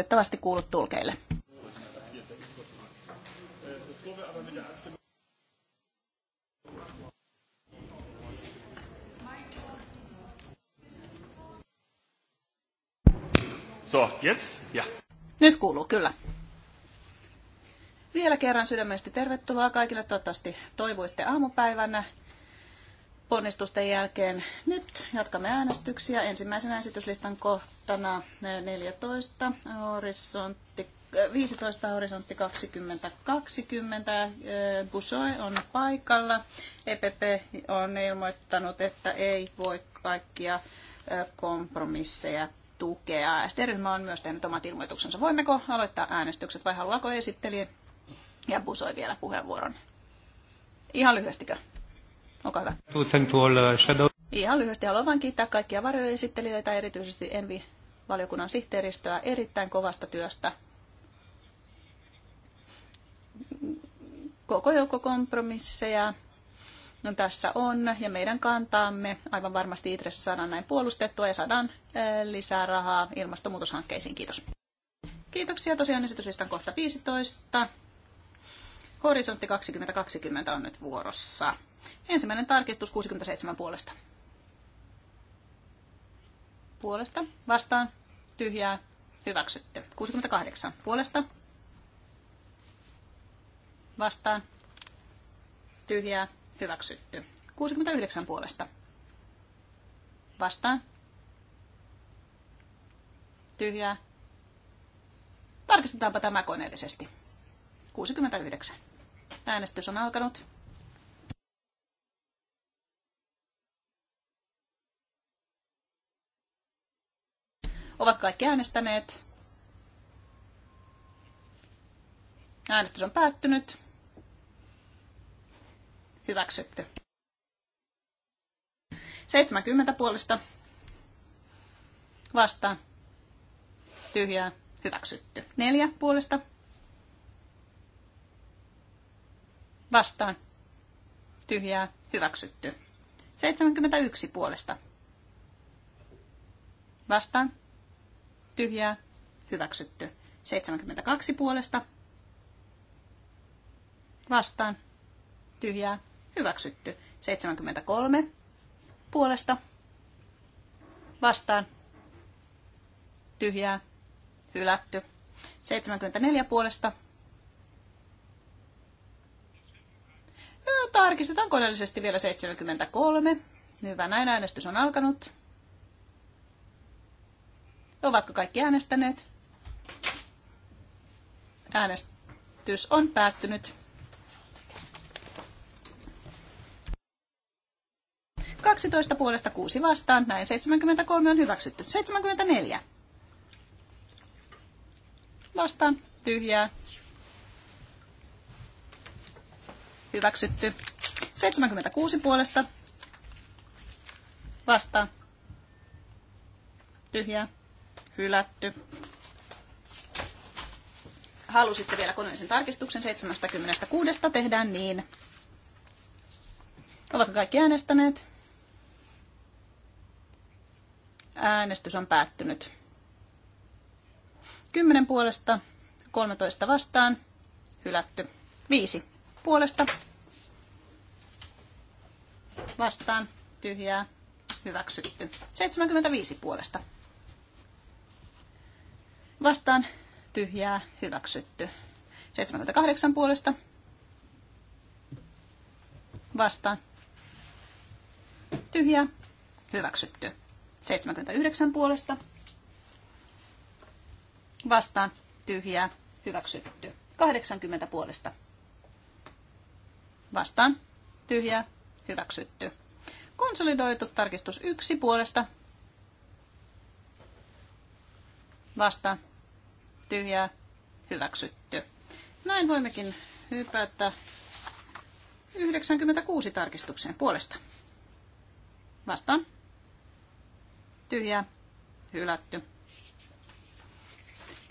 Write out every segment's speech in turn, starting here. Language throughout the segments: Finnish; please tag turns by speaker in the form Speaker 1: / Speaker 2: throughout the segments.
Speaker 1: valitettavasti kuulu tulkeille.
Speaker 2: So, yes, Ja. Nyt kuuluu, kyllä.
Speaker 1: Vielä kerran sydämestä tervetuloa kaikille. Toivottavasti toivoitte aamupäivänä ponnistusten jälkeen. Nyt jatkamme äänestyksiä. Ensimmäisenä esityslistan kohtana 14 eh, horisontti 15 eh, horisontti 2020. Eh, Busoi on paikalla. EPP on ilmoittanut, että ei voi kaikkia kompromisseja tukea. Sterilma ryhmä on myös tehnyt omat ilmoituksensa. Voimmeko aloittaa äänestykset vai haluaako esittelijä ja Busoi vielä puheenvuoron? Ihan lyhyestikö? Olkaa hyvä. Uh, Ihan lyhyesti haluan vain kiittää kaikkia varjoesittelijöitä, erityisesti Envi-valiokunnan sihteeristöä erittäin kovasta työstä. Koko joukko kompromisseja no tässä on ja meidän kantaamme aivan varmasti Itressä saadaan näin puolustettua ja saadaan eh, lisää rahaa ilmastonmuutoshankkeisiin. Kiitos. Kiitoksia tosiaan esityslistan kohta 15. Horisontti 2020 on nyt vuorossa. Ensimmäinen tarkistus 67 puolesta. Puolesta. Vastaan. Tyhjää. Hyväksytty. 68 puolesta. Vastaan. Tyhjää. Hyväksytty. 69 puolesta. Vastaan. Tyhjää. Tarkistetaanpa tämä koneellisesti. 69. Äänestys on alkanut. Ovat kaikki äänestäneet. Äänestys on päättynyt. Hyväksytty. 70 puolesta vastaan. Tyhjää. Hyväksytty. Neljä puolesta. Vastaan. Tyhjää. Hyväksytty. 71 puolesta. Vastaan tyhjää, hyväksytty. 72 puolesta vastaan, tyhjää, hyväksytty. 73 puolesta vastaan, tyhjää, hylätty. 74 puolesta tarkistetaan koneellisesti vielä 73. Hyvä, näin äänestys on alkanut. Ovatko kaikki äänestäneet? Äänestys on päättynyt. 12 puolesta 6 vastaan, näin 73 on hyväksytty. 74. Vastaan, tyhjää. Hyväksytty. 76 puolesta vastaan, tyhjää hylätty. Halusitte vielä koneellisen tarkistuksen 76. Tehdään niin. Ovatko kaikki äänestäneet? Äänestys on päättynyt. 10 puolesta, 13 vastaan, hylätty. 5 puolesta, vastaan, tyhjää, hyväksytty. 75 puolesta vastaan tyhjää hyväksytty. 78 puolesta vastaan tyhjää hyväksytty. 79 puolesta vastaan tyhjää hyväksytty. 80 puolesta vastaan tyhjää hyväksytty. Konsolidoitu tarkistus 1 puolesta vastaan tyhjää hyväksytty. Näin voimmekin hypätä 96 tarkistukseen puolesta. Vastaan. Tyhjää hylätty.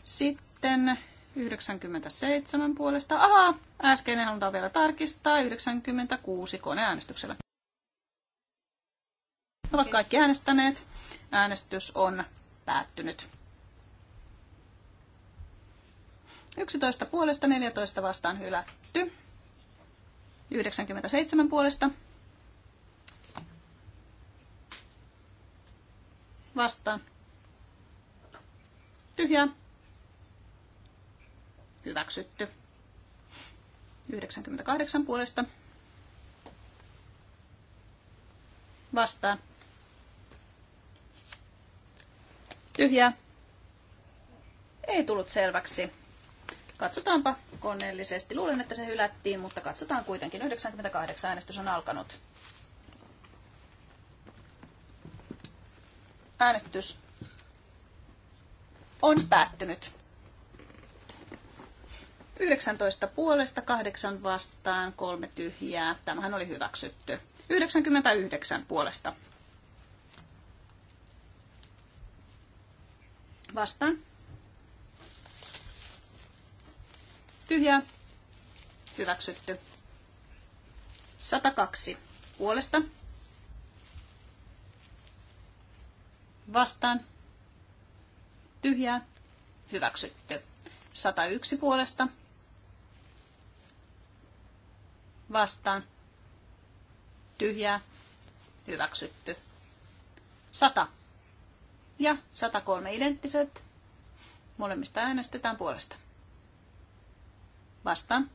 Speaker 1: Sitten 97 puolesta. Aha, äskeinen halutaan vielä tarkistaa. 96 koneäänestyksellä. Ovat kaikki äänestäneet. Äänestys on päättynyt. 11 puolesta, 14 vastaan hylätty. 97 puolesta. Vastaan. Tyhjää. Hyväksytty. 98 puolesta. Vastaan. Tyhjää. Ei tullut selväksi. Katsotaanpa koneellisesti. Luulen, että se hylättiin, mutta katsotaan kuitenkin. 98 äänestys on alkanut. Äänestys on päättynyt. 19 puolesta, 8 vastaan, 3 tyhjää. Tämähän oli hyväksytty. 99 puolesta. Vastaan. tyhjää, hyväksytty. 102 puolesta, vastaan, tyhjää, hyväksytty. 101 puolesta, vastaan, tyhjää, hyväksytty. 100 ja 103 identtiset. Molemmista äänestetään puolesta. Vastaan.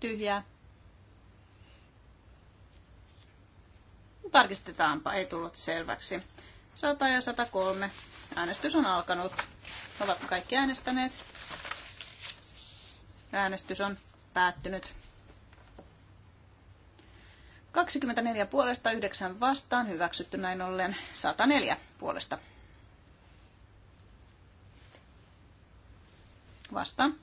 Speaker 1: Tyhjää. Tarkistetaanpa, ei tullut selväksi. 100 ja 103. Äänestys on alkanut. Ovatko kaikki äänestäneet? Äänestys on päättynyt. 24 puolesta, 9 vastaan, hyväksytty näin ollen 104 puolesta. Vastaan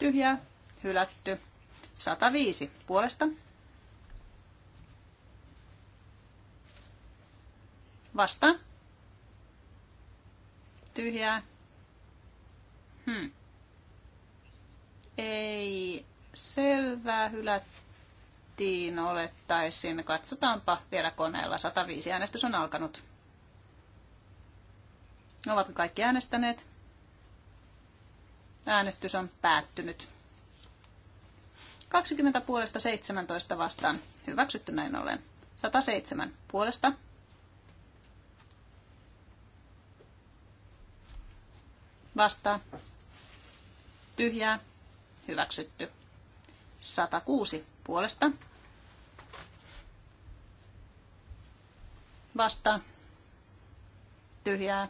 Speaker 1: tyhjää, hylätty. 105 puolesta. vasta, Tyhjää. Hmm. Ei selvää hylättiin olettaisin. Katsotaanpa vielä koneella. 105 äänestys on alkanut. Ovatko kaikki äänestäneet? Äänestys on päättynyt. 20 puolesta 17 vastaan. Hyväksytty näin ollen. 107 puolesta. Vastaan. Tyhjää. Hyväksytty. 106 puolesta. Vastaan. Tyhjää.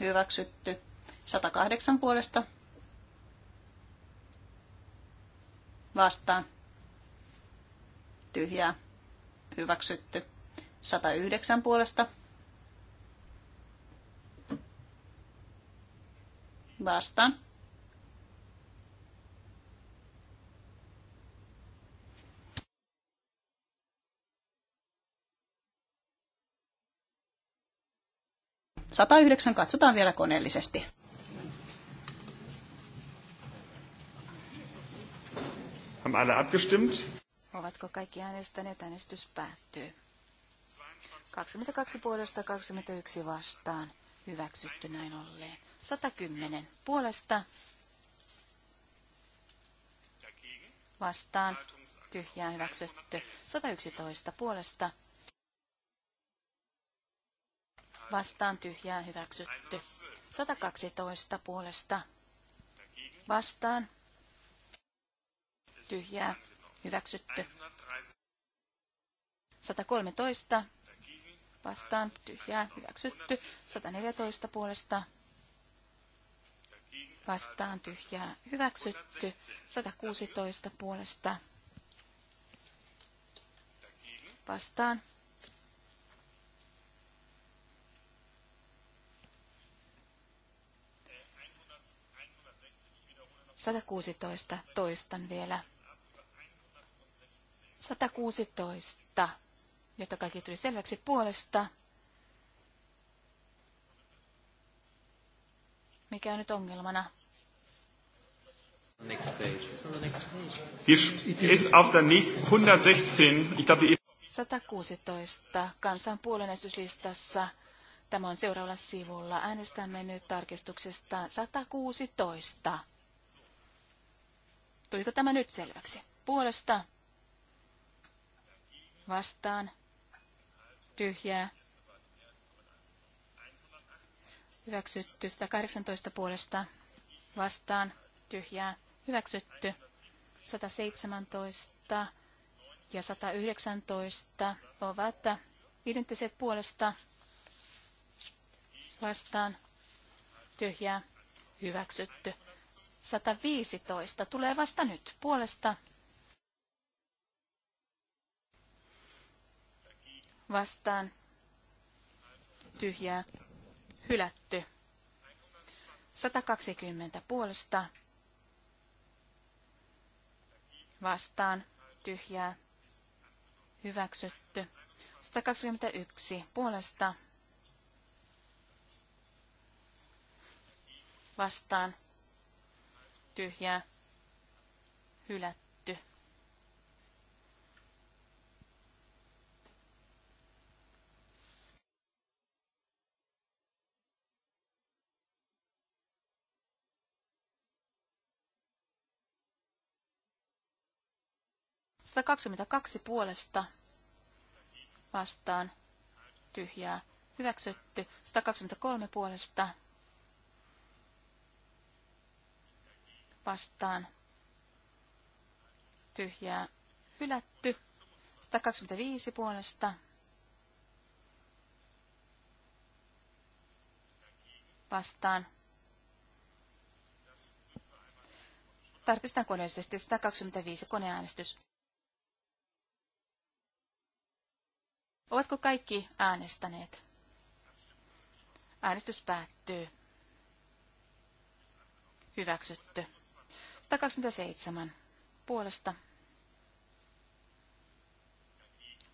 Speaker 1: Hyväksytty. 108 puolesta. vastaan. Tyhjää. Hyväksytty. 109 puolesta. Vastaan. yhdeksän katsotaan vielä
Speaker 2: koneellisesti. Haben alle abgestimmt?
Speaker 3: Ovatko kaikki äänestäneet? Äänestys päättyy. 22 puolesta 21 vastaan. Hyväksytty näin olleen. 110 puolesta vastaan. Tyhjää hyväksytty. 111 puolesta vastaan. Tyhjää hyväksytty. 112 puolesta vastaan tyhjää hyväksytty. 113 vastaan tyhjää hyväksytty. 114 puolesta vastaan tyhjää hyväksytty. 116 puolesta vastaan kuusitoista toistan vielä 116, jotta kaikki tuli selväksi puolesta. Mikä on nyt ongelmana?
Speaker 4: Next page.
Speaker 2: It is after next 116. Ich glaube,
Speaker 3: 116 e- kansan puolenestyslistassa. Tämä on seuraavalla sivulla. Äänestämme nyt tarkistuksesta 116. Tuliko tämä nyt selväksi? Puolesta vastaan, tyhjää, hyväksytty. 118 puolesta vastaan, tyhjää, hyväksytty. 117 ja 119 ovat identtiset puolesta vastaan, tyhjää, hyväksytty. 115 tulee vasta nyt puolesta vastaan tyhjää hylätty. 120 puolesta vastaan tyhjää hyväksytty. 121 puolesta vastaan tyhjää hylätty. 122 puolesta vastaan tyhjää hyväksytty. 123 puolesta vastaan tyhjää hylätty. 125 puolesta vastaan. Tarkistan koneellisesti 125 koneäänestys Ovatko kaikki äänestäneet? Äänestys päättyy. Hyväksytty. 127. Puolesta.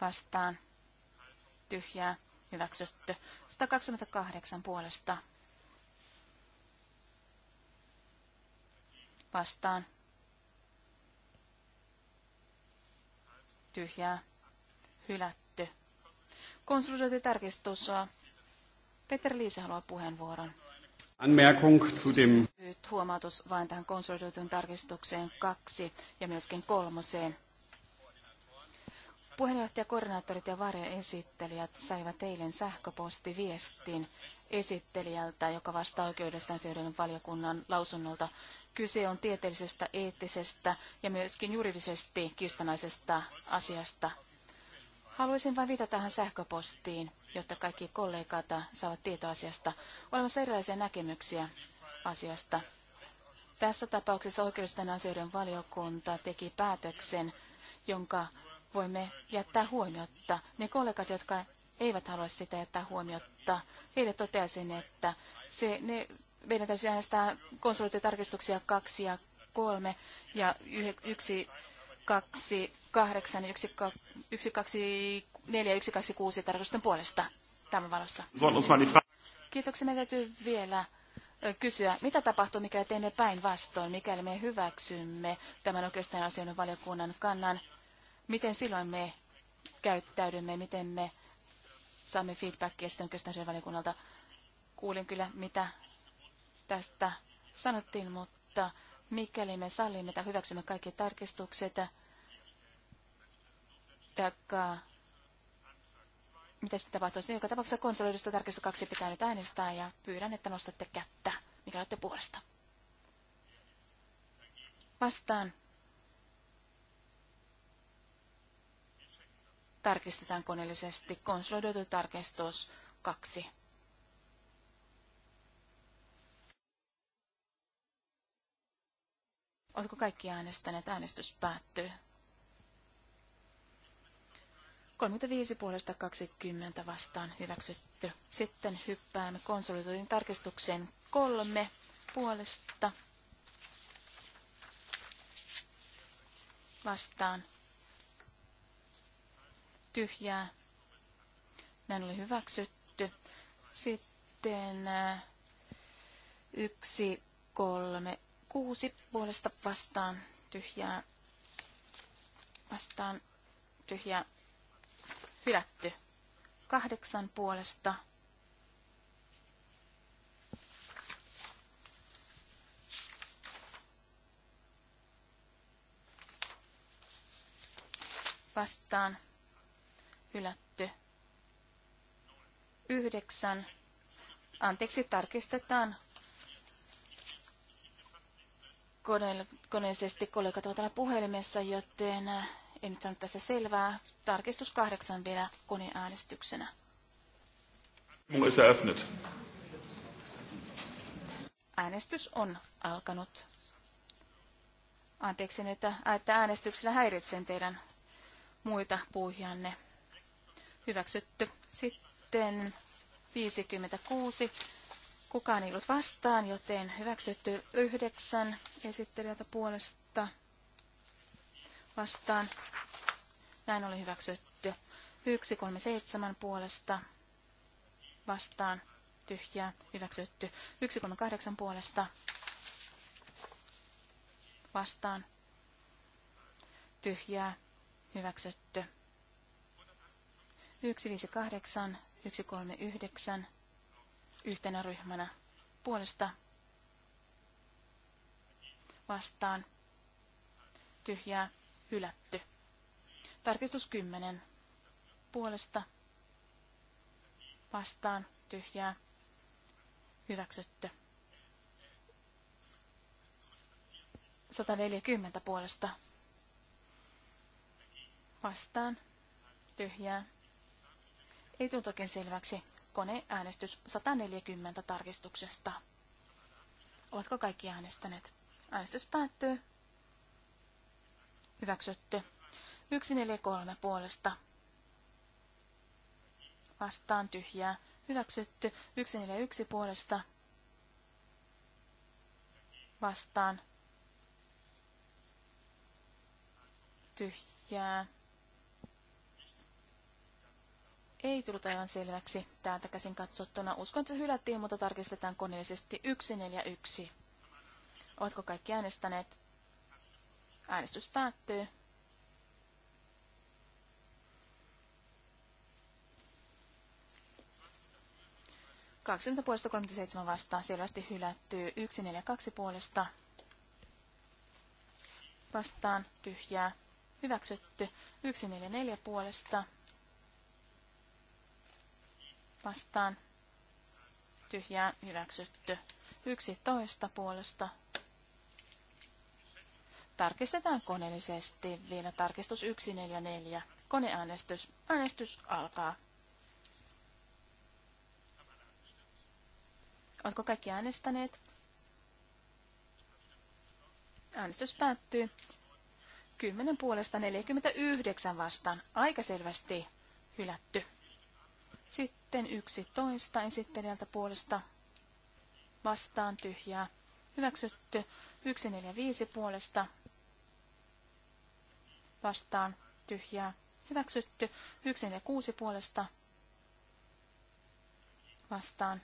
Speaker 3: Vastaan. Tyhjää. Hyväksytty. 128 puolesta. Vastaan. Tyhjää. Hylät konsolidointitarkistus. Peter Liisa haluaa puheenvuoron. Anmerkung zu dem... Nyt huomautus vain tähän konsolidoitun tarkistukseen kaksi ja myöskin kolmoseen. Puheenjohtaja, koordinaattorit ja varjoesittelijät saivat eilen sähköpostiviestin esittelijältä, joka vastaa oikeudesta asioiden valiokunnan lausunnolta. Kyse on tieteellisestä, eettisestä ja myöskin juridisesti kistanaisesta asiasta. Haluaisin vain viitata tähän sähköpostiin, jotta kaikki kollegat saavat tietoa asiasta. Olemassa erilaisia näkemyksiä asiasta. Tässä tapauksessa oikeudellisten asioiden valiokunta teki päätöksen, jonka voimme jättää huomiotta. Ne kollegat, jotka eivät halua sitä jättää huomiotta, heille toteaisin, että se, ne, meidän täytyy äänestää konsulttitarkistuksia kaksi ja kolme ja yksi 128, ja tarkoitusten puolesta tämän valossa. Kiitoksia. Meidän täytyy vielä kysyä, mitä tapahtuu, mikäli teemme päinvastoin, mikäli me hyväksymme tämän oikeastaan asioiden valiokunnan kannan. Miten silloin me käyttäydymme, miten me saamme feedbackia sitten oikeastaan valiokunnalta. Kuulin kyllä, mitä tästä sanottiin, mutta mikäli me sallimme tai hyväksymme kaikki tarkistukset, taikka mitä sitten tapahtuu? niin joka tapauksessa konsolidista tarkistus kaksi pitää nyt äänestää ja pyydän, että nostatte kättä, mikä olette puolesta. Vastaan. Tarkistetaan koneellisesti konsolidoitu tarkistus kaksi. Oletko kaikki äänestäneet? Äänestys päättyy. 35 puolesta 20 vastaan hyväksytty. Sitten hyppäämme konsolidoidun tarkistukseen kolme puolesta vastaan tyhjää. Näin oli hyväksytty. Sitten äh, yksi, kolme, kuusi puolesta vastaan tyhjää vastaan tyhjää hylätty. Kahdeksan puolesta vastaan hylätty. Yhdeksän. Anteeksi, tarkistetaan koneellisesti kollegat ovat täällä puhelimessa, joten äh, en nyt saanut tässä selvää. Tarkistus kahdeksan vielä koneäänestyksenä. Äänestys on alkanut. Anteeksi nyt, äh, että äänestyksellä häiritsen teidän muita puhujanne. Hyväksytty. Sitten 56 Kukaan ei ollut vastaan, joten hyväksytty yhdeksän esittelijältä puolesta vastaan. Näin oli hyväksytty. seitsemän puolesta vastaan tyhjää hyväksytty. kahdeksan puolesta vastaan tyhjää hyväksytty. kolme yhdeksän yhtenä ryhmänä puolesta vastaan tyhjää hylätty. Tarkistus 10 puolesta vastaan tyhjää hyväksytty. 140 puolesta vastaan tyhjää. Ei tullut oikein selväksi koneäänestys 140 tarkistuksesta. Ovatko kaikki äänestäneet? Äänestys päättyy. Hyväksytty. 143 puolesta. Vastaan tyhjää. Hyväksytty. 141 puolesta. Vastaan. Tyhjää ei tullut aivan selväksi täältä käsin katsottuna. Uskon, että se hylättiin, mutta tarkistetaan koneellisesti 141. Oletko kaikki äänestäneet? Äänestys päättyy. Kaksinta puolesta 37 vastaan selvästi hylättyy. 142 puolesta vastaan tyhjää hyväksytty. 144 puolesta vastaan tyhjää hyväksytty. toista puolesta tarkistetaan koneellisesti vielä tarkistus 144. Koneäänestys. Äänestys alkaa. Oletko kaikki äänestäneet? Äänestys päättyy. 10 puolesta 49 vastaan. Aika selvästi hylätty. Sitten yksi toista esittelijältä puolesta vastaan tyhjää. Hyväksytty 145 puolesta vastaan tyhjää. Hyväksytty 146 puolesta vastaan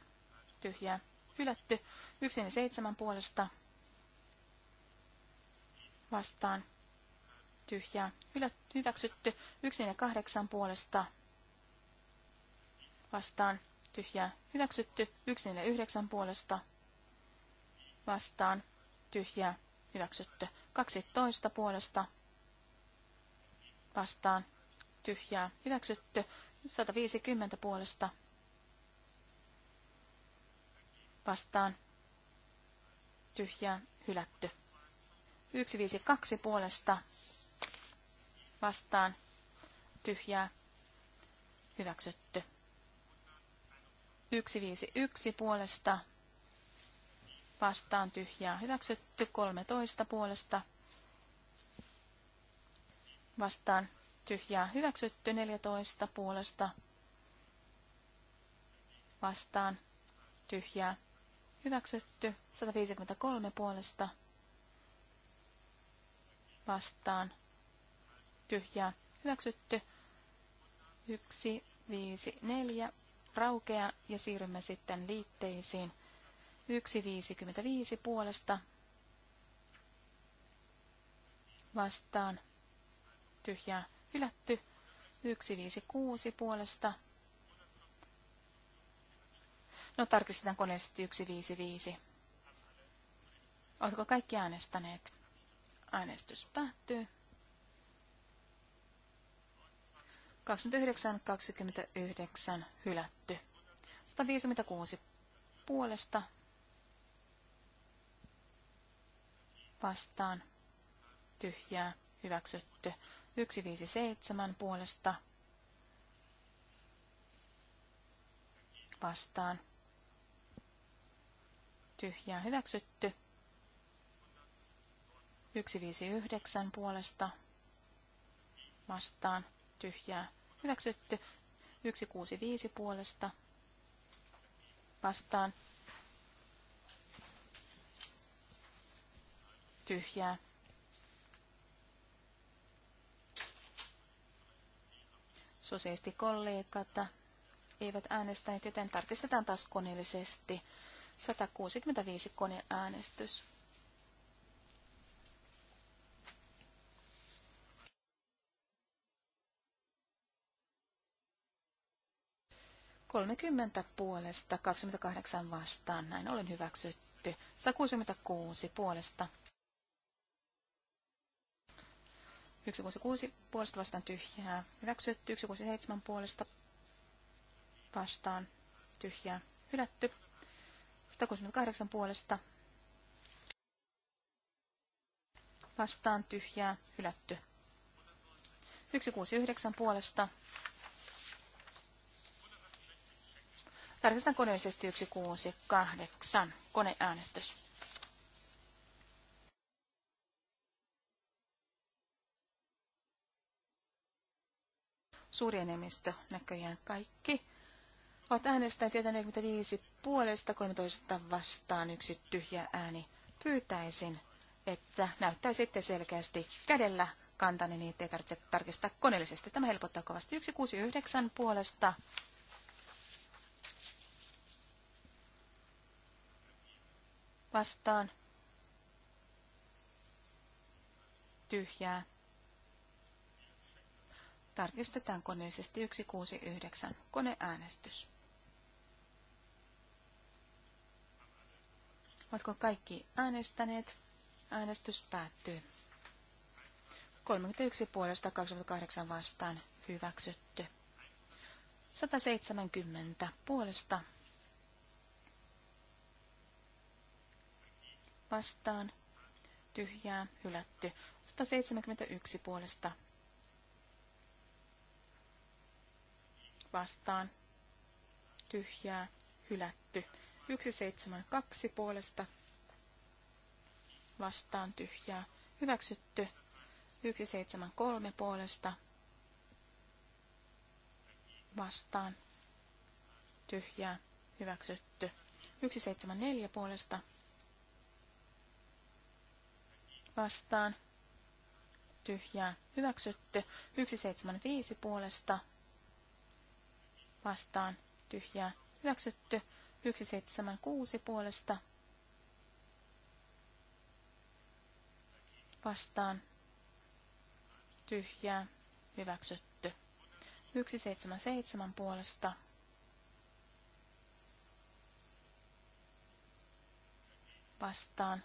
Speaker 3: tyhjää. Hylätty 147 puolesta vastaan tyhjää. Hylätty, hyväksytty 148 puolesta vastaan vastaan tyhjää hyväksytty. yhdeksän puolesta vastaan tyhjää hyväksytty. 12 puolesta vastaan tyhjää hyväksytty. 150 puolesta vastaan tyhjää hylätty. 152 puolesta vastaan tyhjää hyväksytty. 151 puolesta vastaan tyhjää hyväksytty. 13 puolesta vastaan tyhjää hyväksytty. 14 puolesta vastaan tyhjää hyväksytty. 153 puolesta vastaan tyhjää hyväksytty. 1, 5, 4 raukea ja siirrymme sitten liitteisiin. 1.55 puolesta vastaan tyhjää hylätty. 156 puolesta. No tarkistetaan koneellisesti 155. Oletko kaikki äänestäneet? Äänestys päättyy. 29-29 hylätty. 156 puolesta vastaan tyhjää hyväksytty. 157 puolesta vastaan tyhjää hyväksytty. 159 puolesta vastaan tyhjää hyväksytty. 165 puolesta vastaan tyhjää. Sosialistikollegat eivät äänestäneet, joten tarkistetaan taas koneellisesti. 165 koneäänestys. äänestys. 30 puolesta, 28 vastaan, näin olen hyväksytty. 166 puolesta. 166 puolesta vastaan tyhjää. Hyväksytty 167 puolesta vastaan tyhjää. Hylätty 168 puolesta vastaan tyhjää. Hylätty 169 puolesta Tarkistan koneellisesti 168. Koneäänestys. Suuri enemmistö näköjään kaikki. Ovat äänestäneet 45 puolesta, 13 vastaan, yksi tyhjä ääni. Pyytäisin, että näyttäisitte selkeästi kädellä kantani, niin ettei tarvitse tarkistaa koneellisesti. Tämä helpottaa kovasti 169 puolesta vastaan tyhjää. Tarkistetaan koneellisesti 169 koneäänestys. Ovatko kaikki äänestäneet? Äänestys päättyy. 31 puolesta 28 vastaan hyväksytty. 170 puolesta vastaan tyhjää hylätty. 171 puolesta vastaan tyhjää hylätty. 172 puolesta vastaan tyhjää hyväksytty. 173 puolesta vastaan tyhjää hyväksytty. 174 puolesta vastaan tyhjää hyväksytty. 175 puolesta vastaan tyhjää hyväksytty. 176 puolesta vastaan tyhjää hyväksytty. 177 puolesta vastaan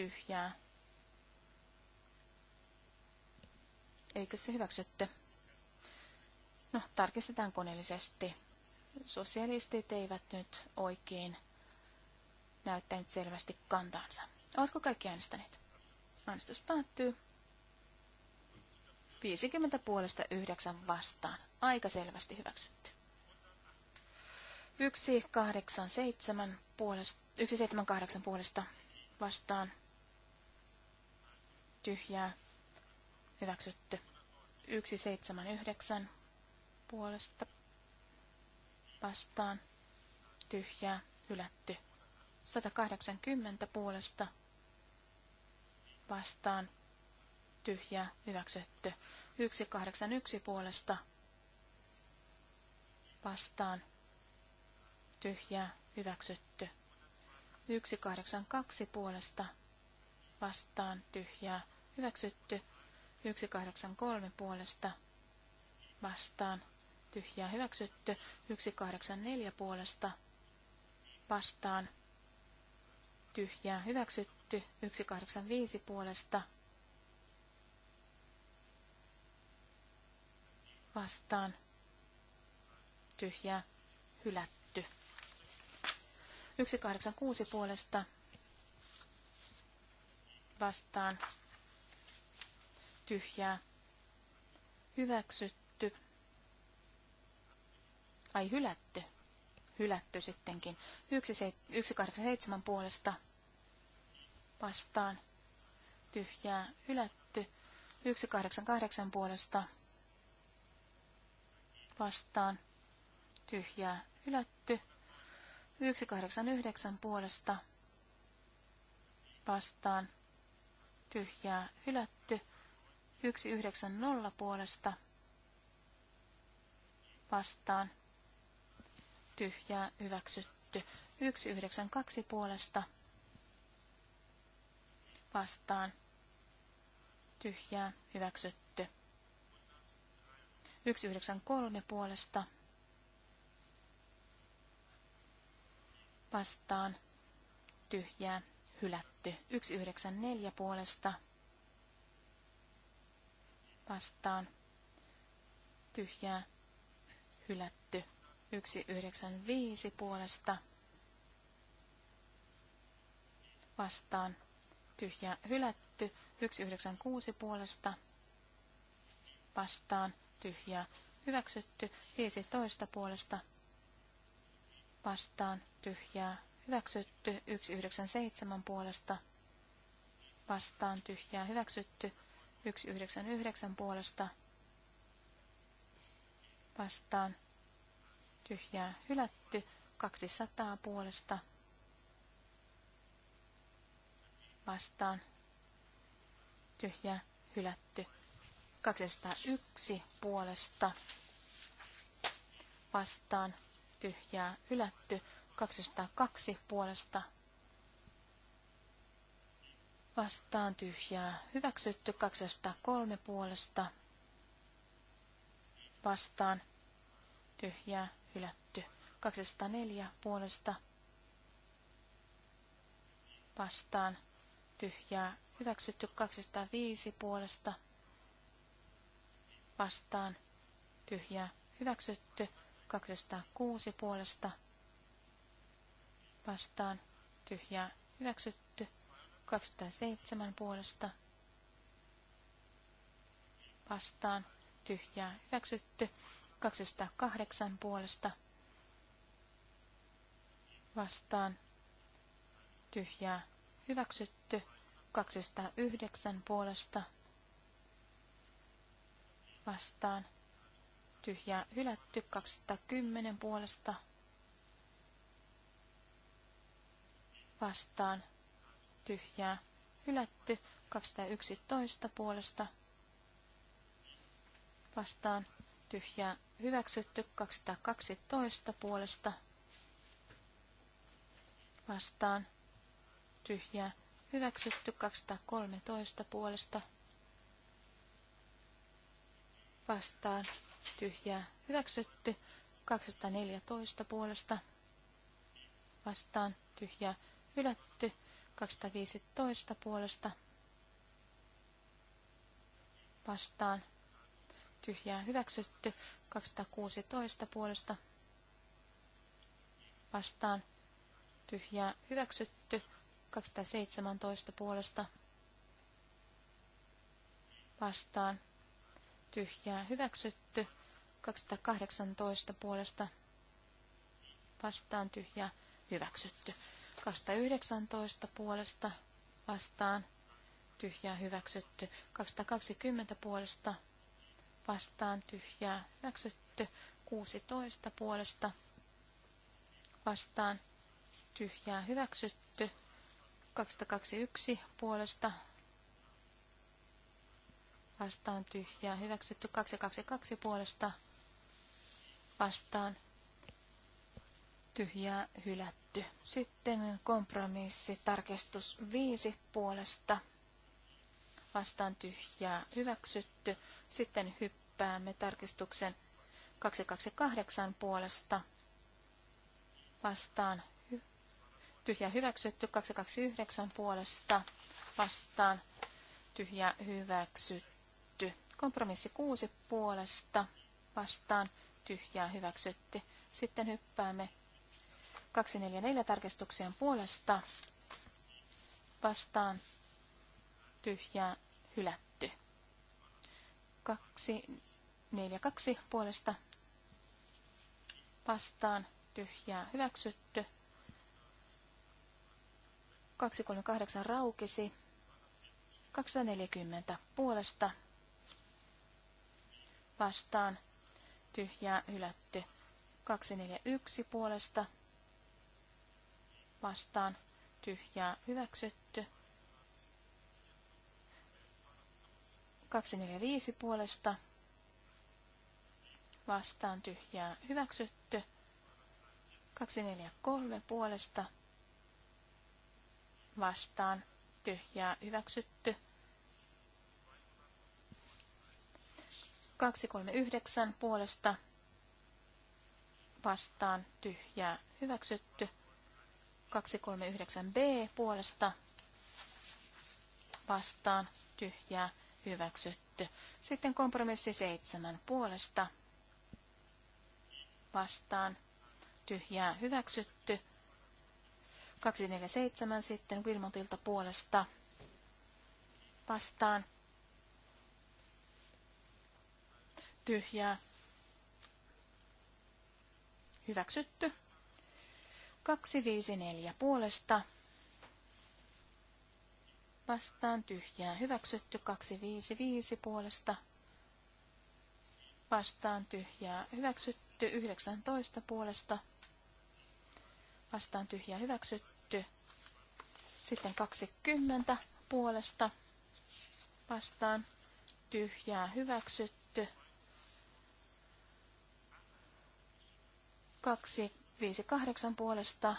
Speaker 3: tyhjää. Eikö se hyväksytty? No, tarkistetaan koneellisesti. Sosialistit eivät nyt oikein näyttänyt selvästi kantaansa. Oletko kaikki äänestäneet? Äänestys päättyy. 50 puolesta 9 vastaan. Aika selvästi hyväksytty. 187 puolesta, 178 puolesta vastaan tyhjää, hyväksytty. 179 puolesta vastaan, tyhjää, hylätty. 180 puolesta vastaan, tyhjää, hyväksytty. 181 puolesta vastaan, tyhjää, hyväksytty. 182 puolesta vastaan, tyhjää, Hyväksytty. 183 puolesta vastaan. Tyhjää hyväksytty. 184 puolesta vastaan. Tyhjää hyväksytty. 185 puolesta vastaan. Tyhjää hylätty. 186 puolesta vastaan tyhjää hyväksytty. Ai hylätty. Hylätty sittenkin. 187 puolesta vastaan tyhjää hylätty. 188 puolesta vastaan tyhjää hylätty. 189 puolesta vastaan tyhjää hylätty. 190 puolesta vastaan tyhjää hyväksytty. 192 puolesta vastaan tyhjää hyväksytty. 193 puolesta vastaan tyhjää hylätty. 194 puolesta vastaan vastaan tyhjää hylätty. 195 puolesta vastaan tyhjää hylätty. 196 puolesta vastaan tyhjää hyväksytty. 15 puolesta vastaan tyhjää hyväksytty. 197 puolesta vastaan tyhjää hyväksytty. 199 puolesta vastaan tyhjää hylätty 200 puolesta vastaan tyhjää hylätty 201 puolesta vastaan tyhjää hylätty 202 puolesta vastaan tyhjää hyväksytty. 203 puolesta vastaan tyhjää hylätty. 204 puolesta vastaan tyhjää hyväksytty. 205 puolesta vastaan tyhjää hyväksytty. 206 puolesta vastaan tyhjää hyväksytty. 207 puolesta vastaan tyhjää hyväksytty. 208 puolesta vastaan tyhjää hyväksytty. 209 puolesta vastaan tyhjää hylätty. 210 puolesta vastaan tyhjää, hylätty. 211 puolesta vastaan, tyhjää, hyväksytty. 212 puolesta vastaan, tyhjää, hyväksytty. 213 puolesta vastaan, tyhjää, hyväksytty. 214 puolesta vastaan, tyhjää, hylätty. 215 puolesta vastaan tyhjää hyväksytty. 216 puolesta vastaan tyhjää hyväksytty. 217 puolesta vastaan tyhjää hyväksytty. 218 puolesta vastaan tyhjää hyväksytty. 219 puolesta vastaan tyhjää hyväksytty. 220 puolesta vastaan tyhjää hyväksytty. 16 puolesta vastaan tyhjää hyväksytty. 221 puolesta vastaan tyhjää hyväksytty. 222 puolesta vastaan tyhjää hylätty. Sitten kompromissi tarkistus viisi puolesta vastaan tyhjää hyväksytty. Sitten hyppäämme tarkistuksen 228 puolesta vastaan tyhjä hyväksytty, 229 puolesta vastaan tyhjä hyväksytty. Kompromissi 6 puolesta vastaan tyhjää hyväksytty. Sitten hyppäämme 244 tarkistuksien puolesta vastaan tyhjää hylätty. 242 puolesta vastaan tyhjää hyväksytty. 238 raukesi. 240 puolesta vastaan tyhjää hylätty. 241 puolesta vastaan tyhjää hyväksytty. 245 puolesta vastaan tyhjää hyväksytty. 243 puolesta vastaan tyhjää hyväksytty. 239 puolesta vastaan tyhjää hyväksytty. 239b puolesta vastaan tyhjää hyväksytty. Sitten kompromissi 7 puolesta vastaan tyhjää hyväksytty. 247 sitten Wilmotilta puolesta vastaan tyhjää hyväksytty. 254 puolesta vastaan tyhjää hyväksytty. 255 puolesta vastaan tyhjää hyväksytty. 19 puolesta vastaan tyhjää hyväksytty. Sitten 20 puolesta vastaan tyhjää hyväksytty. kaksi 58 puolesta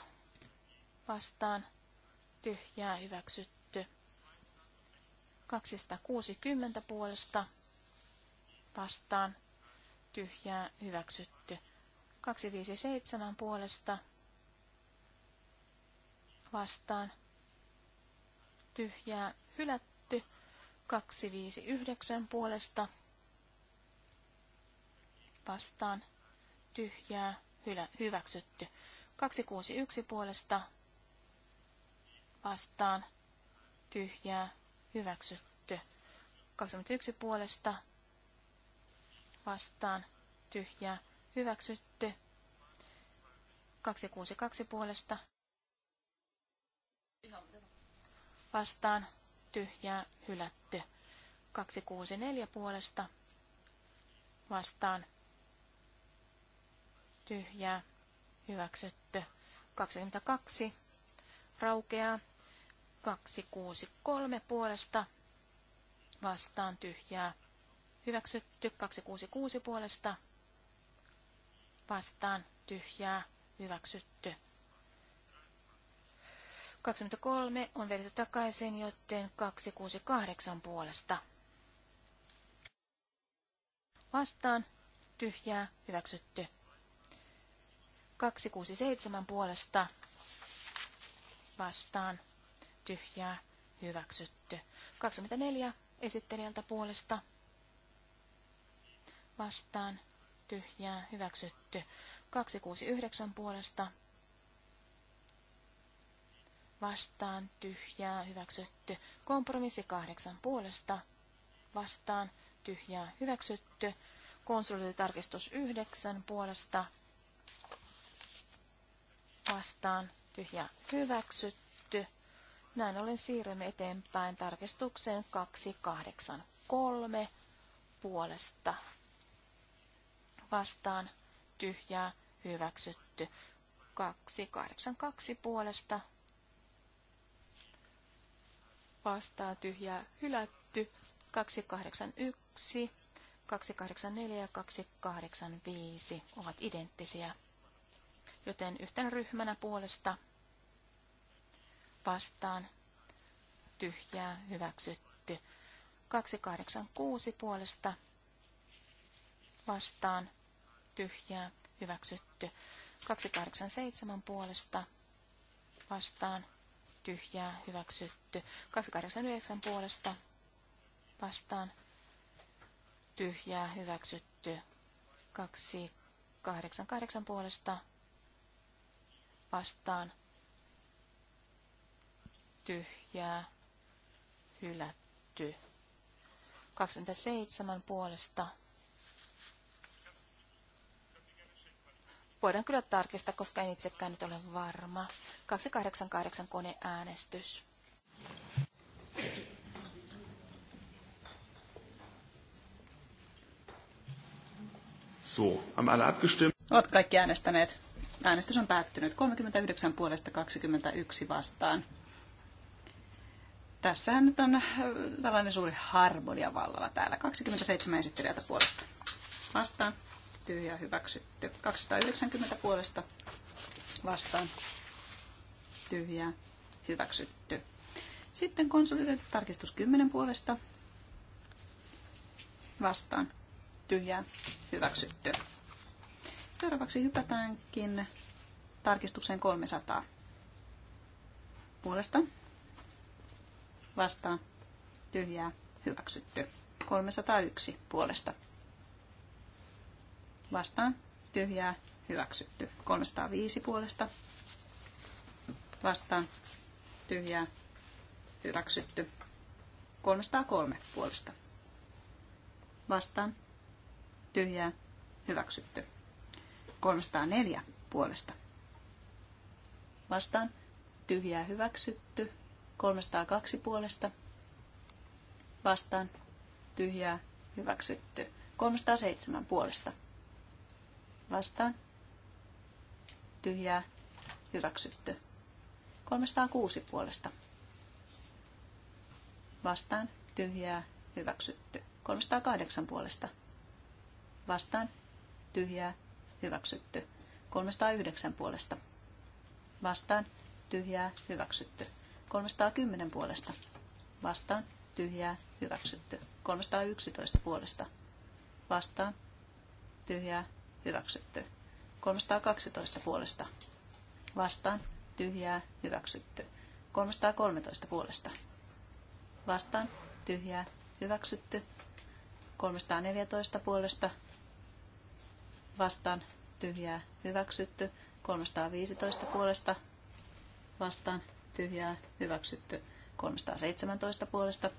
Speaker 3: vastaan tyhjää hyväksytty. 260 puolesta vastaan tyhjää hyväksytty. 257 puolesta vastaan tyhjää hylätty. 259 puolesta vastaan tyhjää hyväksytty. 261 puolesta vastaan tyhjää hyväksytty. 21 puolesta vastaan tyhjää hyväksytty. 262 puolesta vastaan tyhjää hylätty. 264 puolesta vastaan tyhjää, hyväksytty. 22 raukeaa, 263 puolesta vastaan tyhjää, hyväksytty. 266 puolesta vastaan tyhjää, hyväksytty. 23 on vedetty takaisin, joten 268 puolesta. Vastaan tyhjää hyväksytty. 267 puolesta vastaan tyhjää hyväksytty. 24 esittelijältä puolesta vastaan tyhjää hyväksytty. 269 puolesta vastaan tyhjää hyväksytty. Kompromissi 8 puolesta vastaan tyhjää hyväksytty. Konsulitarkistus 9 puolesta vastaan tyhjä hyväksytty. Näin ollen siirrymme eteenpäin tarkistukseen 283 puolesta vastaan tyhjää hyväksytty. 282 puolesta vastaan tyhjää hylätty. 281, 284 ja 285 ovat identtisiä joten yhtenä ryhmänä puolesta vastaan tyhjää hyväksytty. 286 puolesta vastaan tyhjää hyväksytty. 287 puolesta vastaan tyhjää hyväksytty. 289 puolesta vastaan tyhjää hyväksytty. 288 puolesta vastaan tyhjää hylätty. 27 puolesta Voidaan kyllä tarkistaa, koska en itsekään nyt ole varma. 288 koneäänestys.
Speaker 2: So, haben alle abgestimmt?
Speaker 1: Ovat kaikki äänestäneet. Äänestys on päättynyt 39 puolesta 21 vastaan. Tässähän nyt on äh, tällainen suuri harmonia vallalla täällä. 27 esittelijältä puolesta. Vastaan. Tyhjä hyväksytty. 290 puolesta. Vastaan. Tyhjää. Hyväksytty. Sitten konsolidoitu tarkistus 10 puolesta. Vastaan. Tyhjää. Hyväksytty. Seuraavaksi hypätäänkin tarkistukseen 300. Puolesta vastaan tyhjää hyväksytty. 301 puolesta vastaan tyhjää hyväksytty. 305 puolesta vastaan tyhjää hyväksytty. 303 puolesta vastaan tyhjää hyväksytty. 304 puolesta. Vastaan tyhjää hyväksytty. 302 puolesta. Vastaan tyhjää hyväksytty. 307 puolesta. Vastaan tyhjää hyväksytty. 306 puolesta. Vastaan tyhjää hyväksytty. 308 puolesta. Vastaan tyhjää hyväksytty. 309 puolesta vastaan tyhjää hyväksytty. 310 puolesta vastaan tyhjää hyväksytty. 311 puolesta vastaan tyhjää hyväksytty. 312 puolesta vastaan tyhjää hyväksytty. 313 puolesta vastaan tyhjää hyväksytty. 314 puolesta vastaan tyhjää hyväksytty. 315 puolesta vastaan tyhjää hyväksytty. 317 puolesta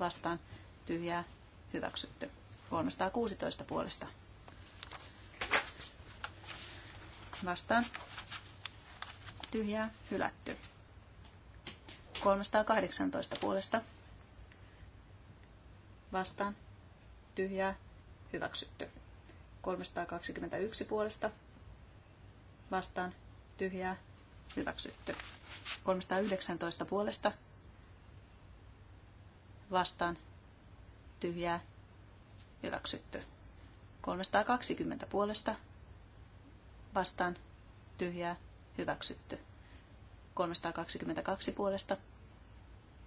Speaker 1: vastaan tyhjää hyväksytty. 316 puolesta vastaan tyhjää hylätty. 318 puolesta vastaan tyhjää hyväksytty. 321 puolesta vastaan tyhjää hyväksytty. 319 puolesta vastaan tyhjää hyväksytty. 320 puolesta vastaan tyhjää hyväksytty. 322 puolesta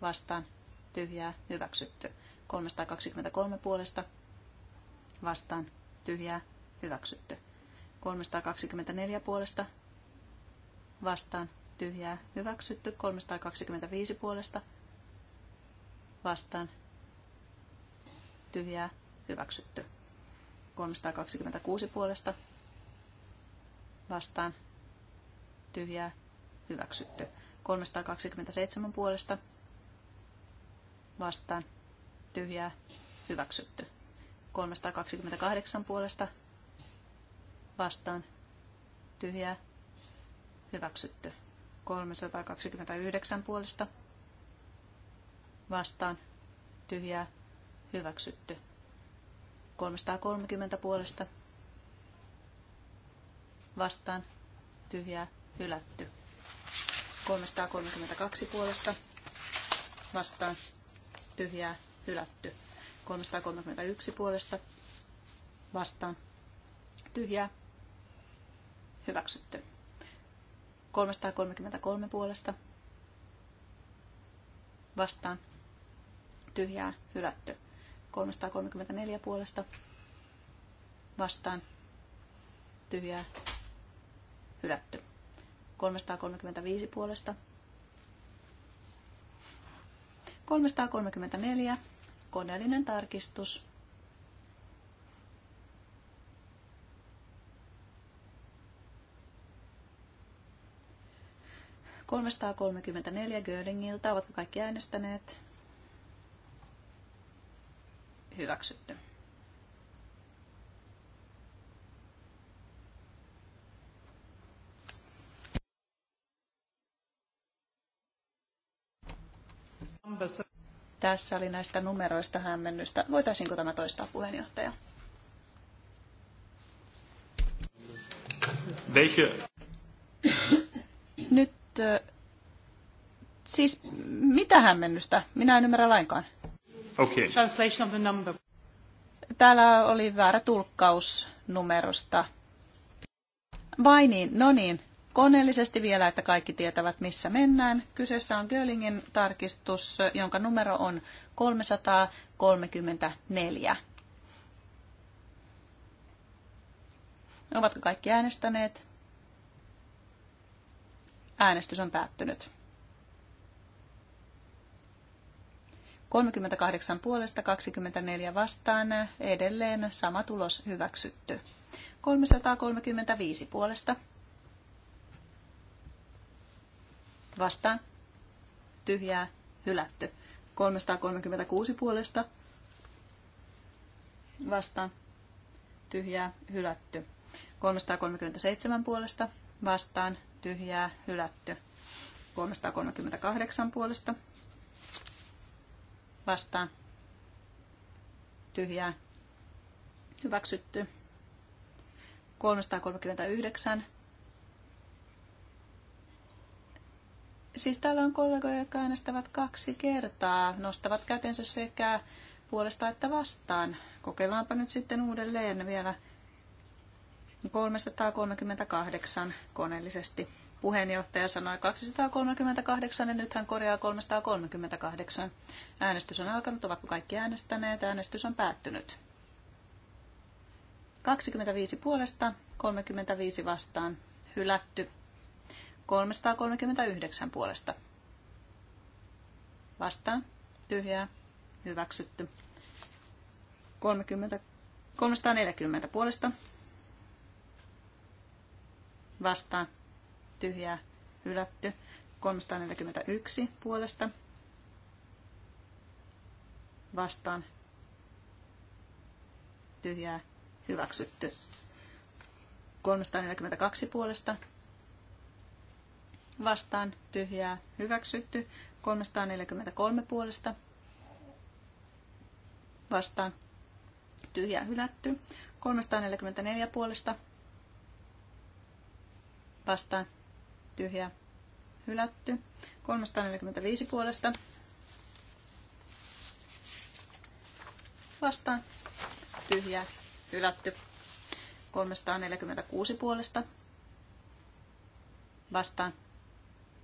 Speaker 1: vastaan tyhjää hyväksytty. 323 puolesta vastaan tyhjää, hyväksytty. 324 puolesta vastaan, tyhjää, hyväksytty. 325 puolesta vastaan, tyhjää, hyväksytty. 326 puolesta vastaan, tyhjää, hyväksytty. 327 puolesta vastaan, tyhjää, hyväksytty. 328 puolesta vastaan tyhjää hyväksytty. 329 puolesta vastaan tyhjää hyväksytty. 330 puolesta vastaan tyhjää hylätty. 332 puolesta vastaan tyhjää hylätty. 331 puolesta vastaan. Tyhjää. Hyväksytty. 333 puolesta vastaan. Tyhjää. Hylätty. 334 puolesta vastaan. Tyhjää. Hylätty. 335 puolesta 334 Koneellinen tarkistus. Kolmestaan neljä Göringiltä. Ovatko kaikki äänestäneet? Hyväksytty. Tässä oli näistä numeroista hämmennystä. Voitaisiinko tämä toistaa puheenjohtaja? Welche? Nyt, siis mitä hämmennystä? Minä en ymmärrä lainkaan. Okay. Translation of the number. Täällä oli väärä tulkkaus numerosta. Vai niin, no niin, koneellisesti vielä, että kaikki tietävät, missä mennään. Kyseessä on Göllingin tarkistus, jonka numero on 334. Ovatko kaikki äänestäneet? Äänestys on päättynyt. 38 puolesta 24 vastaan edelleen sama tulos hyväksytty. 335 puolesta vastaan tyhjää hylätty. 336 puolesta vastaan tyhjää hylätty. 337 puolesta vastaan tyhjää hylätty. 338 puolesta vastaan tyhjää hyväksytty. 339 Siis täällä on kollegoja, jotka äänestävät kaksi kertaa, nostavat kätensä sekä puolesta että vastaan. Kokeillaanpa nyt sitten uudelleen vielä 338 koneellisesti. Puheenjohtaja sanoi 238 ja nyt hän korjaa 338. Äänestys on alkanut, ovatko kaikki äänestäneet? Äänestys on päättynyt. 25 puolesta, 35 vastaan, hylätty. 339 puolesta. Vastaan. Tyhjää. Hyväksytty. 30, 340 puolesta. Vastaan. Tyhjää. Hylätty. 341 puolesta. Vastaan. Tyhjää. Hyväksytty. 342 puolesta vastaan tyhjää hyväksytty. 343 puolesta vastaan tyhjää hylätty. 344 puolesta vastaan tyhjää hylätty. 345 puolesta vastaan tyhjää hylätty. 346 puolesta vastaan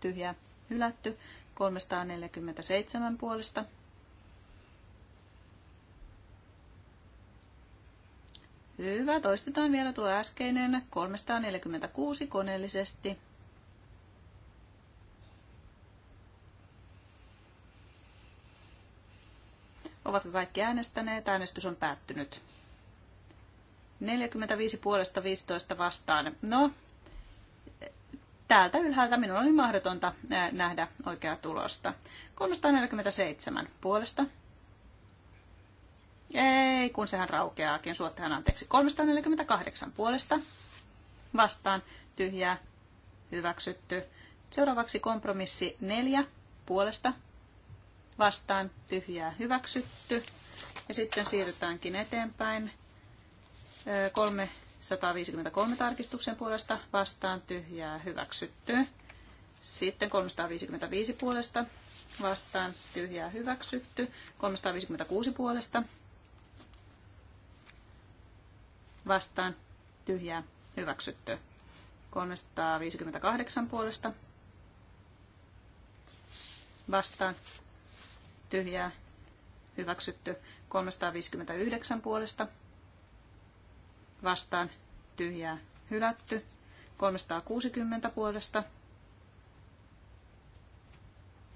Speaker 1: tyhjää hylätty. 347 puolesta Hyvä, toistetaan vielä tuo äskeinen 346 koneellisesti. Ovatko kaikki äänestäneet? Äänestys on päättynyt. 45 puolesta 15 vastaan. No, täältä ylhäältä minun oli mahdotonta nähdä oikeaa tulosta. 347 puolesta. Ei, kun sehän raukeaakin. Suottehan anteeksi. 348 puolesta. Vastaan tyhjää. Hyväksytty. Seuraavaksi kompromissi 4 puolesta. Vastaan tyhjää. Hyväksytty. Ja sitten siirrytäänkin eteenpäin. 3 153 tarkistuksen puolesta vastaan tyhjää hyväksytty. Sitten 355 puolesta vastaan tyhjää hyväksytty. 356 puolesta vastaan tyhjää hyväksytty. 358 puolesta vastaan tyhjää hyväksytty. 359 puolesta vastaan, vastaan tyhjää hylätty. 360 puolesta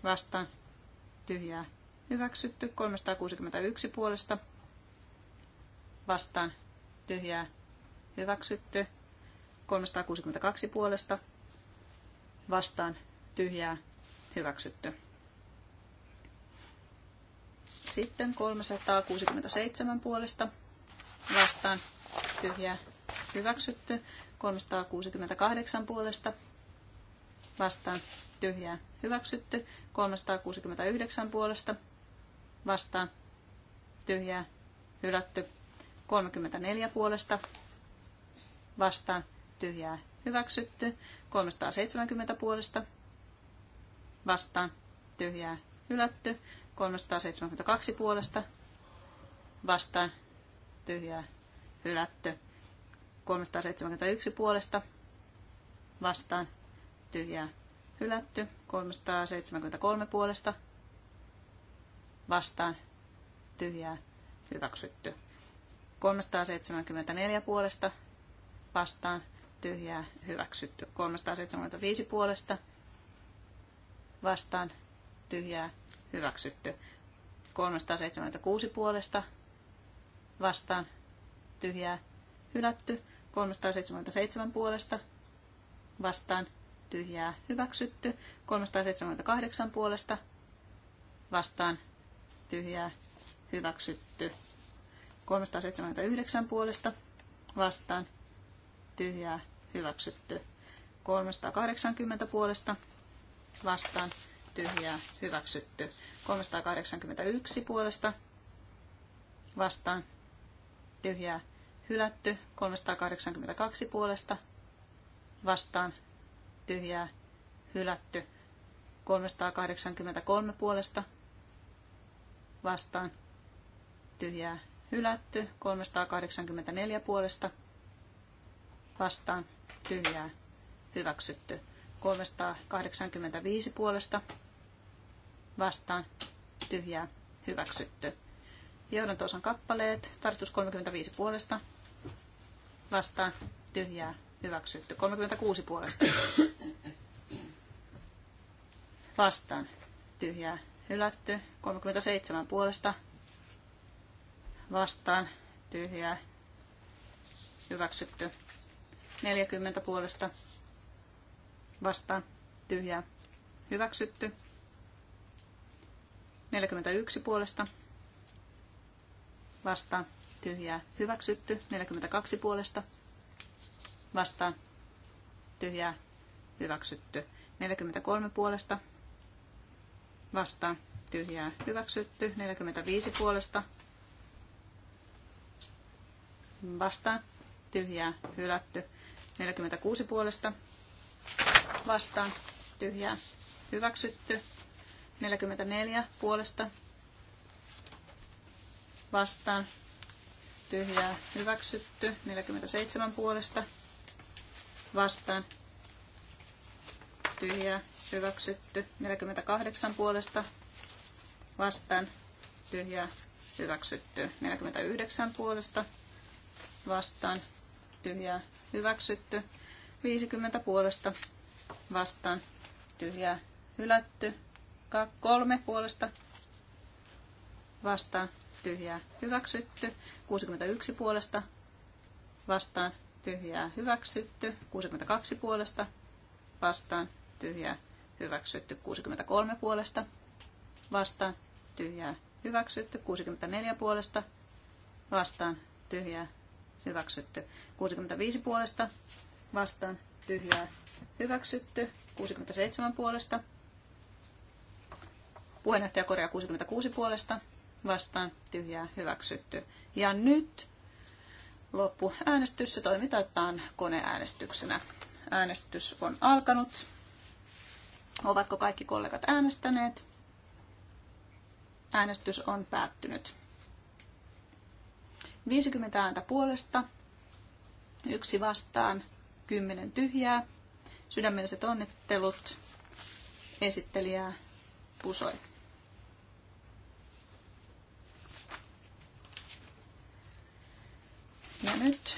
Speaker 1: vastaan tyhjää hyväksytty. 361 puolesta vastaan tyhjää hyväksytty. 362 puolesta vastaan tyhjää hyväksytty. Sitten 367 puolesta vastaan tyhjää hyväksytty. 368 puolesta vastaan tyhjää hyväksytty. 369 puolesta vastaan tyhjää hylätty. 34 puolesta vastaan tyhjää hyväksytty. 370 puolesta vastaan tyhjää hylätty. 372 puolesta vastaan tyhjää hylätty. 371 puolesta vastaan tyhjää hylätty. 373 puolesta vastaan tyhjää hyväksytty. 374 puolesta vastaan tyhjää hyväksytty. 375 puolesta vastaan tyhjää hyväksytty. 376 puolesta vastaan tyhjää hylätty. 377 puolesta vastaan tyhjää hyväksytty. 378 puolesta vastaan tyhjää hyväksytty. 379 puolesta vastaan tyhjää hyväksytty. 380 puolesta vastaan tyhjää hyväksytty. 381 puolesta vastaan tyhjää hylätty, 382 puolesta vastaan tyhjää hylätty, 383 puolesta vastaan tyhjää hylätty, 384 puolesta vastaan tyhjää hyväksytty, 385 puolesta vastaan tyhjää hyväksytty. Johdanto-osan kappaleet, tarkistus 35 puolesta, vastaan tyhjää hyväksytty. 36 puolesta vastaan tyhjää hylätty. 37 puolesta vastaan tyhjää hyväksytty. 40 puolesta vastaan tyhjää hyväksytty. 41 puolesta vastaan tyhjää hyväksytty. 42 puolesta vastaan tyhjää hyväksytty. 43 puolesta vastaan tyhjää hyväksytty. 45 puolesta vastaan tyhjää hylätty. 46 puolesta vastaan tyhjää hyväksytty. 44 puolesta vastaan tyhjää hyväksytty. 47 puolesta vastaan tyhjää hyväksytty. 48 puolesta vastaan tyhjää hyväksytty. 49 puolesta vastaan tyhjää hyväksytty. 50 puolesta vastaan tyhjää hylätty. 3 puolesta vastaan tyhjää hyväksytty. 61 puolesta vastaan tyhjää hyväksytty. 62 puolesta vastaan tyhjää hyväksytty. 63 puolesta vastaan tyhjää hyväksytty. 64 puolesta vastaan tyhjää hyväksytty. 65 puolesta vastaan tyhjää hyväksytty. 67 puolesta. Puheenjohtaja korjaa 66 puolesta vastaan tyhjää hyväksytty. Ja nyt äänestys. se toimitetaan koneäänestyksenä. Äänestys on alkanut. Ovatko kaikki kollegat äänestäneet? Äänestys on päättynyt. 50 ääntä puolesta, yksi vastaan, 10 tyhjää. Sydämelliset onnittelut esittelijää Pusoi. Ja nyt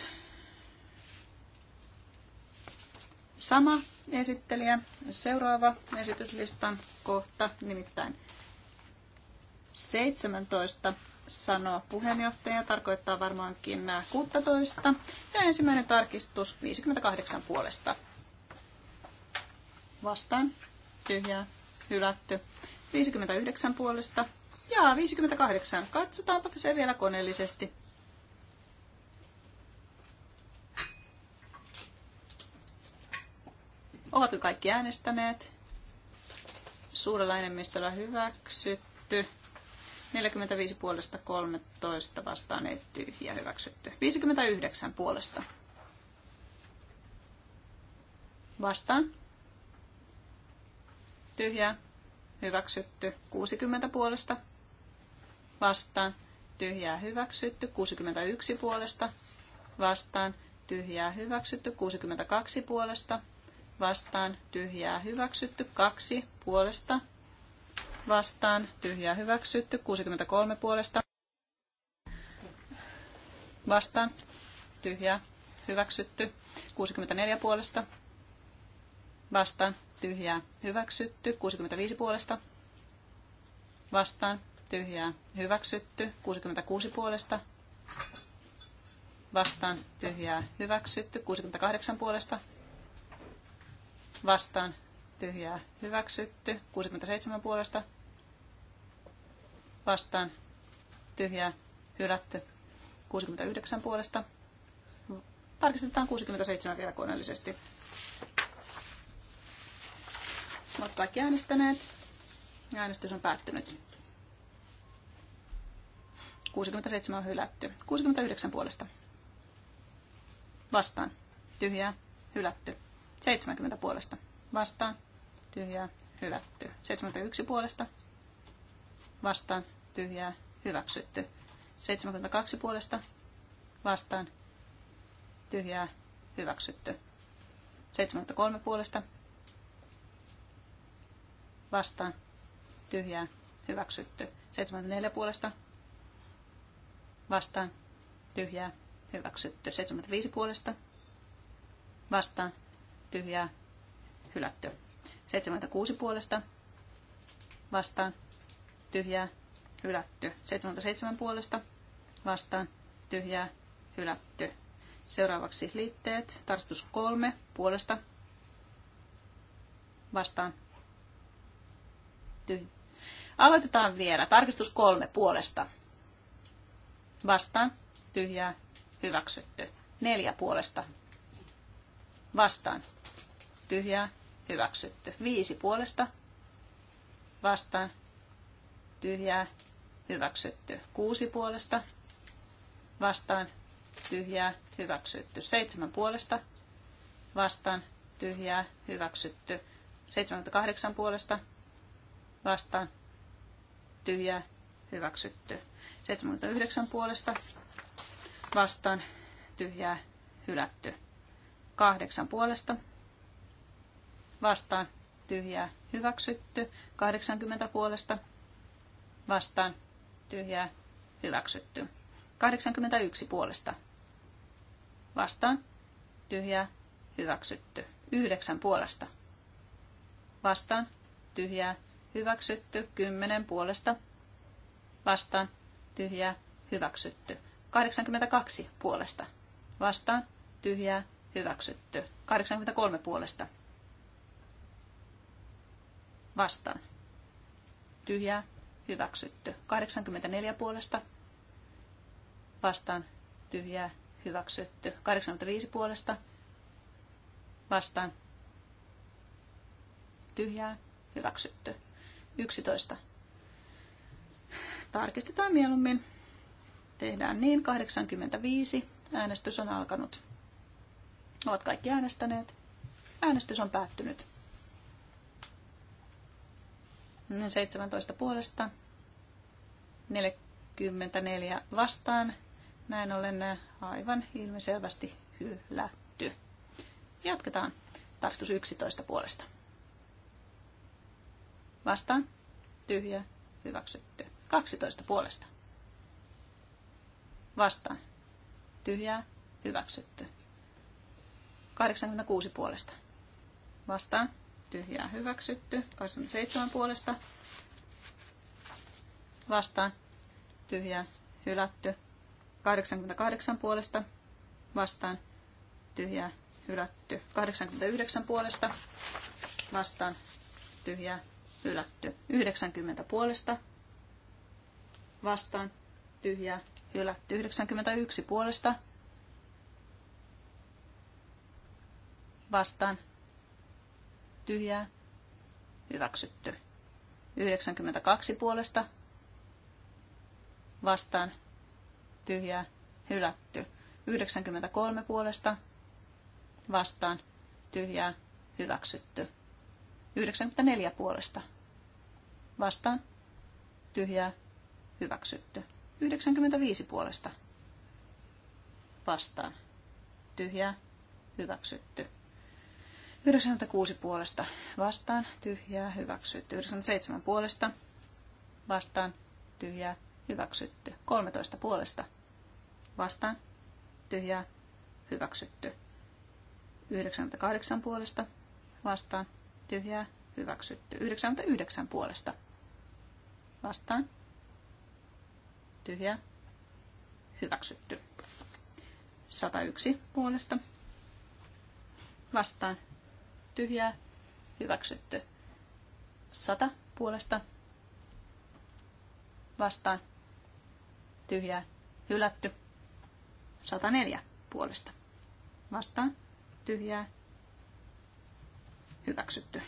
Speaker 1: sama esittelijä, seuraava esityslistan kohta, nimittäin 17 sanoo puheenjohtaja, tarkoittaa varmaankin 16. Ja ensimmäinen tarkistus 58 puolesta. Vastaan. Tyhjää. Hylätty. 59 puolesta. Ja 58. Katsotaanpa se vielä koneellisesti. Ovatko kaikki äänestäneet? Suurella enemmistöllä hyväksytty. 45 puolesta 13 vastaan ei tyhjä hyväksytty. 59 puolesta. Vastaan. Tyhjä Hyväksytty. 60 puolesta. Vastaan. Tyhjää hyväksytty. 61 puolesta. Vastaan. Tyhjää hyväksytty. 62 puolesta vastaan tyhjää hyväksytty, 2 puolesta vastaan tyhjää hyväksytty, 63 puolesta vastaan tyhjää hyväksytty, 64 puolesta vastaan tyhjää hyväksytty, 65 puolesta vastaan tyhjää hyväksytty, 66 puolesta vastaan tyhjää hyväksytty, 68 puolesta vastaan tyhjää hyväksytty. 67 puolesta vastaan tyhjää hylätty. 69 puolesta. Tarkistetaan 67 vielä koneellisesti. Olet kaikki äänestäneet. Äänestys on päättynyt. 67 on hylätty. 69 puolesta. Vastaan. Tyhjää. Hylätty. 70 puolesta vastaan, tyhjää, Hyvätty. 71 puolesta vastaan, tyhjää, hyväksytty. 72 puolesta vastaan, tyhjää, hyväksytty. 73 puolesta vastaan, tyhjää, hyväksytty. 74 puolesta vastaan, tyhjää, hyväksytty. 75 puolesta vastaan, tyhjää, hylätty. 76 puolesta vastaan, tyhjää, hylätty. 77 puolesta vastaan, tyhjää, hylätty. Seuraavaksi liitteet. Tarkistus 3 puolesta vastaan. tyhjää, Aloitetaan vielä. Tarkistus 3 puolesta vastaan. Tyhjää, hyväksytty. 4 puolesta vastaan tyhjää, hyväksytty. Viisi puolesta vastaan, tyhjää, hyväksytty. Kuusi puolesta vastaan, tyhjää, hyväksytty. Seitsemän puolesta vastaan, tyhjää, hyväksytty. kahdeksan puolesta vastaan, tyhjää, hyväksytty. yhdeksän puolesta vastaan, tyhjää, hylätty. kahdeksan puolesta vastaan tyhjää hyväksytty. 80 puolesta vastaan tyhjää hyväksytty. 81 puolesta vastaan tyhjää hyväksytty. 9 puolesta vastaan tyhjää hyväksytty. 10 puolesta vastaan tyhjää hyväksytty. 82 puolesta vastaan tyhjää hyväksytty. 83 puolesta vastaan. Tyhjää, hyväksytty. 84 puolesta vastaan, tyhjää, hyväksytty. 85 puolesta vastaan, tyhjää, hyväksytty. 11. Tarkistetaan mieluummin. Tehdään niin. 85. Äänestys on alkanut. Ovat kaikki äänestäneet. Äänestys on päättynyt. 17 puolesta, 44 vastaan. Näin ollen äh, aivan ilmiselvästi hylätty. Jatketaan. Tarkistus 11 puolesta. Vastaan. Tyhjä. Hyväksytty. 12 puolesta. Vastaan. Tyhjää. Hyväksytty. 86 puolesta. Vastaan tyhjää hyväksytty. 27 puolesta vastaan tyhjää hylätty. 88 puolesta vastaan tyhjää hylätty. 89 puolesta vastaan tyhjää hylätty. 90 puolesta vastaan tyhjää hylätty. 91 puolesta vastaan tyhjää, hyväksytty. 92 puolesta vastaan, tyhjää, hylätty. 93 puolesta vastaan, tyhjää, hyväksytty. 94 puolesta vastaan, tyhjää, hyväksytty. 95 puolesta vastaan, tyhjää, hyväksytty. 96 puolesta vastaan, tyhjää, hyväksytty. 97 puolesta vastaan, tyhjää, hyväksytty. 13 puolesta vastaan, tyhjää, hyväksytty. 98 puolesta vastaan, tyhjää, hyväksytty. 99 puolesta vastaan, tyhjää, hyväksytty. 101 puolesta vastaan, tyhjää, hyväksytty. 100 puolesta vastaan, tyhjää, hylätty. 104 puolesta vastaan, tyhjää, hyväksytty.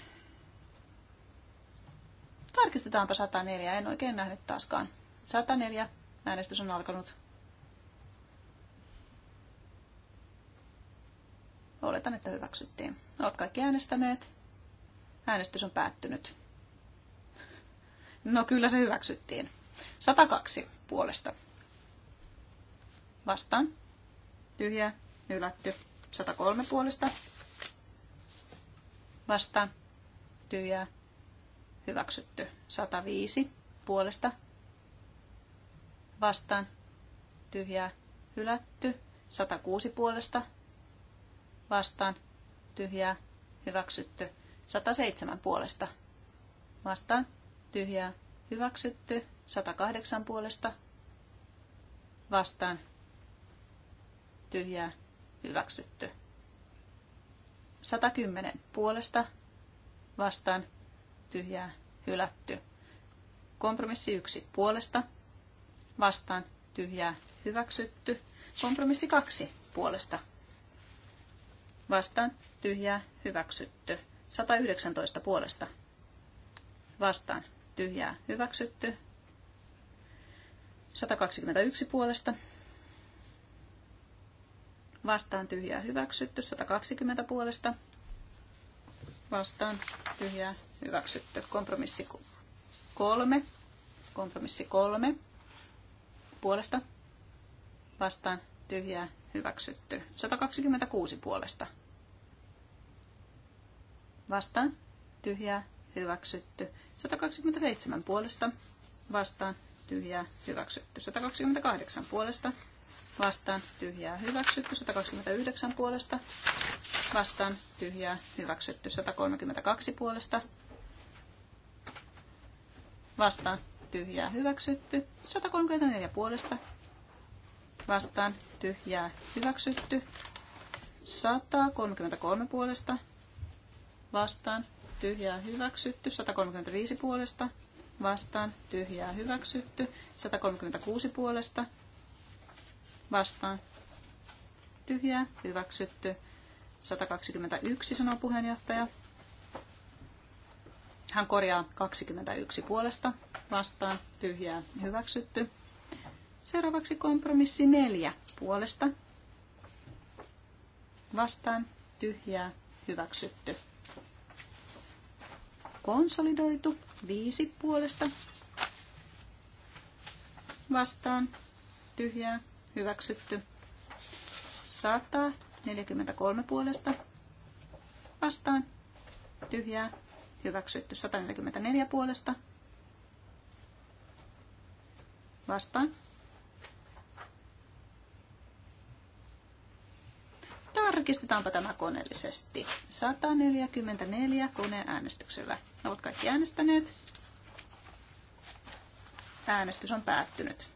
Speaker 1: Tarkistetaanpa 104, en oikein nähnyt taaskaan. 104, äänestys on alkanut. Oletan, että hyväksyttiin. Olet kaikki äänestäneet. Äänestys on päättynyt. No kyllä se hyväksyttiin. 102 puolesta. Vastaan. Tyhjä. Hylätty. 103 puolesta. Vastaan. Tyhjä. Hyväksytty. 105 puolesta. Vastaan. Tyhjä. Hylätty. 106 puolesta vastaan, tyhjää, hyväksytty. 107 puolesta vastaan, tyhjää, hyväksytty. 108 puolesta vastaan, tyhjää, hyväksytty. 110 puolesta vastaan, tyhjää, hylätty. Kompromissi 1 puolesta vastaan, tyhjää, hyväksytty. Kompromissi 2 puolesta Vastaan. Tyhjää. Hyväksytty. 119 puolesta. Vastaan. Tyhjää. Hyväksytty. 121 puolesta. Vastaan tyhjää hyväksytty. 120 puolesta. Vastaan tyhjää hyväksytty. Kompromissi 3. Kompromissi 3. Puolesta. Vastaan tyhjää hyväksytty. 126 puolesta. Vastaan tyhjää hyväksytty. 127 puolesta vastaan tyhjää hyväksytty. 128 puolesta vastaan tyhjää hyväksytty. 129 puolesta vastaan tyhjää hyväksytty. 132 puolesta vastaan tyhjää hyväksytty. 134 puolesta vastaan tyhjää hyväksytty. 133 puolesta vastaan tyhjää hyväksytty. 135 puolesta vastaan tyhjää hyväksytty. 136 puolesta vastaan tyhjää hyväksytty. 121 sanoo puheenjohtaja. Hän korjaa 21 puolesta vastaan tyhjää hyväksytty. Seuraavaksi kompromissi neljä puolesta. Vastaan tyhjää hyväksytty.
Speaker 4: Konsolidoitu
Speaker 1: viisi puolesta. Vastaan tyhjää hyväksytty. 143 puolesta. Vastaan tyhjää hyväksytty. 144 puolesta. Vastaan Tarkistetaanpa tämä koneellisesti. 144 koneäänestyksellä. Ovat kaikki äänestäneet. Äänestys on päättynyt.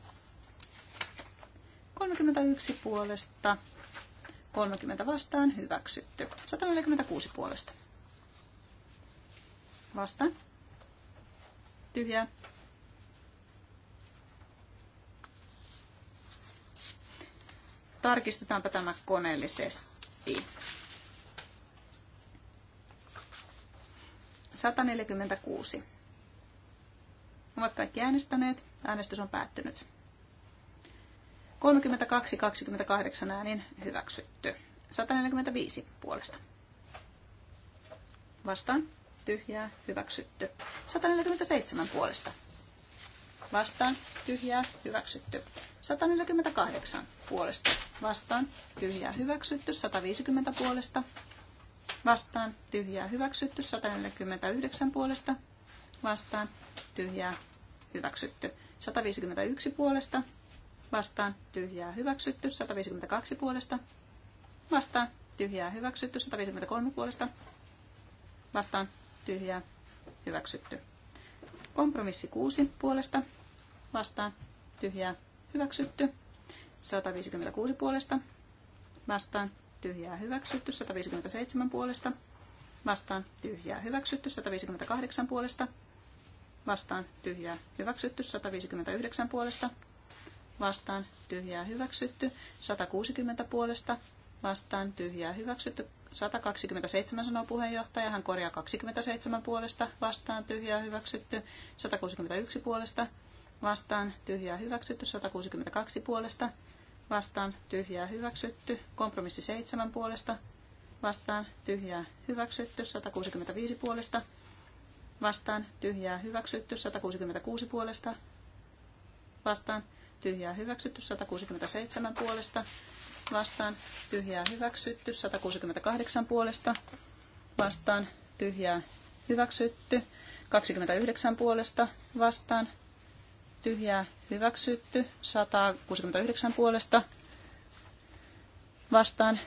Speaker 1: 31 puolesta, 30 vastaan hyväksytty. 146 puolesta. Vastaan. Tyhjää. Tarkistetaanpa tämä koneellisesti. 146. Ovat kaikki äänestäneet. Äänestys on päättynyt. 32-28 äänin hyväksytty. 145 puolesta. Vastaan. Tyhjää hyväksytty. 147 puolesta vastaan, tyhjää, hyväksytty. 148 puolesta vastaan, tyhjää, hyväksytty. 150 puolesta vastaan, tyhjää, hyväksytty. 149 puolesta vastaan, tyhjää, hyväksytty. 151 puolesta vastaan, tyhjää, hyväksytty. 152 puolesta vastaan, tyhjää, hyväksytty. 153 puolesta vastaan, tyhjää, hyväksytty. Kompromissi 6 puolesta vastaan tyhjää hyväksytty. 156 puolesta vastaan tyhjää hyväksytty. 157 puolesta vastaan tyhjää hyväksytty. 158 puolesta vastaan tyhjää hyväksytty. 159 puolesta vastaan tyhjää hyväksytty. 160 puolesta vastaan tyhjää hyväksytty. 127 sanoo puheenjohtaja, hän korjaa 27 puolesta vastaan tyhjää hyväksytty, 161 puolesta vastaan tyhjää hyväksytty, 162 puolesta vastaan tyhjää hyväksytty, kompromissi 7 puolesta vastaan tyhjää hyväksytty, 165 puolesta vastaan tyhjää hyväksytty, 166 puolesta vastaan tyhjää hyväksytty, 167 puolesta vastaan tyhjää hyväksytty, 168 puolesta vastaan tyhjää hyväksytty, 29 puolesta vastaan tyhjää hyväksytty. 169 puolesta vastaan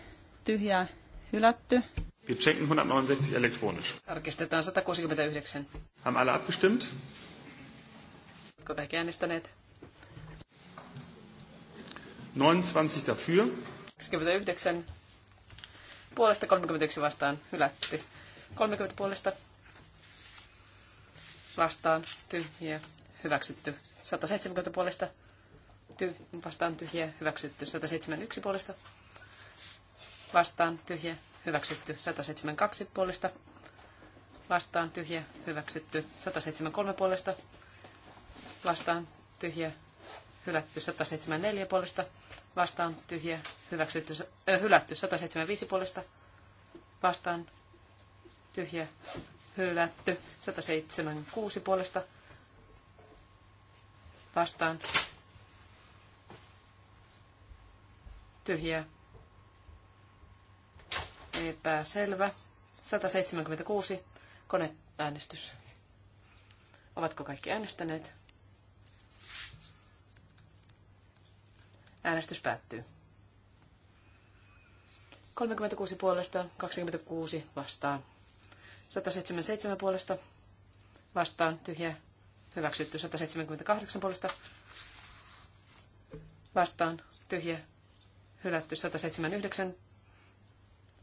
Speaker 1: tyhjää
Speaker 2: hylätty. Wir checken 169 elektronisch.
Speaker 4: Tarkistetaan 169.
Speaker 2: Haben alle abgestimmt?
Speaker 4: Oletko kaikki äänestäneet?
Speaker 2: 29 dafür.
Speaker 4: 29 puolesta 31 vastaan hylätty. 30 puolesta vastaan tyhjää hyväksytty. 170 puolesta ty- vastaan tyhjä hyväksytty. 171 puolesta vastaan tyhjä hyväksytty. 172 puolesta vastaan tyhjä hyväksytty. 173 puolesta vastaan tyhjä hylätty. 174 puolesta vastaan tyhjä hyväksytty. Äh, hylätty. 175 puolesta vastaan tyhjä hylätty. 176 puolesta vastaan, tyhjä, puolesta vastaan Tyhjä. Epäselvä. 176. Koneäänestys. Ovatko kaikki äänestäneet? Äänestys päättyy. 36 puolesta, 26 vastaan. 177 puolesta vastaan tyhjä Hyväksytty 178 puolesta. Vastaan tyhjä. Hylätty 179.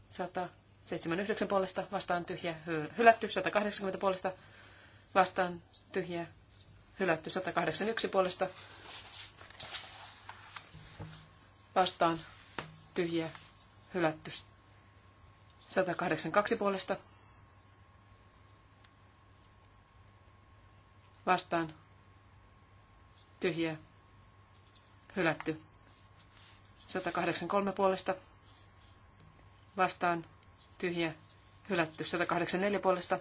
Speaker 4: 179 puolesta. Vastaan tyhjä. Hylätty 180 puolesta. Vastaan tyhjä. Hylätty 181 puolesta. Vastaan tyhjä. Hylätty 182 puolesta vastaan tyhjä hylätty. 183 puolesta vastaan tyhjä hylätty. 184 puolesta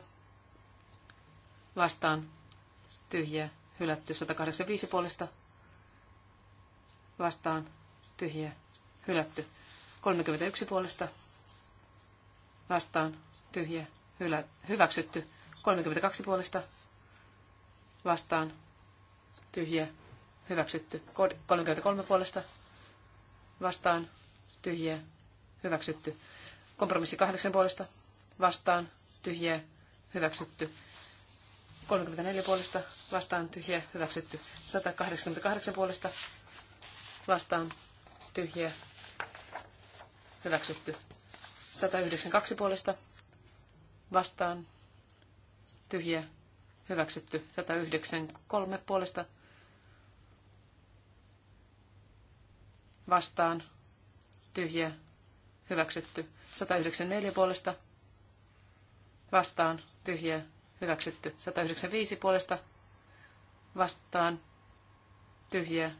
Speaker 4: vastaan tyhjä hylätty. 185 puolesta vastaan tyhjä hylätty. 31 puolesta vastaan tyhjä hylä, hyväksytty. 32 puolesta vastaan tyhjä hyväksytty. 33 puolesta vastaan tyhjä hyväksytty. Kompromissi 8 puolesta vastaan tyhjä hyväksytty. 34 puolesta vastaan tyhjä hyväksytty. 188 puolesta vastaan tyhjä hyväksytty. 192 puolesta vastaan tyhjä hyväksytty 193 puolesta vastaan tyhjä hyväksytty 194 puolesta vastaan tyhjä hyväksytty 195 puolesta vastaan tyhjä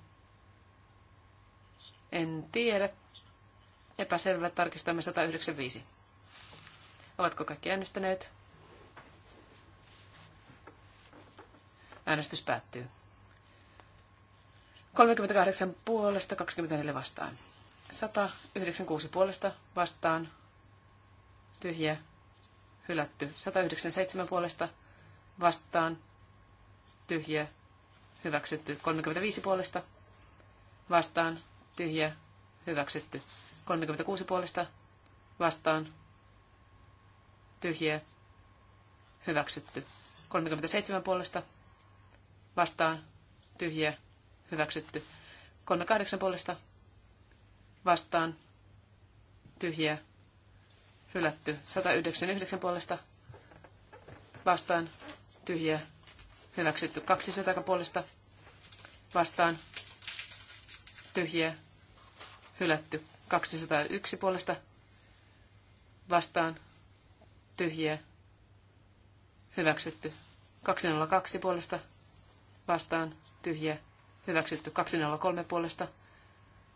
Speaker 4: en tiedä epäselvä tarkistamme 195 Ovatko kaikki äänestäneet? Äänestys päättyy. 38 puolesta, 24 vastaan. 196 puolesta vastaan. Tyhjä. Hylätty. 197 puolesta vastaan. Tyhjä. Hyväksytty. 35 puolesta vastaan. Tyhjä. Hyväksytty. 36 puolesta vastaan. Tyhjä. Hyväksytty. 37 puolesta vastaan vastaan tyhjiä hyväksytty. 38 puolesta vastaan tyhjiä hylätty. 199 puolesta vastaan tyhjiä hyväksytty. 200 puolesta vastaan tyhjiä hylätty. 201 puolesta vastaan tyhjiä hyväksytty. 202 puolesta vastaan, vastaan tyhjä hyväksytty 203 puolesta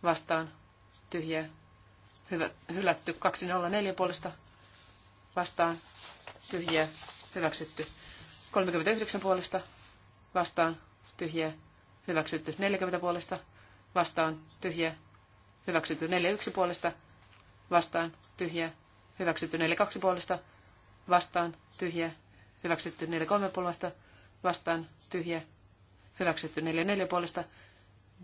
Speaker 4: vastaan tyhjä hyvä, hylätty 204 puolesta vastaan tyhjä hyväksytty 39 puolesta vastaan tyhjä hyväksytty 40 puolesta vastaan tyhjä hyväksytty 41 puolesta vastaan tyhjä hyväksytty 42 puolesta vastaan tyhjä hyväksytty 43 puolesta vastaan tyhjä hyväksytty 4-4 puolesta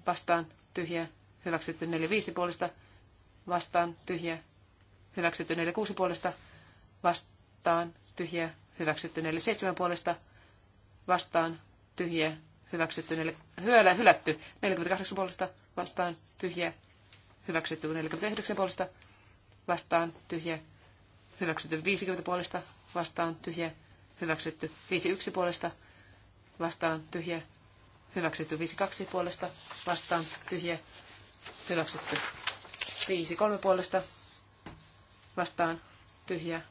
Speaker 4: vastaan tyhjä, hyväksytty 4-5 puolesta vastaan tyhjä, hyväksytty 4-6 puolesta vastaan tyhjä, hyväksytty 4-7 puolesta vastaan tyhjä, hyväksytty neljä hyölä, hylätty 48 puolesta vastaan tyhjä, hyväksytty 49 puolesta vastaan tyhjä, hyväksytty 50 puolesta vastaan tyhjä, hyväksytty 51 puolesta vastaan tyhjä, Hyväksytty 52 puolesta vastaan tyhjä. Hyväksytty 53 puolesta vastaan tyhjä.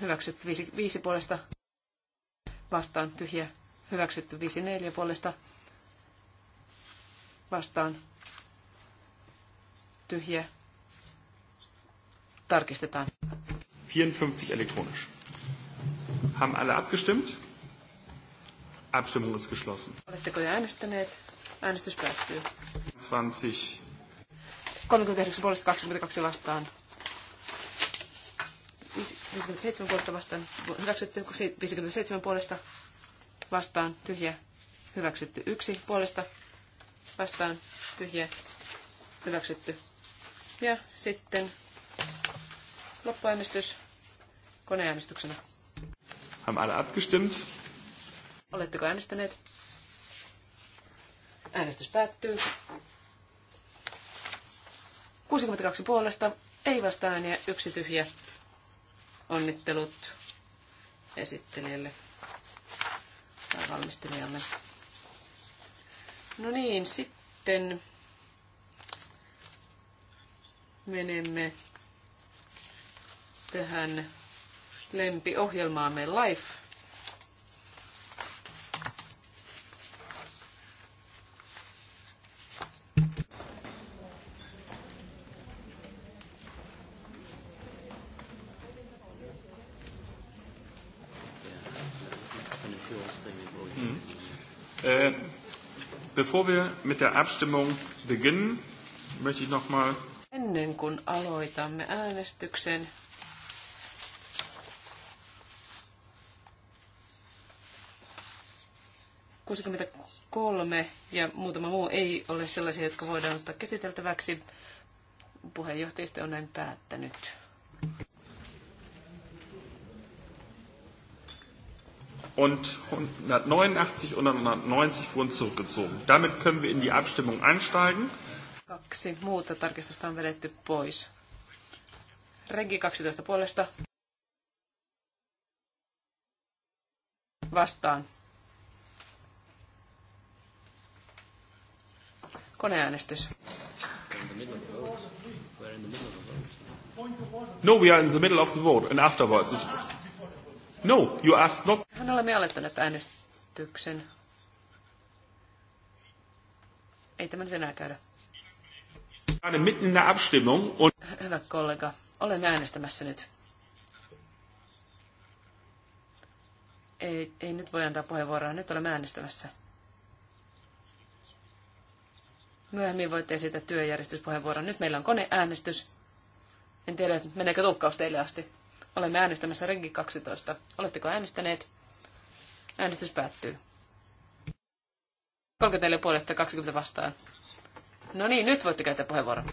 Speaker 4: Hyväksytty 55 puolesta vastaan tyhjä. Hyväksytty 54 puolesta vastaan tyhjä. Tarkistetaan.
Speaker 2: 54 elektronisch. Haben alle abgestimmt? Abstimmung ist geschlossen.
Speaker 4: Oletteko jo äänestäneet? Äänestys päättyy. 39 puolesta 22 vastaan. 57 puolesta vastaan. Hyväksytty 57 puolesta vastaan. Tyhjä. Hyväksytty Yksi puolesta vastaan. Tyhjä. Hyväksytty. Ja sitten loppuäänestys koneäänestyksenä.
Speaker 2: Haben alle abgestimmt?
Speaker 4: Oletteko äänestäneet? Äänestys päättyy. 62 puolesta, ei vastaan ja yksi tyhjä. Onnittelut esittelijälle tai valmistelijalle. No niin, sitten menemme tähän lempiohjelmaamme Life
Speaker 2: Bevor wir mit der Abstimmung beginnen, möchte ich noch mal
Speaker 4: Ennen kuin aloitamme äänestyksen, kolme ja muutama muu ei ole sellaisia, jotka voidaan ottaa käsiteltäväksi. Puheenjohtajista on näin päättänyt.
Speaker 2: und 189 und 190 wurden zurückgezogen. Damit können wir in die Abstimmung einsteigen.
Speaker 4: Kaksi muuta tarkistusta on vedetty pois. Regi 12 puolesta. Vastaan. Koneäänestys.
Speaker 2: No, we are in the middle of the vote and afterwards. It's No, you asked not.
Speaker 4: Hän olemme aloittaneet äänestyksen. Ei tämä nyt enää käydä.
Speaker 2: Mitten in der Abstimmung und...
Speaker 4: Hyvä kollega, olemme äänestämässä nyt. Ei, ei nyt voi antaa puheenvuoroa, nyt olemme äänestämässä. Myöhemmin voitte esittää työjärjestyspuheenvuoron. Nyt meillä on koneäänestys. En tiedä, meneekö tukkaus teille asti. Olemme äänestämässä Regi 12. Oletteko äänestäneet? Äänestys päättyy. 34 puolesta 20 vastaan. No niin, nyt voitte käyttää puheenvuoron.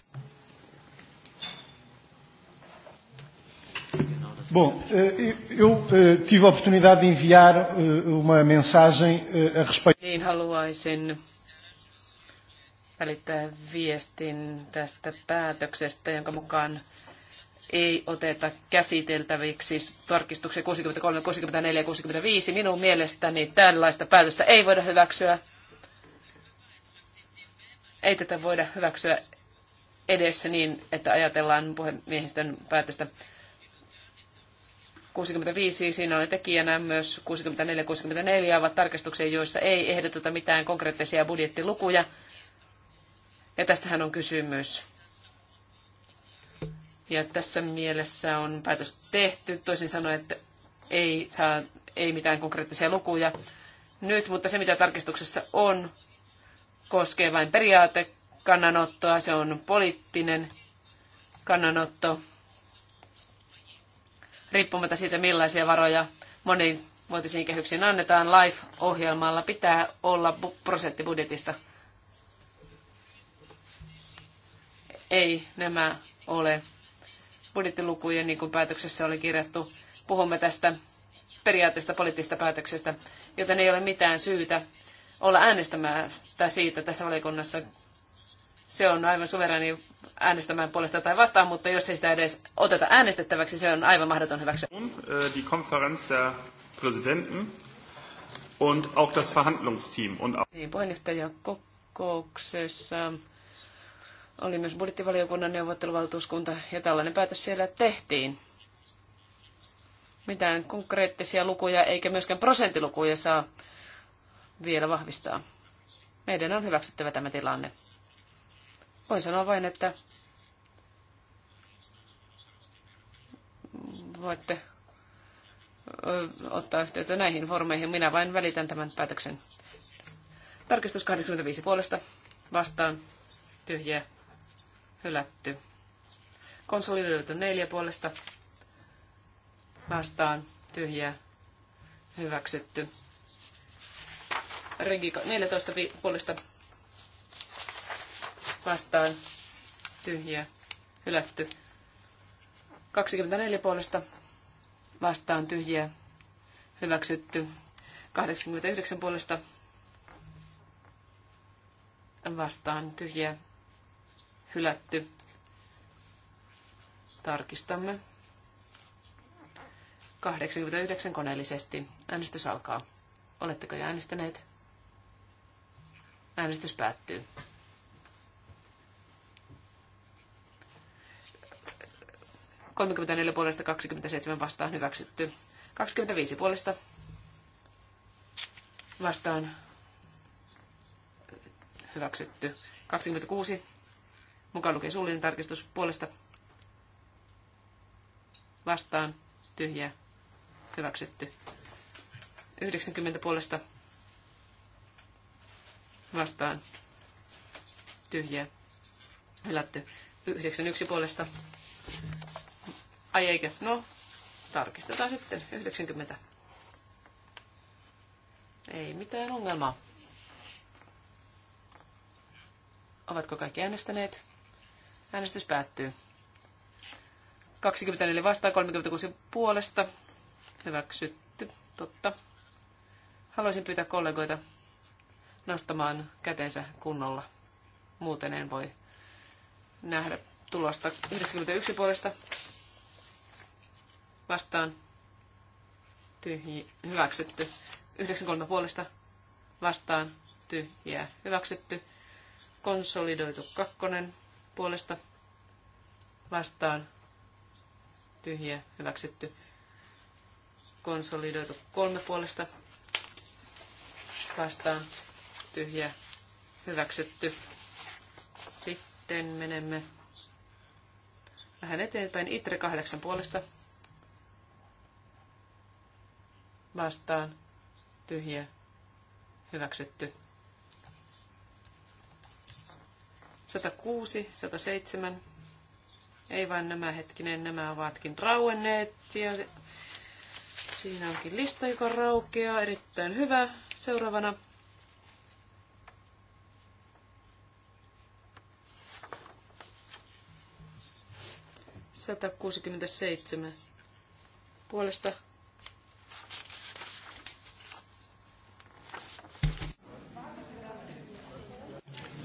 Speaker 2: Bom, eh, eu eh, tive a oportunidade de enviar eh, uma mensagem a respeito.
Speaker 4: Niin haluaisin välittää viestin tästä päätöksestä, jonka mukaan ei oteta käsiteltäviksi tarkistuksia 63, 64 ja 65. Minun mielestäni tällaista päätöstä ei voida hyväksyä. Ei tätä voida hyväksyä edessä niin, että ajatellaan puhemiehistön päätöstä 65, siinä oli tekijänä myös 64-64 ovat tarkistuksia, joissa ei ehdoteta mitään konkreettisia budjettilukuja. Ja tästähän on kysymys. Ja tässä mielessä on päätös tehty, toisin sanoen, että ei saa ei mitään konkreettisia lukuja nyt, mutta se mitä tarkistuksessa on, koskee vain periaatekannanottoa, se on poliittinen kannanotto, riippumatta siitä millaisia varoja monivuotisiin kehyksiin annetaan, LIFE-ohjelmalla pitää olla prosentti budjetista. Ei nämä ole budjettilukuja, niin kuin päätöksessä oli kirjattu. Puhumme tästä periaatteesta poliittisesta päätöksestä, joten ei ole mitään syytä olla äänestämästä siitä tässä valiokunnassa. Se on aivan suvereni äänestämään puolesta tai vastaan, mutta jos ei sitä edes oteta äänestettäväksi, se on aivan mahdoton hyväksyä. Äh,
Speaker 2: die Konferenz der Präsidenten und auch das Verhandlungsteam. Und auch niin,
Speaker 4: puheenjohtajakokouksessa oli myös budjettivaliokunnan neuvotteluvaltuuskunta ja tällainen päätös siellä tehtiin. Mitään konkreettisia lukuja eikä myöskään prosenttilukuja saa vielä vahvistaa. Meidän on hyväksyttävä tämä tilanne. Voin sanoa vain, että voitte ottaa yhteyttä näihin formeihin. Minä vain välitän tämän päätöksen. Tarkistus 85 puolesta vastaan Tyhjää hylätty. Konsolidoitu neljä puolesta vastaan tyhjää hyväksytty. Renki 14 puolesta vastaan tyhjää hylätty. 24 puolesta vastaan tyhjää hyväksytty. 89 puolesta vastaan tyhjää hylätty. Tarkistamme. 89 koneellisesti. Äänestys alkaa. Oletteko jo äänestäneet? Äänestys päättyy. Kolmekymmentäneljä puolesta 27 vastaan hyväksytty. 25 puolesta vastaan hyväksytty. 26 mukaan lukee suullinen tarkistus puolesta vastaan tyhjä hyväksytty. 90 puolesta vastaan tyhjä hylätty. 91 puolesta ai eikö? No, tarkistetaan sitten. 90. Ei mitään ongelmaa. Ovatko kaikki äänestäneet? Äänestys päättyy. 24 vastaan, 36 puolesta. Hyväksytty, totta. Haluaisin pyytää kollegoita nostamaan kätensä kunnolla. Muuten en voi nähdä tulosta 91 puolesta vastaan tyhjiä, hyväksytty. 93 puolesta vastaan tyhjiä, hyväksytty. Konsolidoitu kakkonen puolesta vastaan tyhjä hyväksytty. Konsolidoitu kolme puolesta vastaan tyhjä hyväksytty. Sitten menemme vähän eteenpäin. Itre kahdeksan puolesta vastaan tyhjä hyväksytty. 106, 107. Ei vain nämä hetkinen, nämä ovatkin rauenneet. Siellä, siinä onkin lista, joka raukeaa. Erittäin hyvä. Seuraavana Satakuusikymmentäseitsemän puolesta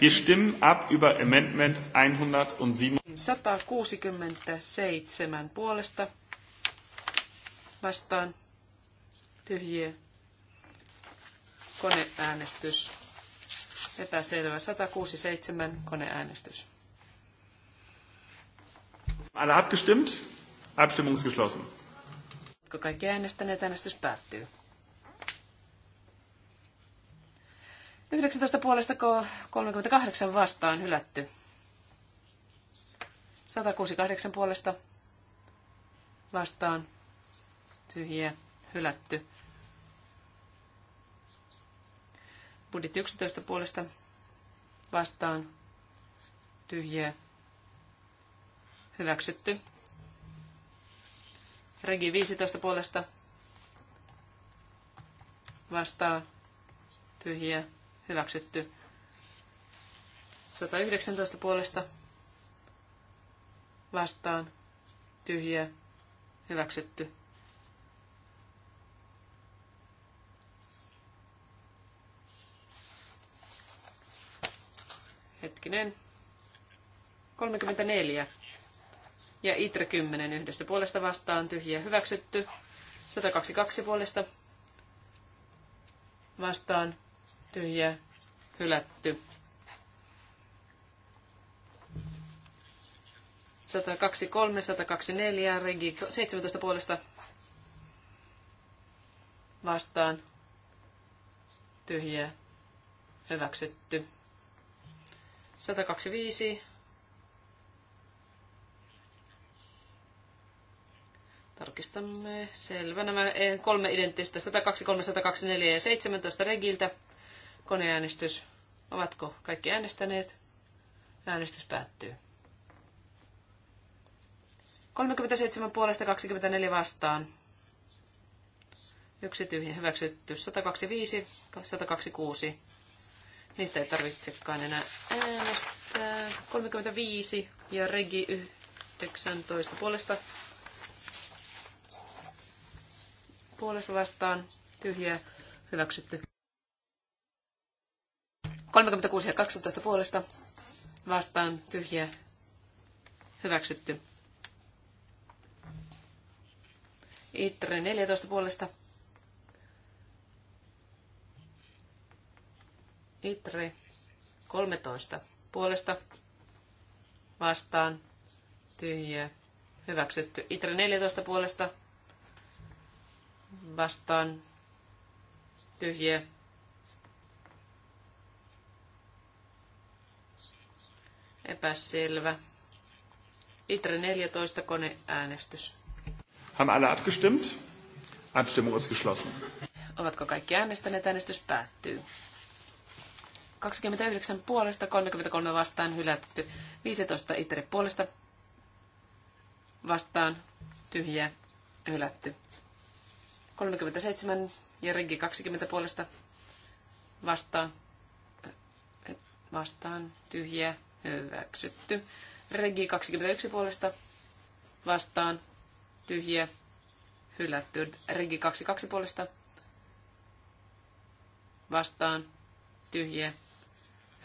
Speaker 2: Wir stimmen ab über Amendment 107.
Speaker 4: 167 puolesta vastaan tyhjiä koneäänestys. Epäselvä 167 koneäänestys.
Speaker 2: Alle abgestimmt? Abstimmung ist geschlossen.
Speaker 4: Kaikki äänestäneet äänestys päättyy. 19 puolesta 38 vastaan hylätty. 168 puolesta vastaan tyhjiä hylätty. Budjetti 11 puolesta vastaan tyhjiä hyväksytty. Regi 15 puolesta vastaan tyhjiä hyväksytty. 119 puolesta vastaan tyhjä hyväksytty. Hetkinen. 34. Ja Itre 10 yhdessä puolesta vastaan tyhjä hyväksytty. 122 puolesta vastaan tyhjä, hylätty. 123, 124, regi 17 puolesta vastaan tyhjä, hyväksytty. 125 Tarkistamme. Selvä. Nämä eh, kolme identtistä 123, 124 ja 17 regiltä Koneäänestys. Ovatko kaikki äänestäneet? Äänestys päättyy. 37 puolesta 24 vastaan. Yksi tyhjä hyväksytty. 125, 126. Niistä ei tarvitsekaan enää äänestää. 35 ja Regi 19 puolesta. Puolesta vastaan tyhjä hyväksytty. 36 ja 12 puolesta vastaan tyhjä hyväksytty. Itre 14 puolesta. Itre 13 puolesta vastaan tyhjä hyväksytty. Itre 14 puolesta vastaan tyhjä Epäselvä. ITRE 14 koneäänestys.
Speaker 2: Haben alle abgestimmt? Abstimmung ist geschlossen.
Speaker 4: Ovatko kaikki äänestäneet? Äänestys päättyy. 29 puolesta, 33 vastaan hylätty. 15 ITRE puolesta vastaan tyhjä hylätty. 37 ja Renki 20 puolesta vastaan, vastaan tyhjä hyväksytty. Regi 21 puolesta vastaan Tyhjä. hylätty. Regi 22 puolesta vastaan Tyhjä.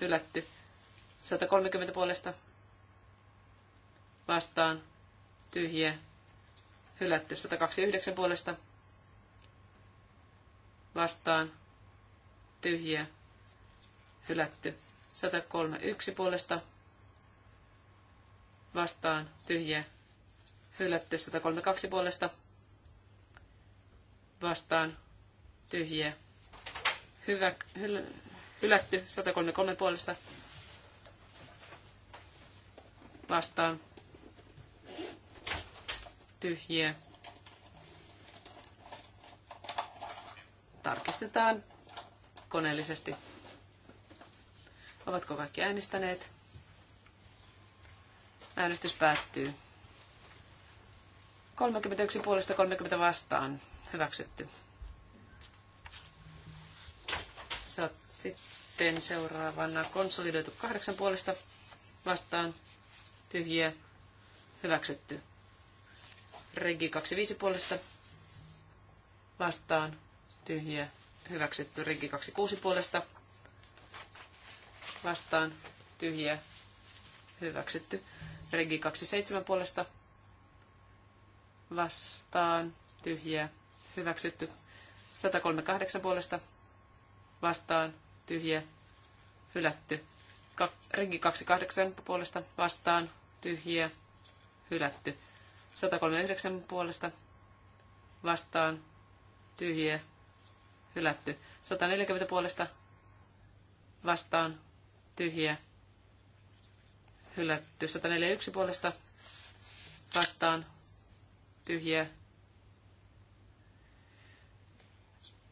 Speaker 4: hylätty. 130 puolesta vastaan Tyhjä. hylätty. 129 puolesta vastaan Tyhjä. hylätty. 131 puolesta vastaan tyhjä hylätty. 132 puolesta vastaan tyhjä hyvä, hyl, hylätty. 133 puolesta vastaan tyhjiä. Tarkistetaan koneellisesti Ovatko kaikki äänestäneet? Äänestys päättyy. 31 puolesta 30 vastaan. Hyväksytty. Sitten seuraavana konsolidoitu kahdeksan puolesta vastaan. Tyhjiä. Hyväksytty. Regi 25 puolesta vastaan. Tyhjiä. Hyväksytty. Regi 26 puolesta vastaan tyhjiä hyväksytty. Regi 27 puolesta vastaan tyhjiä hyväksytty. 138 puolesta vastaan tyhjiä hylätty. Regi 28 puolesta vastaan tyhjiä hylätty. 139 puolesta vastaan tyhjiä hylätty. 140 puolesta vastaan tyhjiä hylätty. 141 puolesta vastaan tyhjiä.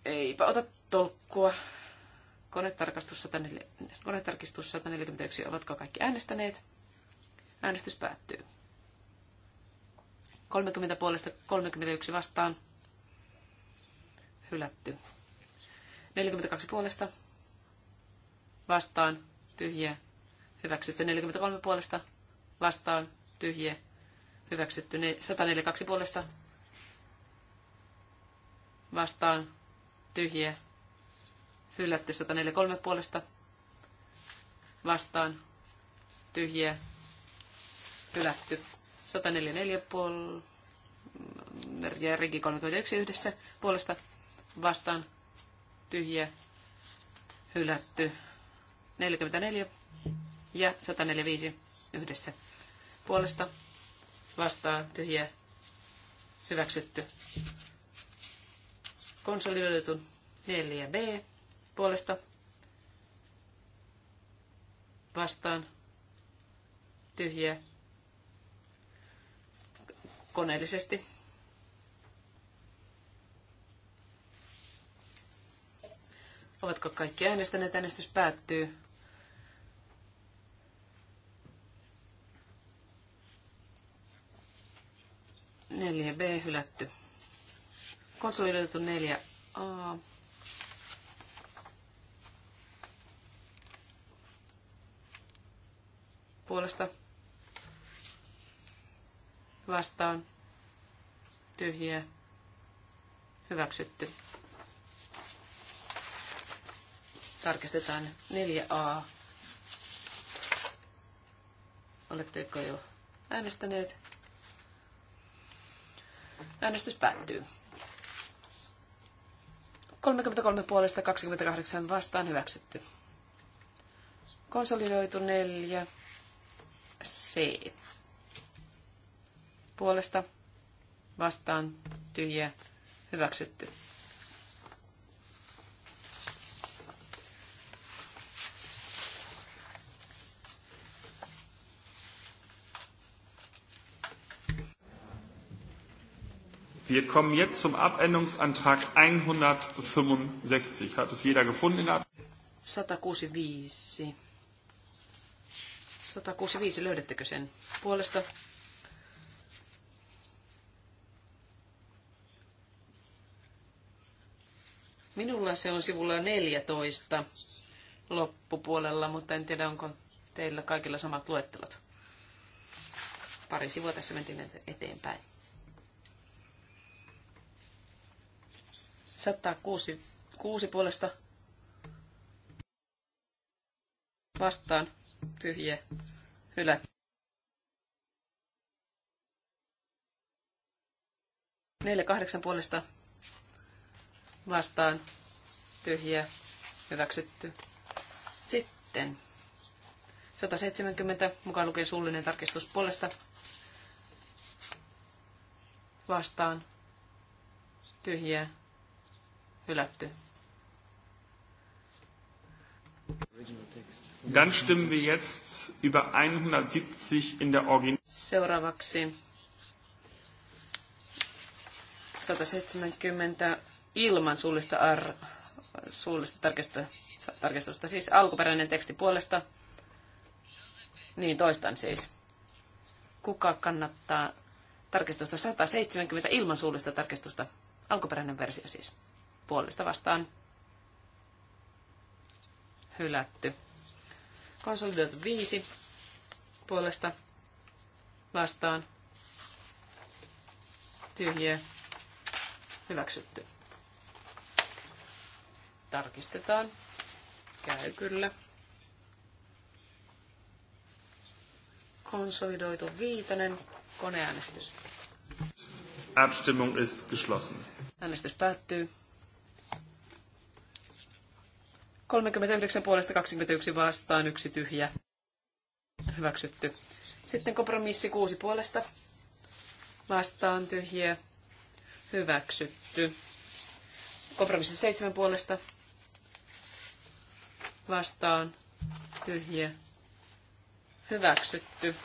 Speaker 4: Eipä ota tolkkua. konetarkistus 141, ovatko kaikki äänestäneet? Äänestys päättyy. 30 puolesta 31 vastaan. Hylätty. 42 puolesta vastaan tyhjiä, hyväksytty 43 puolesta, vastaan, tyhjiä, hyväksytty 142 puolesta, vastaan, tyhjiä, hylätty 143 puolesta, vastaan, tyhjiä, hylätty 144 puol... ja Rigi 31 yhdessä puolesta, vastaan, tyhjiä, hylätty 44 ja 145 yhdessä puolesta vastaan tyhjä hyväksytty. Konsolidoitu 4b puolesta vastaan tyhjä koneellisesti Ovatko kaikki äänestäneet? Äänestys päättyy. 4b hylätty. Konsolidoitu 4a. Puolesta vastaan tyhjiä hyväksytty. Tarkistetaan 4a. Oletteko jo äänestäneet? Äänestys päättyy. 33 puolesta 28 vastaan hyväksytty. Konsolidoitu 4 C. Puolesta vastaan tyhjä hyväksytty.
Speaker 2: Wir kommen jetzt zum Abänderungsantrag 165. Hat es jeder gefunden?
Speaker 4: 165. 165, löydättekö sen puolesta? Minulla se on sivulla 14 loppupuolella, mutta en tiedä, onko teillä kaikilla samat luettelot. Pari sivua tässä mentiin eteenpäin. 106 kuusi puolesta vastaan tyhjiä hylät. Neljä kahdeksan puolesta vastaan tyhjiä hyväksytty. Sitten 170 mukaan lukee suullinen tarkistus puolesta vastaan tyhjiä hylätty.
Speaker 2: Dann stimmen wir jetzt über 170 in der Original.
Speaker 4: Seuraavaksi 170 ilman suullista, ar- suullista tarkistusta, tarkistusta, siis alkuperäinen teksti puolesta. Niin, toistan siis. Kuka kannattaa tarkistusta 170 ilman suullista tarkistusta? Alkuperäinen versio siis puolesta vastaan hylätty. Konsolidoitu 5 puolesta vastaan tyhjä, hyväksytty. Tarkistetaan. Käy kyllä. Konsolidoitu viitonen koneäänestys.
Speaker 2: Abstimmung ist geschlossen.
Speaker 4: Äänestys päättyy. 39 puolesta 21 vastaan, yksi tyhjä. Hyväksytty. Sitten kompromissi 6 puolesta vastaan, tyhjä. Hyväksytty. Kompromissi 7 puolesta vastaan, tyhjä. Hyväksytty.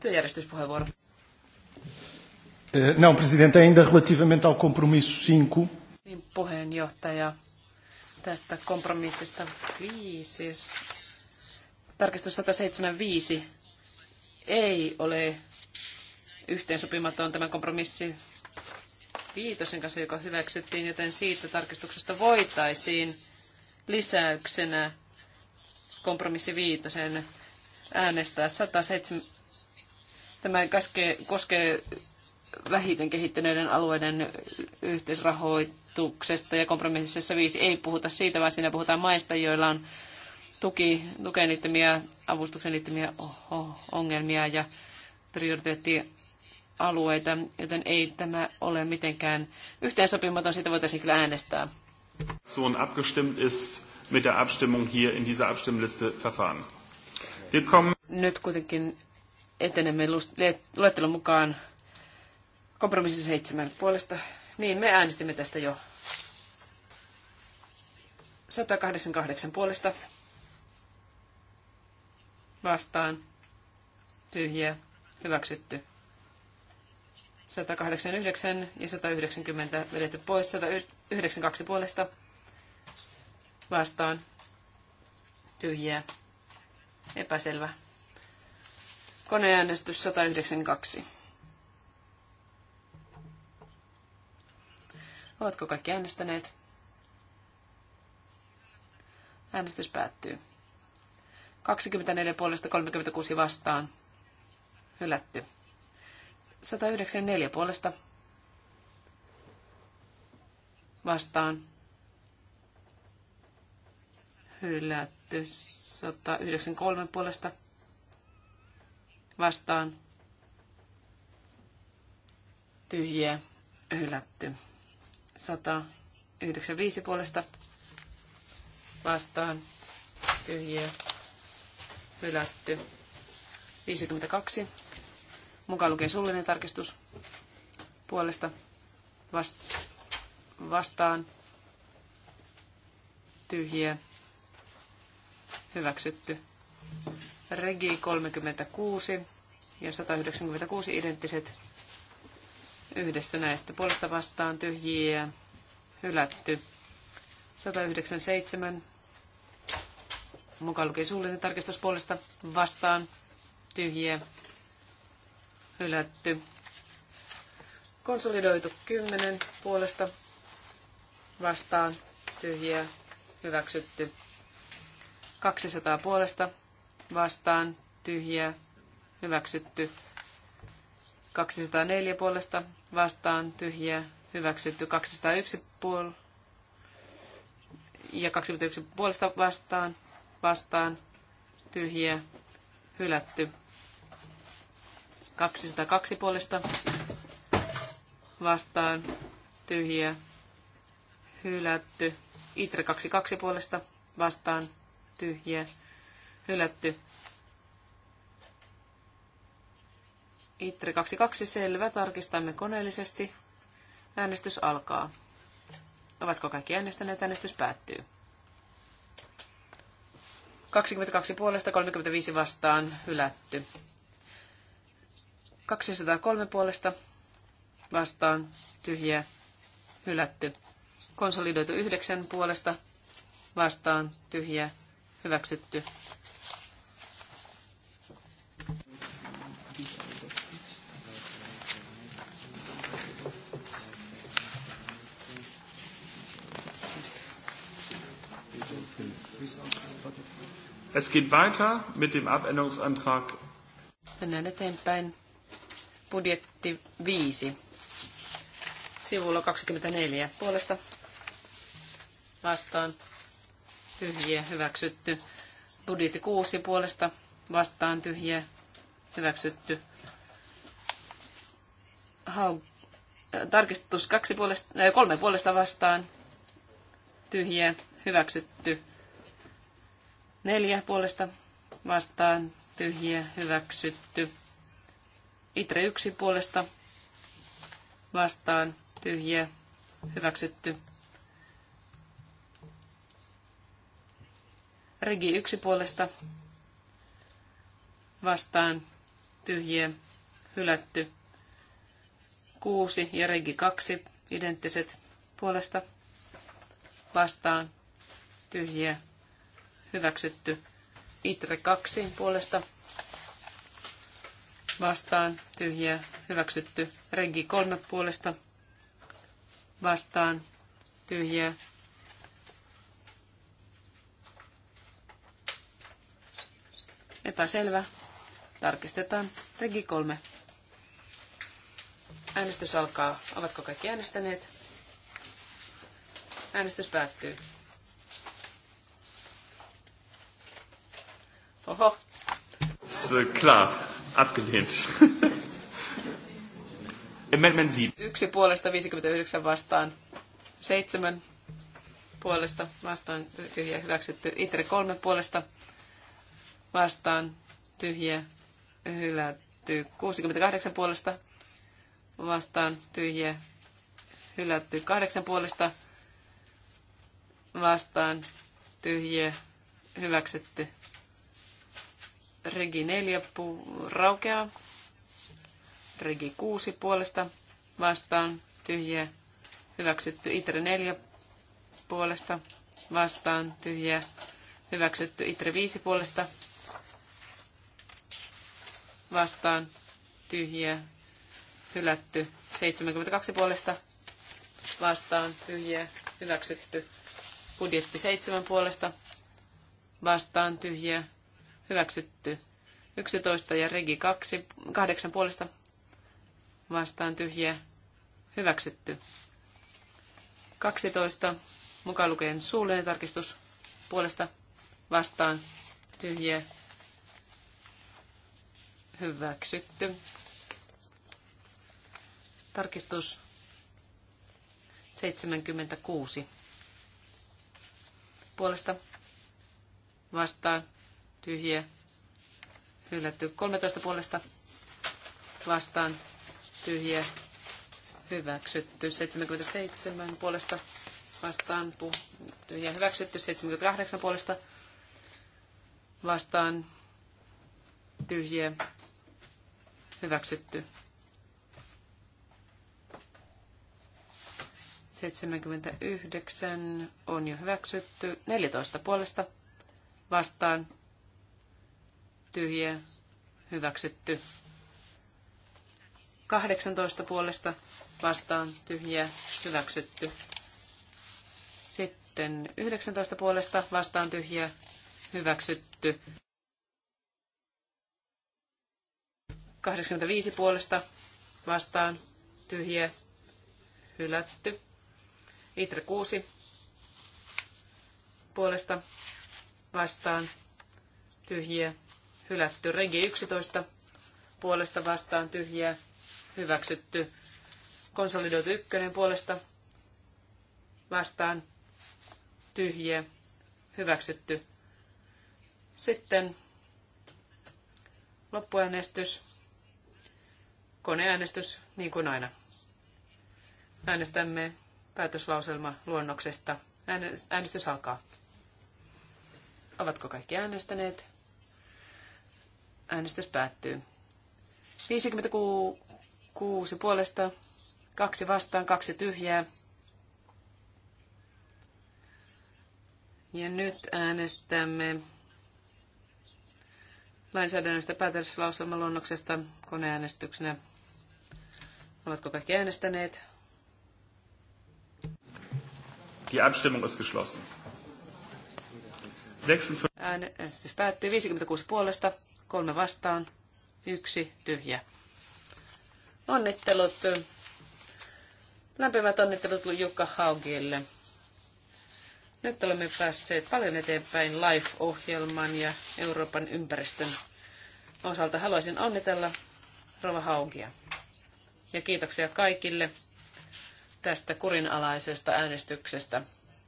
Speaker 4: Työjärjestyspuheenvuoro.
Speaker 2: Eh, não, presidente, ainda relativamente ao compromisso 5.
Speaker 4: Niin, puheenjohtaja, tästä kompromissista 5. Tarkistus 175 ei ole yhteensopimaton tämän kompromissin viitosen kanssa, joka hyväksyttiin, joten siitä tarkistuksesta voitaisiin lisäyksenä kompromissi viitosen äänestää 107. Tämä koskee vähiten kehittyneiden alueiden yhteisrahoituksesta ja kompromississa viisi ei puhuta siitä, vaan siinä puhutaan maista, joilla on tuki, tukeen liittymiä, avustuksen liittymiä ongelmia ja prioriteettialueita, joten ei tämä ole mitenkään yhteensopimaton, siitä voitaisiin kyllä äänestää.
Speaker 2: So on abgestimmt ist mit der Abstimmung hier in dieser Abstimmliste verfahren. Wir kommen...
Speaker 4: Nyt kuitenkin etenemme luettelon mukaan Kompromissi seitsemän puolesta. Niin, me äänestimme tästä jo. 188 puolesta. Vastaan. Tyhjiä. Hyväksytty. 189 ja 190 vedetty pois. 192 puolesta. Vastaan. Tyhjiä. Epäselvä. Koneäänestys 192. Ovatko kaikki äänestäneet? Äänestys päättyy. 24 puolesta 36 vastaan. Hylätty. 194 puolesta vastaan. Hylätty. 193 puolesta vastaan. Tyhjiä. Hylätty. 195 puolesta vastaan tyhjiä hylätty. 52 mukaan lukee suullinen tarkistus puolesta vas- vastaan tyhjiä hyväksytty. Regi 36 ja 196 identtiset yhdessä näistä puolesta vastaan tyhjiä hylätty. 197 mukaan lukee suullinen tarkistus puolesta vastaan tyhjiä hylätty. Konsolidoitu 10 puolesta vastaan tyhjiä hyväksytty. 200 puolesta vastaan tyhjiä hyväksytty. 204 puolesta vastaan tyhjiä hyväksytty 201 puol- ja 21 puolesta vastaan vastaan tyhjiä hylätty 202 puolesta vastaan tyhjiä hylätty Itre 22 puolesta vastaan tyhjiä hylätty Itteri 22 selvä. Tarkistamme koneellisesti. Äänestys alkaa. Ovatko kaikki äänestäneet? Äänestys päättyy. 22 puolesta 35 vastaan hylätty. 203 puolesta vastaan tyhjä hylätty. Konsolidoitu 9 puolesta vastaan tyhjä hyväksytty.
Speaker 2: Es geht weiter mit dem Abänderungsantrag.
Speaker 4: Mennään eteenpäin. Budjetti 5. Sivulla 24. Puolesta vastaan. Tyhjiä hyväksytty. Budjetti 6 puolesta vastaan tyhjiä hyväksytty. Hau, äh, tarkistus kaksi puolesta, äh, puolesta vastaan tyhjiä hyväksytty. Neljä puolesta vastaan tyhjiä hyväksytty. Itre yksi puolesta vastaan tyhjiä hyväksytty. Regi yksi puolesta vastaan tyhjiä hylätty. Kuusi ja regi kaksi identtiset puolesta vastaan tyhjiä hyväksytty. ITRE 2 puolesta vastaan tyhjä hyväksytty. Renki 3 puolesta vastaan tyhjä Epäselvä. Tarkistetaan. Regi 3. Äänestys alkaa. Ovatko kaikki äänestäneet? Äänestys päättyy. Oho.
Speaker 2: Äh, klar, abgelehnt. Amendment 7.
Speaker 4: Yksi puolesta 59 vastaan. Seitsemän puolesta vastaan tyhjä hyväksytty. Itre kolme puolesta vastaan tyhjä hylätty. 68 puolesta vastaan tyhjä hylätty. Kahdeksan puolesta vastaan tyhjä hyväksytty. Regi 4 pu- raukeaa. Regi 6 puolesta vastaan tyhjä. Hyväksytty Itre 4 puolesta vastaan tyhjä. Hyväksytty Itre 5 puolesta vastaan tyhjä. Hylätty 72 puolesta vastaan tyhjä. Hyväksytty budjetti 7 puolesta vastaan tyhjä hyväksytty 11 ja regi 2, 8 puolesta vastaan tyhjiä, hyväksytty 12, mukaan lukeen suullinen tarkistus puolesta vastaan tyhjiä, hyväksytty. Tarkistus 76. Puolesta vastaan tyhjiä, hylätty. 13 puolesta vastaan, tyhjiä, hyväksytty. 77 puolesta vastaan, tyhjiä, hyväksytty. 78 puolesta vastaan, tyhjiä, hyväksytty. 79 on jo hyväksytty. 14 puolesta vastaan tyhjiä, hyväksytty. 18 puolesta vastaan tyhjiä, hyväksytty. Sitten 19 puolesta vastaan tyhjiä, hyväksytty. 85 puolesta vastaan tyhjiä, hylätty. Itre 6 puolesta vastaan tyhjiä, hylätty. Regi 11 puolesta vastaan tyhjää, hyväksytty. Konsolidoitu 1 puolesta vastaan tyhjää, hyväksytty. Sitten loppuäänestys, koneäänestys, niin kuin aina. Äänestämme päätöslauselma luonnoksesta. Äänestys alkaa. Ovatko kaikki äänestäneet? Äänestys päättyy. 56 puolesta, kaksi vastaan, kaksi tyhjää. Ja nyt äänestämme lainsäädännöstä päätöslauselman luonnoksesta koneäänestyksenä. Ovatko kaikki äänestäneet?
Speaker 2: Die Abstimmung ist geschlossen.
Speaker 4: Äänestys päättyy 56 puolesta, Kolme vastaan, yksi tyhjä. Onnittelut. Lämpimät onnittelut Jukka Haugille. Nyt olemme päässeet paljon eteenpäin LIFE-ohjelman ja Euroopan ympäristön osalta. Haluaisin onnitella Rova Haugia. Ja kiitoksia kaikille tästä kurinalaisesta äänestyksestä.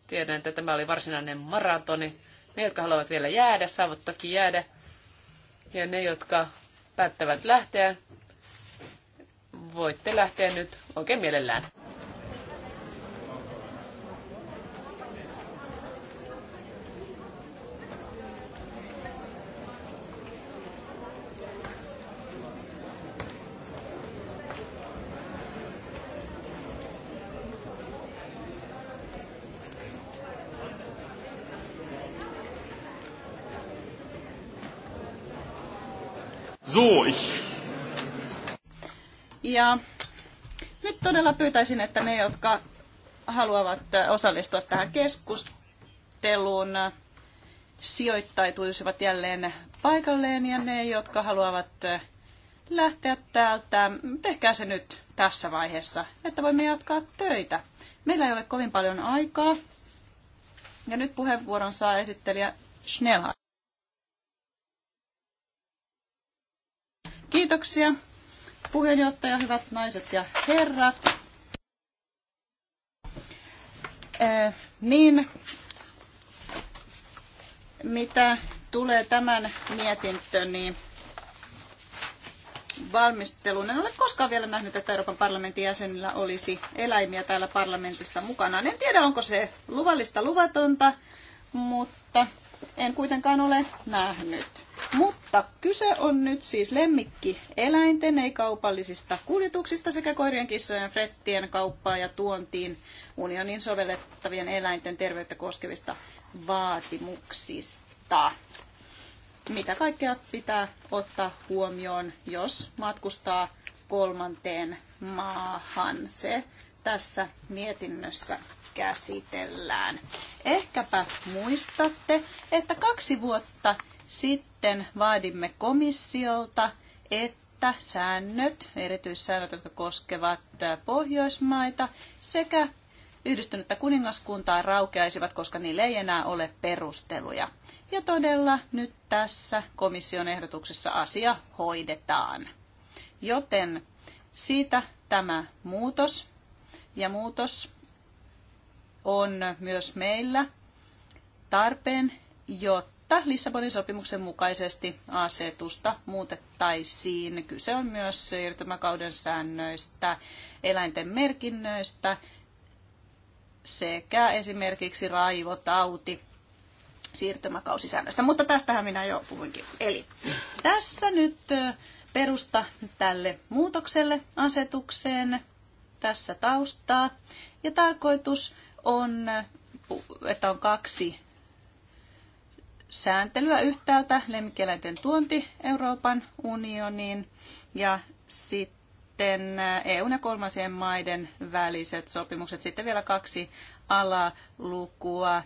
Speaker 4: Tiedän, että tämä oli varsinainen maratoni. Ne, jotka haluavat vielä jäädä, saavat toki jäädä. Ja ne, jotka päättävät lähteä, voitte lähteä nyt oikein mielellään.
Speaker 1: Ja nyt todella pyytäisin, että ne, jotka haluavat osallistua tähän keskusteluun, sijoittaituisivat jälleen paikalleen ja ne, jotka haluavat lähteä täältä, tehkää se nyt tässä vaiheessa, että voimme jatkaa töitä. Meillä ei ole kovin paljon aikaa. Ja nyt puheenvuoron saa esittelijä Schnellhardt. Kiitoksia puheenjohtaja, hyvät naiset ja herrat. Äh, niin, mitä tulee tämän mietintöön, niin valmisteluun. En ole koskaan vielä nähnyt, että Euroopan parlamentin jäsenillä olisi eläimiä täällä parlamentissa mukana. En tiedä, onko se luvallista luvatonta, mutta en kuitenkaan ole nähnyt. Mutta kyse on nyt siis lemmikki eläinten, ei kaupallisista kuljetuksista sekä koirien, kissojen, frettien kauppaa ja tuontiin unionin sovellettavien eläinten terveyttä koskevista vaatimuksista. Mitä kaikkea pitää ottaa huomioon, jos matkustaa kolmanteen maahan? Se tässä mietinnössä käsitellään. Ehkäpä muistatte, että kaksi vuotta sitten sitten vaadimme komissiolta, että säännöt, erityissäännöt, jotka koskevat Pohjoismaita sekä yhdistynyttä kuningaskuntaa raukeaisivat, koska niille ei enää ole perusteluja. Ja todella nyt tässä komission ehdotuksessa asia hoidetaan. Joten siitä tämä muutos. Ja muutos on myös meillä tarpeen, jotta että Lissabonin sopimuksen mukaisesti asetusta muutettaisiin. Kyse on myös siirtymäkauden säännöistä, eläinten merkinnöistä sekä esimerkiksi raivotauti siirtymäkausisäännöistä Mutta tästähän minä jo puhuinkin. Eli tässä nyt perusta tälle muutokselle asetukseen. Tässä taustaa. Ja tarkoitus on, että on kaksi sääntelyä yhtäältä, lemmikkieläinten tuonti Euroopan unioniin ja sitten EUn ja kolmansien maiden väliset sopimukset. Sitten vielä kaksi alalukua,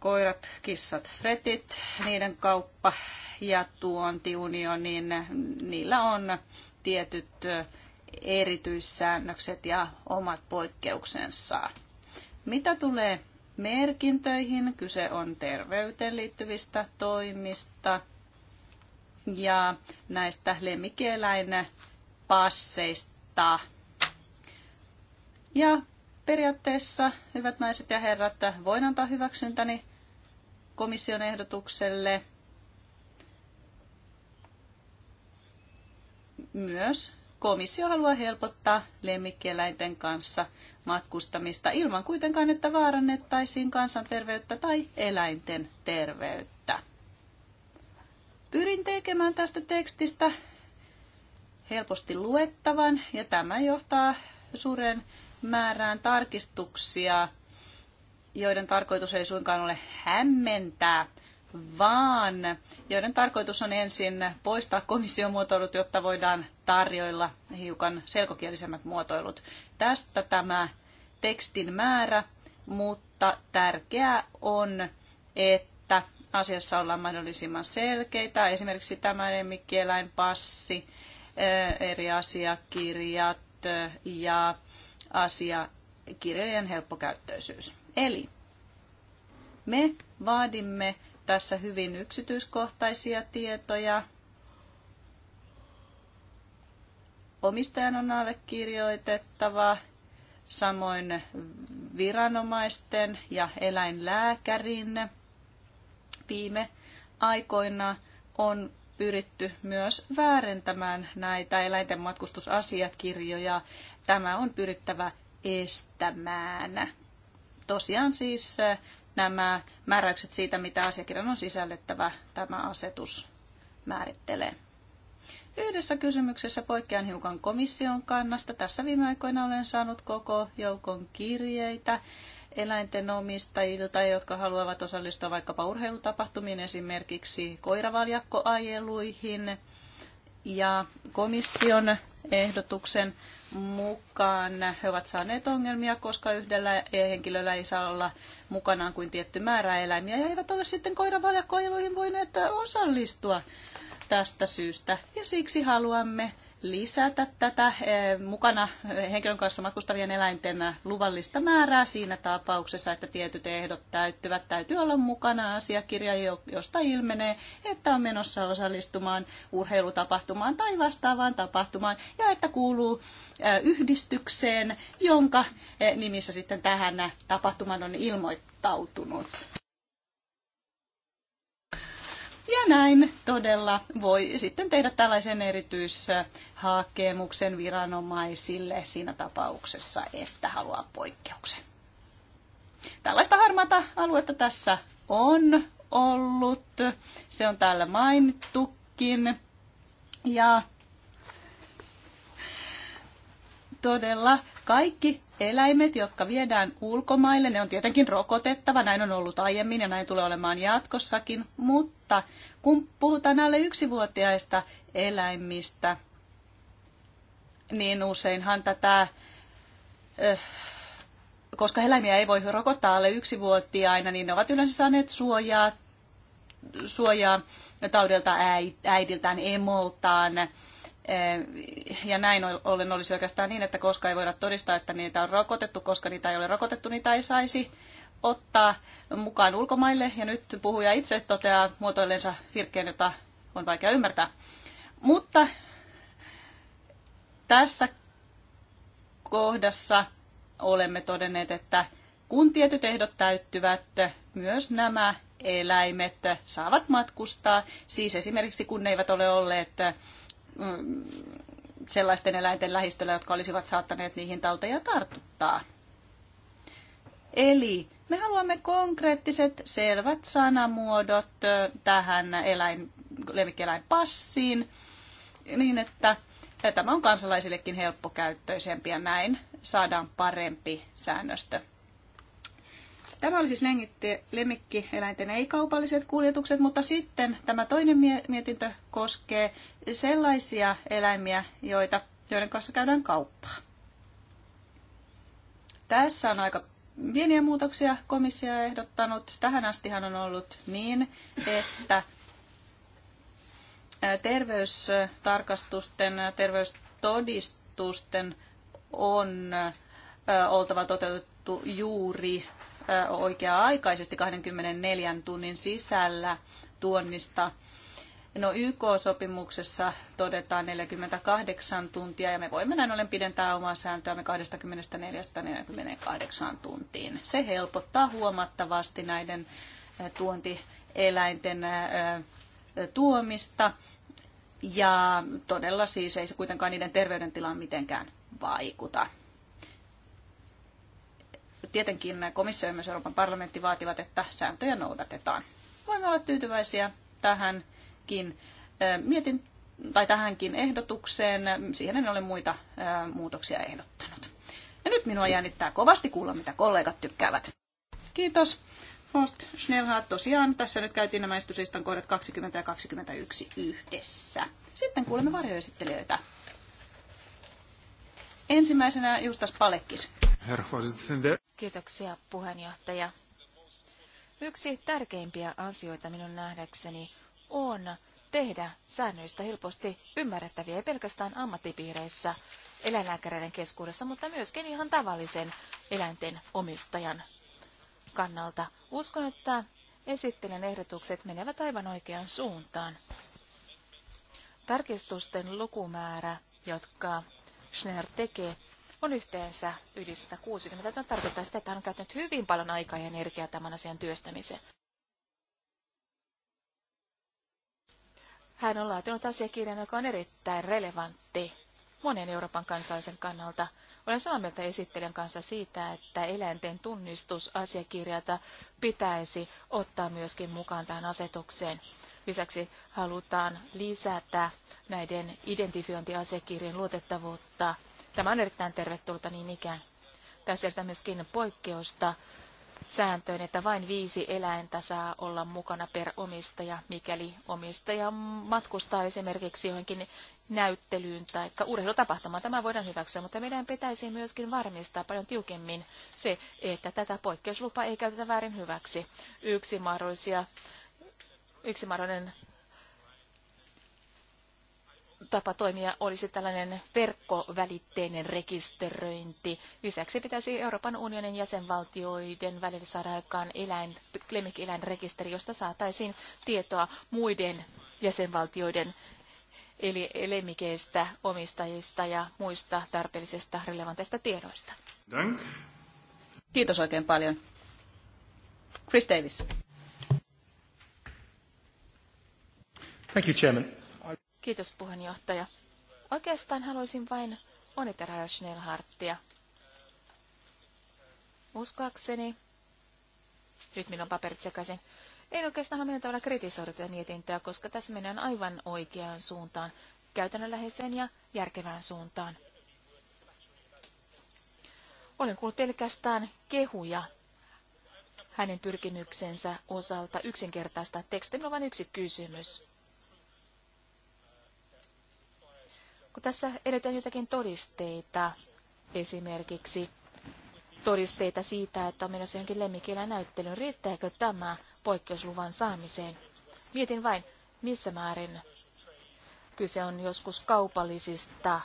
Speaker 1: koirat, kissat, fretit, niiden kauppa ja tuonti unioniin. Niillä on tietyt erityissäännökset ja omat poikkeuksensa. Mitä tulee merkintöihin. Kyse on terveyteen liittyvistä toimista ja näistä passeista Ja periaatteessa, hyvät naiset ja herrat, voin antaa hyväksyntäni komission ehdotukselle myös komissio haluaa helpottaa lemmikkieläinten kanssa matkustamista ilman kuitenkaan, että vaarannettaisiin kansanterveyttä tai eläinten terveyttä. Pyrin tekemään tästä tekstistä helposti luettavan ja tämä johtaa suureen määrään tarkistuksia, joiden tarkoitus ei suinkaan ole hämmentää, vaan joiden tarkoitus on ensin poistaa komission muotoilut, jotta voidaan tarjoilla hiukan selkokielisemmät muotoilut. Tästä tämä tekstin määrä, mutta tärkeää on, että asiassa ollaan mahdollisimman selkeitä. Esimerkiksi tämä lemmikkieläinpassi, eh, eri asiakirjat eh, ja asiakirjojen helppokäyttöisyys. Eli me vaadimme tässä hyvin yksityiskohtaisia tietoja, omistajan on allekirjoitettava, samoin viranomaisten ja eläinlääkärin. Viime aikoina on pyritty myös väärentämään näitä eläinten matkustusasiakirjoja. Tämä on pyrittävä estämään. Tosiaan siis eh, nämä määräykset siitä, mitä asiakirjan on sisällettävä, tämä asetus määrittelee. Yhdessä kysymyksessä poikkean hiukan komission kannasta. Tässä viime aikoina olen saanut koko joukon kirjeitä eläinten omistajilta, jotka haluavat osallistua vaikkapa urheilutapahtumiin, esimerkiksi koiravaljakkoajeluihin. Ja komission ehdotuksen mukaan he ovat saaneet ongelmia, koska yhdellä henkilöllä ei saa olla mukanaan kuin tietty määrä eläimiä ja eivät ole sitten koiravaljakkoajeluihin voineet osallistua tästä syystä ja siksi haluamme lisätä tätä eh, mukana eh, henkilön kanssa matkustavien eläinten luvallista määrää siinä tapauksessa, että tietyt ehdot täyttyvät. Täytyy olla mukana asiakirja, josta ilmenee, että on menossa osallistumaan urheilutapahtumaan tai vastaavaan tapahtumaan ja että kuuluu eh, yhdistykseen, jonka nimissä sitten tähän tapahtuman on ilmoittautunut. Ja näin todella voi sitten tehdä tällaisen erityishakemuksen viranomaisille siinä tapauksessa, että haluaa poikkeuksen. Tällaista harmaata aluetta tässä on ollut. Se on täällä mainittukin. Ja todella kaikki eläimet, jotka viedään ulkomaille, ne on tietenkin rokotettava, näin on ollut aiemmin ja näin tulee olemaan jatkossakin, mutta kun puhutaan alle yksivuotiaista eläimistä, niin useinhan tätä, koska eläimiä ei voi rokottaa alle yksivuotiaina, niin ne ovat yleensä saaneet suojaa, suojaa taudelta äidiltään, emoltaan, Eh, ja näin ollen olisi oikeastaan niin, että koska ei voida todistaa, että niitä on rokotettu, koska niitä ei ole rokotettu, niitä ei saisi ottaa mukaan ulkomaille. Ja nyt puhuja itse toteaa muotoillensa virkkeen, jota on vaikea ymmärtää. Mutta tässä kohdassa olemme todenneet, että kun tietyt ehdot täyttyvät, myös nämä eläimet saavat matkustaa, siis esimerkiksi kun ne eivät ole olleet Mm, sellaisten eläinten lähistöllä, jotka olisivat saattaneet niihin tauteja tartuttaa. Eli me haluamme konkreettiset, selvät sanamuodot tähän eläin, passiin, niin että tämä on kansalaisillekin helppokäyttöisempi ja näin saadaan parempi säännöstö Tämä oli siis lemmikkieläinten ei-kaupalliset kuljetukset, mutta sitten tämä toinen mietintö koskee sellaisia eläimiä, joita, joiden kanssa käydään kauppaa. Tässä on aika pieniä muutoksia komissio on ehdottanut. Tähän astihan on ollut niin, että terveystarkastusten, terveystodistusten on oltava toteutettu juuri oikea-aikaisesti 24 tunnin sisällä tuonnista. No YK-sopimuksessa todetaan 48 tuntia ja me voimme näin ollen pidentää omaa sääntöämme 24-48 tuntiin. Se helpottaa huomattavasti näiden tuontieläinten tuomista ja todella siis ei se kuitenkaan niiden terveydentilaan mitenkään vaikuta tietenkin komissio ja myös Euroopan parlamentti vaativat, että sääntöjä noudatetaan. Voimme olla tyytyväisiä tähänkin mietin, tai tähänkin ehdotukseen. Siihen en ole muita muutoksia ehdottanut. Ja nyt minua jännittää kovasti kuulla, mitä kollegat tykkäävät. Kiitos. Horst Schnellhaat tosiaan. Tässä nyt käytiin nämä istusistan kohdat 20 ja 21 yhdessä. Sitten kuulemme varjoesittelijöitä. Ensimmäisenä Justas Palekis.
Speaker 2: Herr Vorsitzende.
Speaker 1: Kiitoksia puheenjohtaja. Yksi tärkeimpiä asioita minun
Speaker 3: nähdäkseni on tehdä säännöistä helposti ymmärrettäviä, ei pelkästään ammattipiireissä, eläinlääkäreiden keskuudessa, mutta myöskin ihan tavallisen eläinten omistajan kannalta. Uskon, että esittelen ehdotukset menevät aivan oikeaan suuntaan. Tarkistusten lukumäärä, jotka Schneer tekee, on yhteensä yli 160. Tämä tarkoittaa sitä, että hän on käyttänyt hyvin paljon aikaa ja energiaa tämän asian työstämiseen. Hän on laatinut asiakirjan, joka on erittäin relevantti monen Euroopan kansalaisen kannalta. Olen samaa mieltä esittelijän kanssa siitä, että eläinten tunnistusasiakirjata pitäisi ottaa myöskin mukaan tähän asetukseen. Lisäksi halutaan lisätä näiden identifiointiasiakirjan luotettavuutta Tämä on erittäin tervetullutta niin ikään. Tässä tehdään myöskin poikkeusta sääntöön, että vain viisi eläintä saa olla mukana per omistaja, mikäli omistaja matkustaa esimerkiksi johonkin näyttelyyn tai urheilutapahtumaan. Tämä voidaan hyväksyä, mutta meidän pitäisi myöskin varmistaa paljon tiukemmin se, että tätä poikkeuslupaa ei käytetä väärin hyväksi. Yksi mahdollisia Yksi mahdollinen tapa toimia olisi tällainen verkkovälitteinen rekisteröinti. Lisäksi pitäisi Euroopan unionin jäsenvaltioiden välillä saada aikaan eläin, lemmikkieläinrekisteri, josta saataisiin tietoa muiden jäsenvaltioiden eli lemmikeistä, omistajista ja muista tarpeellisista relevanteista tiedoista.
Speaker 2: Dank.
Speaker 1: Kiitos oikein paljon. Chris Davis.
Speaker 2: Thank you, Chairman.
Speaker 1: Kiitos puheenjohtaja.
Speaker 3: Oikeastaan haluaisin vain onnitella Schnellharttia. Uskoakseni, nyt minun paperit sekaisin, ei oikeastaan ole millään tavalla kritisoida tätä mietintöä, koska tässä mennään aivan oikeaan suuntaan, käytännönläheiseen ja järkevään suuntaan. Olen kuullut pelkästään kehuja hänen pyrkimyksensä osalta yksinkertaista tekstiä. Minulla on vain yksi kysymys. kun tässä edetään jotakin todisteita, esimerkiksi todisteita siitä, että on menossa johonkin lemmikielän näyttelyyn, riittääkö tämä poikkeusluvan saamiseen? Mietin vain, missä määrin kyse on joskus kaupallisista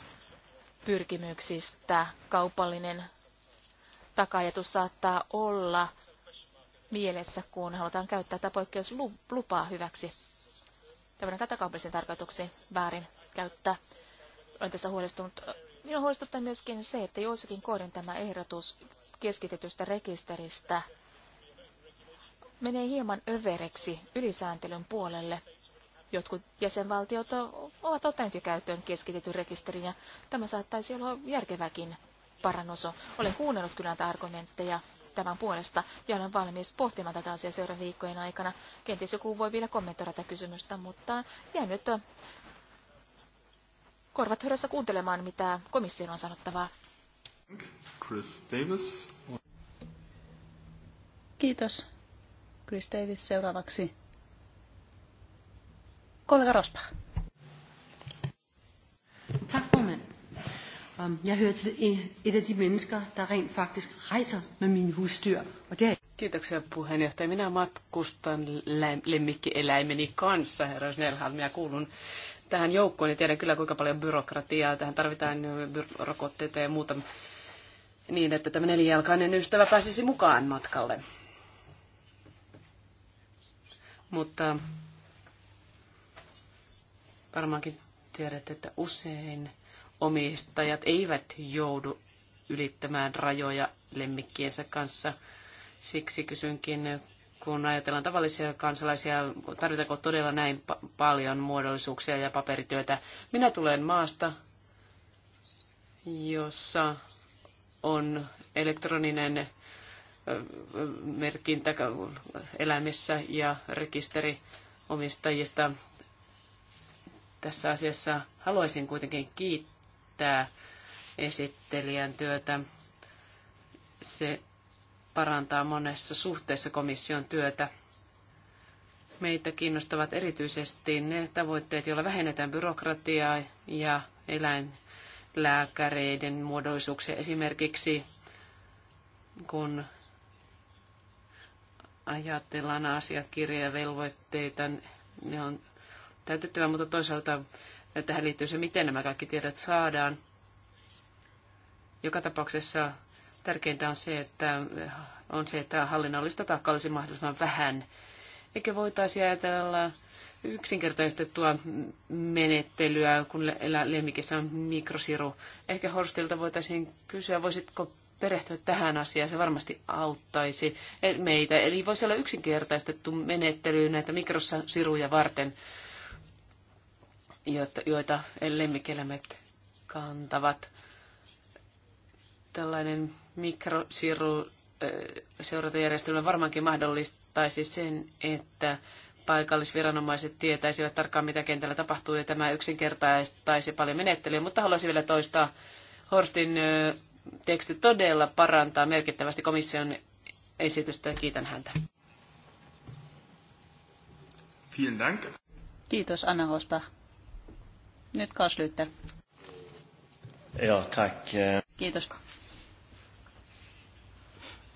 Speaker 3: pyrkimyksistä. Kaupallinen takajatus saattaa olla mielessä, kun halutaan käyttää tätä poikkeuslupaa hyväksi. Tämä kannattaa kaupallisen tarkoituksen väärin käyttää olen tässä huolestunut. Minua huolestuttaa myöskin se, että joissakin kohden tämä ehdotus keskitetystä rekisteristä menee hieman övereksi ylisääntelyn puolelle. Jotkut jäsenvaltiot ovat ottaneet jo käyttöön keskitetyn rekisterin ja tämä saattaisi olla järkeväkin parannus. Olen kuunnellut kyllä näitä argumentteja tämän puolesta ja olen valmis pohtimaan tätä asiaa seuraavien viikkojen aikana. Kenties joku voi vielä kommentoida tätä kysymystä, mutta jäin nyt korvat hörössä kuuntelemaan, mitä komission on sanottavaa.
Speaker 2: Chris Davis.
Speaker 1: Kiitos. Chris Davis seuraavaksi.
Speaker 4: Kollega Rospa. Tak formand. Um, jeg hører til et af de mennesker, der rent faktisk rejser med mine husdyr. Og det er Kiitoksia puheenjohtaja. Minä matkustan lemmikkieläimeni kanssa, herra Snellholm, ja kuulun tähän joukkoon, niin tiedän kyllä kuinka paljon byrokratiaa. Tähän tarvitaan rokotteita ja muuta niin, että tämä nelijalkainen ystävä pääsisi mukaan matkalle. Mutta varmaankin tiedät, että usein omistajat eivät joudu ylittämään rajoja lemmikkiensä kanssa. Siksi kysynkin kun ajatellaan tavallisia kansalaisia, tarvitaanko todella näin paljon muodollisuuksia ja paperityötä. Minä tulen maasta, jossa on elektroninen merkintä eläimissä ja rekisteri omistajista. Tässä asiassa haluaisin kuitenkin kiittää esittelijän työtä. Se parantaa monessa suhteessa komission työtä. Meitä kiinnostavat erityisesti ne tavoitteet, joilla vähennetään byrokratiaa ja eläinlääkäreiden muodollisuuksia. Esimerkiksi kun ajatellaan asiakirjoja velvoitteita, ne on täytettävä, mutta toisaalta tähän liittyy se, miten nämä kaikki tiedot saadaan. Joka tapauksessa Tärkeintä on se, että, on se, että hallinnollista taakkaa olisi mahdollisimman vähän. eikä voitaisi ajatella yksinkertaistettua menettelyä, kun lemmikissä on mikrosiru. Ehkä Horstilta voitaisiin kysyä, voisitko perehtyä tähän asiaan, se varmasti auttaisi meitä. Eli voisi olla yksinkertaistettu menettely näitä mikrosiruja varten, joita lemmikelämät kantavat. Tällainen mikrosiru seurantajärjestelmä varmaankin mahdollistaisi sen, että paikallisviranomaiset tietäisivät tarkkaan, mitä kentällä tapahtuu, ja tämä yksinkertaistaisi paljon menettelyä. Mutta haluaisin vielä toistaa, Horstin teksti todella parantaa merkittävästi komission esitystä, kiitän häntä.
Speaker 2: Vielen Dank.
Speaker 1: Kiitos, Anna Hospa. Nyt Kaslyytte. Joo, tack. Kiitos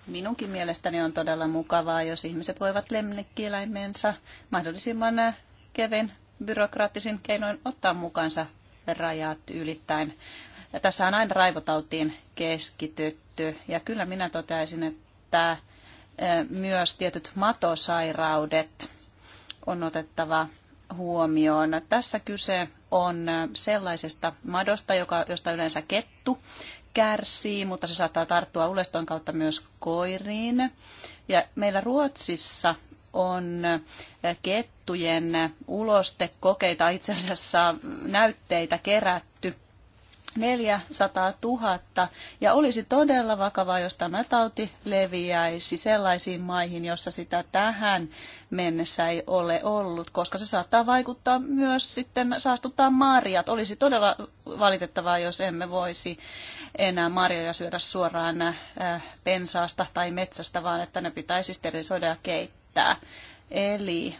Speaker 1: minunkin mielestäni on todella mukavaa, jos ihmiset voivat lemmikkieläimensä mahdollisimman kevin byrokraattisin keinoin ottaa mukaansa rajat ylittäen. Ja tässä on aina raivotautiin keskitytty ja kyllä minä toteaisin, että eh, myös tietyt matosairaudet on otettava huomioon. Tässä kyse on eh, sellaisesta madosta, joka, josta yleensä kettu kärsii, mutta se saattaa tarttua uleston kautta myös koiriin. Ja meillä Ruotsissa on kettujen ulostekokeita, itse asiassa näytteitä kerätty 400 000. Ja olisi todella vakavaa, jos tämä tauti leviäisi sellaisiin maihin, jossa sitä tähän mennessä ei ole ollut, koska se saattaa vaikuttaa myös sitten saastuttaa marjat. Olisi todella valitettavaa, jos emme voisi enää marjoja syödä suoraan äh, pensaasta tai metsästä, vaan että ne pitäisi sterilisoida ja keittää. Eli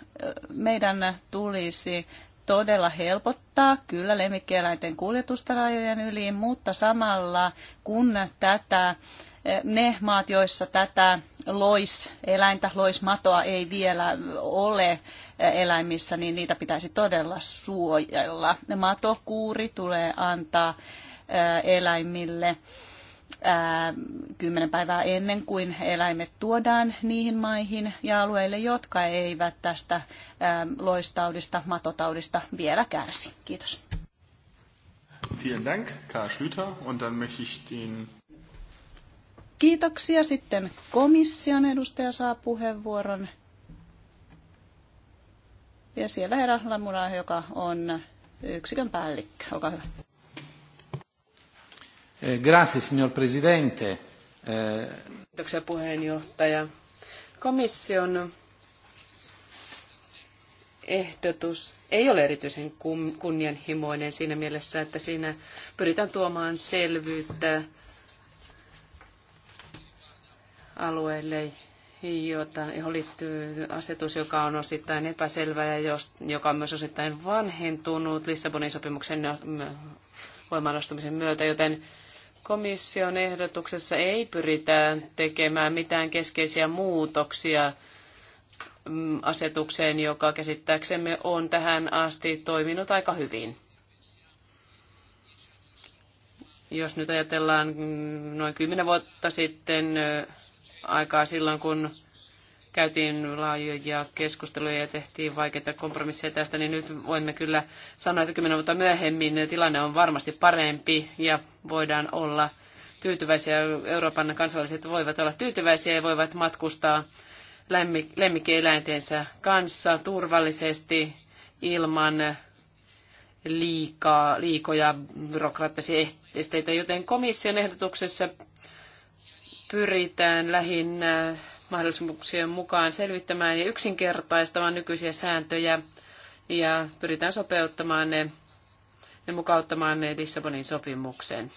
Speaker 1: meidän tulisi todella helpottaa kyllä lemmikkieläinten kuljetusta rajojen yli, mutta samalla kun tätä ne maat, joissa tätä loiseläintä, loismatoa ei vielä ole eläimissä, niin niitä pitäisi todella suojella. Matokuuri tulee antaa eläimille kymmenen päivää ennen kuin eläimet tuodaan niihin maihin ja alueille, jotka eivät tästä loistaudista, matotaudista vielä kärsi. Kiitos.
Speaker 2: Vielen Dank, Karl Schlüter. Und dann möchte ich den...
Speaker 1: Kiitoksia. Sitten komission edustaja saa puheenvuoron. Ja siellä herra Lamura, joka on yksikön päällikkö. Olkaa hyvä.
Speaker 4: Eh, grazie, signor presidente. Eh, Kiitoksia puheenjohtaja. Komission ehdotus ei ole erityisen kunnianhimoinen siinä mielessä, että siinä pyritään tuomaan selvyyttä alueille, jota, johon liittyy asetus, joka on osittain epäselvä ja joka on myös osittain vanhentunut Lissabonin sopimuksen voimaan myötä, joten Komission ehdotuksessa ei pyritä tekemään mitään keskeisiä muutoksia mm, asetukseen, joka käsittääksemme on tähän asti toiminut aika hyvin. Jos nyt ajatellaan mm, noin kymmenen vuotta sitten aikaa silloin, kun käytiin laajoja keskusteluja ja tehtiin vaikeita kompromisseja tästä, niin nyt voimme kyllä sanoa, että kymmenen vuotta myöhemmin tilanne on varmasti parempi ja voidaan olla tyytyväisiä. Euroopan kansalaiset voivat olla tyytyväisiä ja voivat matkustaa lemmikkieläintensä kanssa turvallisesti ilman liikaa, liikoja byrokraattisia esteitä, joten komission ehdotuksessa pyritään lähinnä mahdollisuuksien mukaan selvittämään ja yksinkertaistamaan nykyisiä sääntöjä ja pyritään sopeuttamaan ne ja mukauttamaan ne Lissabonin sopimukseen.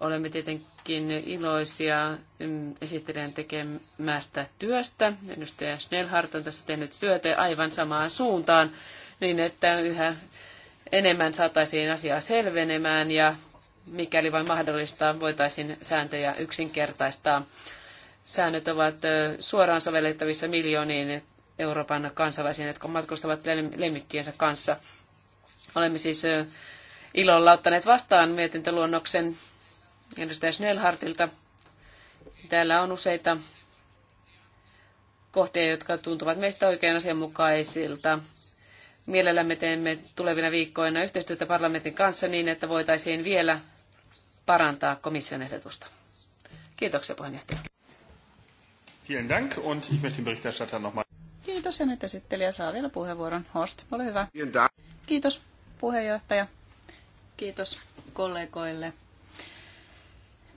Speaker 4: Olemme tietenkin iloisia mm, esittelijän tekemästä työstä. Edustaja Schnellhardt on tässä tehnyt työtä aivan samaan suuntaan, niin että yhä enemmän saataisiin asiaa selvenemään ja mikäli vain mahdollista, voitaisiin sääntöjä yksinkertaistaa säännöt ovat suoraan sovellettavissa miljooniin Euroopan kansalaisiin, jotka matkustavat lemmikkiensä kanssa. Olemme siis ilolla ottaneet vastaan mietintöluonnoksen edustaja Snellhartilta. Täällä on useita kohtia, jotka tuntuvat meistä oikein asianmukaisilta. Mielellämme teemme tulevina viikkoina yhteistyötä parlamentin kanssa niin, että voitaisiin vielä parantaa komission ehdotusta. Kiitoksia
Speaker 2: puheenjohtaja. Vielen Dank und ich möchte den Berichterstatter nochmal.
Speaker 4: Kiitos ja nyt esittelijä
Speaker 1: saa vielä puheenvuoron. Horst, ole hyvä. Kiitos puheenjohtaja. Kiitos kollegoille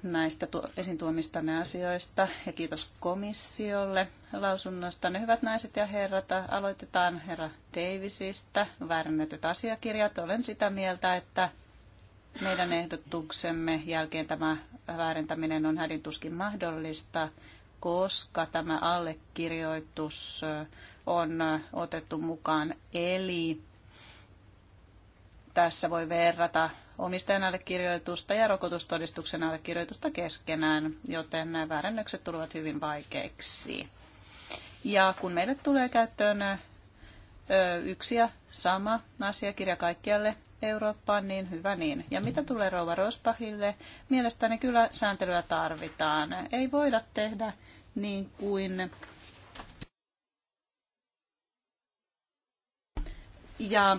Speaker 1: näistä tu- esiin tuomistanne asioista ja kiitos komissiolle lausunnosta. Ne hyvät naiset ja herrat, aloitetaan herra Davisista. Väärännetyt asiakirjat. Olen sitä mieltä, että meidän ehdotuksemme jälkeen tämä väärentäminen on hädin tuskin mahdollista koska tämä allekirjoitus on otettu mukaan. Eli tässä voi verrata omistajan allekirjoitusta ja rokotustodistuksen allekirjoitusta keskenään, joten nämä väärännökset tulevat hyvin vaikeiksi. Ja kun meille tulee käyttöön yksi ja sama asiakirja kaikkialle Eurooppaan, niin hyvä niin. Ja mitä tulee Rouva Rospahille, mielestäni kyllä sääntelyä tarvitaan. Ei voida tehdä niin kuin Ja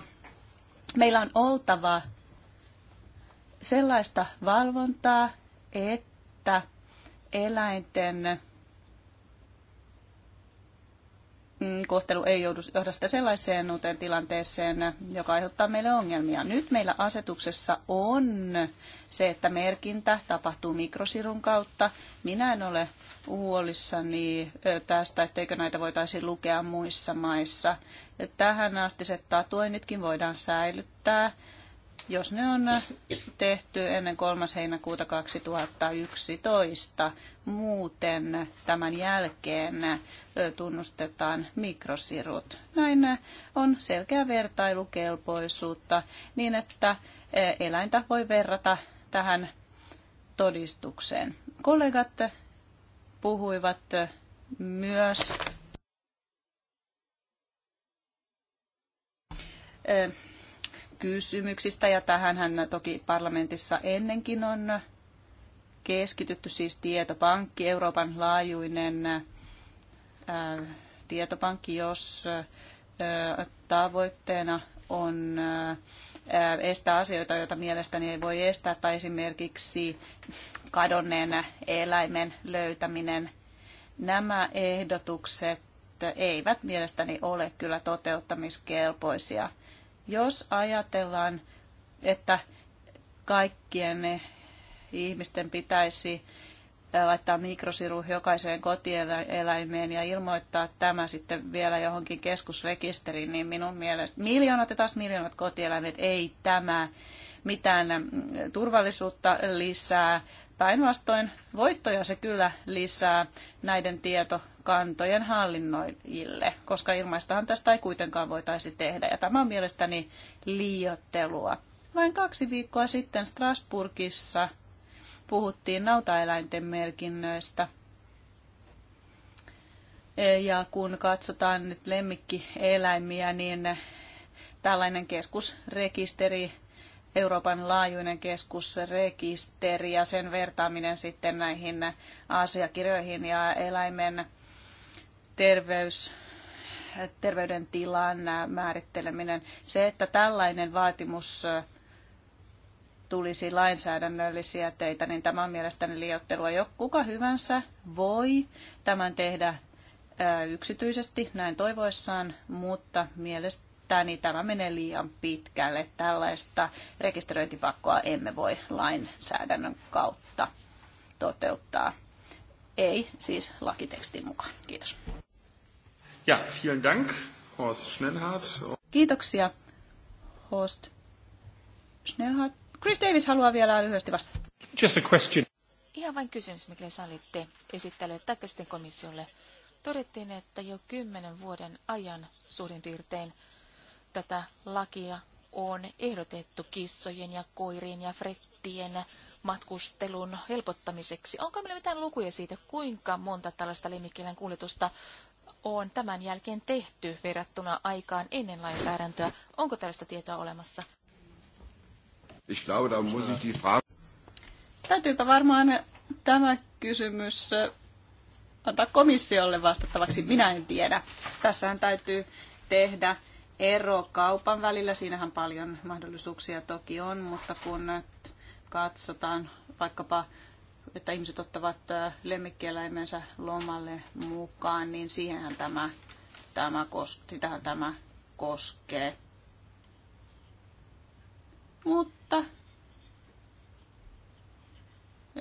Speaker 1: meillä on oltava sellaista valvontaa, että eläinten Mm, kohtelu ei joudu, johda sitä sellaiseen uuteen tilanteeseen, joka aiheuttaa meille ongelmia. Nyt meillä asetuksessa on se, että merkintä tapahtuu mikrosirun kautta. Minä en ole huolissani tästä, etteikö näitä voitaisiin lukea muissa maissa. Tähän se tatuoinnitkin voidaan säilyttää jos ne on äh, tehty ennen 3. heinäkuuta 2011. Muuten tämän jälkeen äh, tunnustetaan mikrosirut. Näin äh, on selkeä vertailukelpoisuutta niin, että eläintä voi verrata tähän todistukseen. Kollegat puhuivat myös kysymyksistä ja tähänhän toki parlamentissa ennenkin on keskitytty siis tietopankki, Euroopan laajuinen äh, tietopankki, jos äh, tavoitteena on äh, estää asioita, joita mielestäni ei voi estää, tai esimerkiksi kadonneen eläimen löytäminen. Nämä ehdotukset eivät mielestäni ole kyllä toteuttamiskelpoisia. Jos ajatellaan, että kaikkien ihmisten pitäisi äh, laittaa mikrosiru jokaiseen kotieläimeen ja ilmoittaa tämä sitten vielä johonkin keskusrekisteriin, niin minun mielestä miljoonat ja taas miljoonat kotieläimet ei tämä mitään mm, turvallisuutta lisää. Päinvastoin voittoja se kyllä lisää näiden tieto kantojen hallinnoijille, koska ilmaistahan tästä ei kuitenkaan voitaisi tehdä. Ja tämä on mielestäni liiottelua. Vain kaksi viikkoa sitten Strasburgissa puhuttiin nautaeläinten merkinnöistä. Ja kun katsotaan nyt lemmikkieläimiä, niin tällainen keskusrekisteri Euroopan laajuinen keskusrekisteri ja sen vertaaminen sitten näihin asiakirjoihin ja eläimen terveys, terveydentilan määritteleminen. Se, että tällainen vaatimus tulisi lainsäädännöllisiä teitä, niin tämä on mielestäni liioittelua. Jo kuka hyvänsä voi tämän tehdä yksityisesti näin toivoissaan, mutta mielestäni tämä menee liian pitkälle. Tällaista rekisteröintipakkoa emme voi lainsäädännön kautta toteuttaa. Ei siis lakitekstin mukaan. Kiitos.
Speaker 2: Ja, vielen Dank, Horst Schnellhardt.
Speaker 1: Kiitoksia, Horst Schnellhardt. Chris Davis haluaa vielä lyhyesti vastata.
Speaker 2: Just a question.
Speaker 1: Ihan vain kysymys, mikä sallitte
Speaker 3: esittelyä takaisin komissiolle. Todettiin, että jo kymmenen vuoden ajan suurin piirtein tätä lakia on ehdotettu kissojen ja koirien ja frettien matkustelun helpottamiseksi. Onko meillä mitään lukuja siitä, kuinka monta tällaista kuljetusta on tämän jälkeen tehty verrattuna
Speaker 1: aikaan ennen lainsäädäntöä? Onko tällaista tietoa olemassa?
Speaker 2: Ich glaube, da muss ich die Frage...
Speaker 1: Täytyypä varmaan tämä kysymys äh, antaa komissiolle vastattavaksi. Minä en tiedä. Tässähän täytyy tehdä ero kaupan välillä. Siinähän paljon mahdollisuuksia toki on, mutta kun nyt katsotaan vaikkapa että ihmiset ottavat lemmikkieläimensä lomalle mukaan, niin siihenhän tämä, tämä, kos, sitähän tämä koskee. Mutta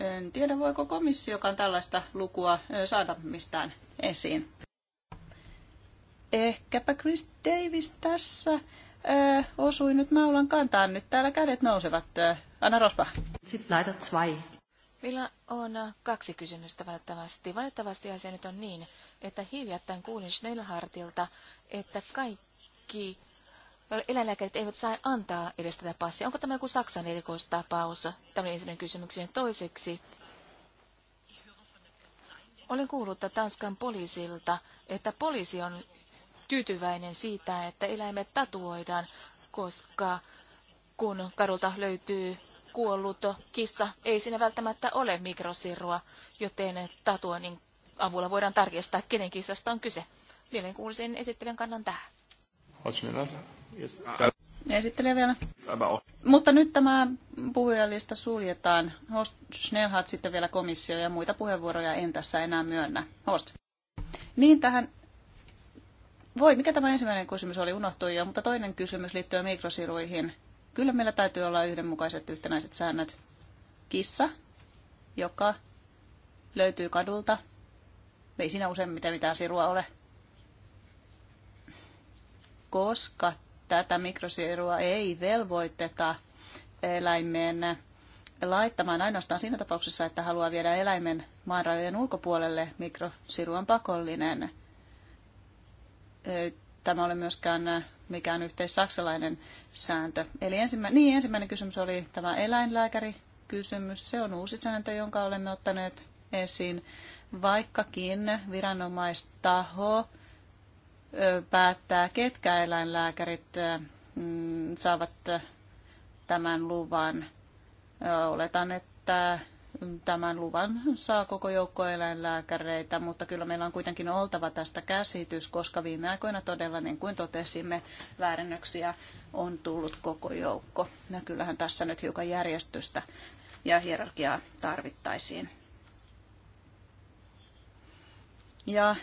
Speaker 1: en tiedä, voiko komissiokaan tällaista lukua saada mistään esiin. Ehkäpä Chris Davis tässä äh, osui nyt naulan kantaan. Nyt täällä kädet nousevat. Äh, Anna Rospa. Sitten laitat
Speaker 3: Meillä on kaksi kysymystä valitettavasti. Valitettavasti asia nyt on niin, että hiljattain kuulin Schnellhartilta, että kaikki eläinlääkärit eivät saa antaa edes tätä passia. Onko tämä joku Saksan erikoistapaus? Tämä oli ensimmäinen kysymykseni. Toiseksi, olen kuullut Tanskan poliisilta, että poliisi on tyytyväinen siitä, että eläimet tatuoidaan, koska kun kadulta löytyy kuollut kissa, ei siinä välttämättä ole mikrosirua, joten tatuoinnin avulla voidaan tarkistaa, kenen kissasta on kyse. Mielenkuulisin esittelen kannan tähän.
Speaker 1: Esittelen vielä. Mutta nyt tämä puhujalista suljetaan. Host Schnellhardt sitten vielä komissio ja muita puheenvuoroja en tässä enää myönnä. Host. Niin tähän voi, mikä tämä ensimmäinen kysymys oli, unohtui jo, mutta toinen kysymys liittyy mikrosiruihin. Kyllä meillä täytyy olla yhdenmukaiset yhtenäiset säännöt. Kissa, joka löytyy kadulta, ei siinä useimmiten mitään sirua ole, koska tätä mikrosirua ei velvoiteta eläimeen laittamaan ainoastaan siinä tapauksessa, että haluaa viedä eläimen maanrajojen ulkopuolelle. Mikrosiru on pakollinen tämä ole myöskään äh, mikään yhteissaksalainen sääntö. Eli ensimmä, niin, ensimmäinen kysymys oli tämä kysymys. Se on uusi sääntö, jonka olemme ottaneet esiin, vaikkakin viranomaistaho päättää, ketkä eläinlääkärit mm, saavat tämän luvan. Oletan, että tämän luvan saa koko joukko eläinlääkäreitä, mutta kyllä meillä on kuitenkin oltava tästä käsitys, koska viime aikoina todella, niin kuin totesimme, väärennöksiä on tullut koko joukko. Ja kyllähän tässä nyt hiukan järjestystä ja hierarkiaa tarvittaisiin. Ja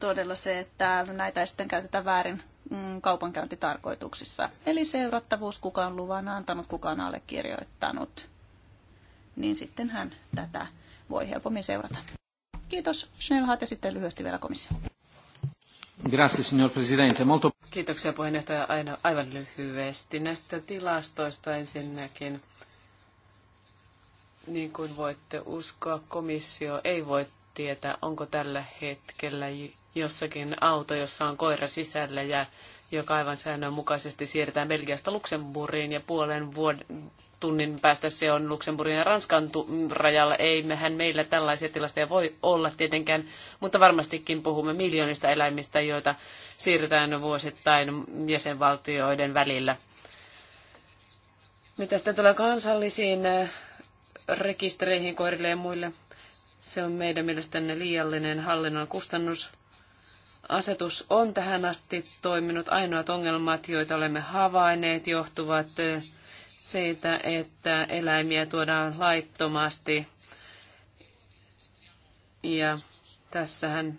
Speaker 1: todella se, että näitä ei sitten käytetä väärin Mm, kaupankäyntitarkoituksissa. Eli seurattavuus, kuka on luvan antanut, kuka on allekirjoittanut, niin sitten hän tätä voi
Speaker 4: helpommin seurata. Kiitos Schnell ja sitten lyhyesti vielä komissio. Grazie, signor Presidente. Molto... Kiitoksia puheenjohtaja aina, aivan lyhyesti näistä tilastoista ensinnäkin. Niin kuin voitte uskoa, komissio ei voi tietää, onko tällä hetkellä jossakin auto, jossa on koira sisällä ja joka aivan säännönmukaisesti siirretään Belgiasta Luxemburgiin ja puolen vuoden tunnin päästä se on Luxemburgin ja Ranskan rajalla. Ei mehän meillä tällaisia tilastoja voi olla tietenkään, mutta varmastikin puhumme miljoonista eläimistä, joita siirretään vuosittain jäsenvaltioiden välillä. Mitä sitten tulee kansallisiin äh, rekistereihin koirille ja muille? Se on meidän mielestämme liiallinen hallinnon kustannus Asetus on tähän asti toiminut. Ainoat ongelmat, joita olemme havainneet, johtuvat siitä, että eläimiä tuodaan laittomasti. Ja tässähän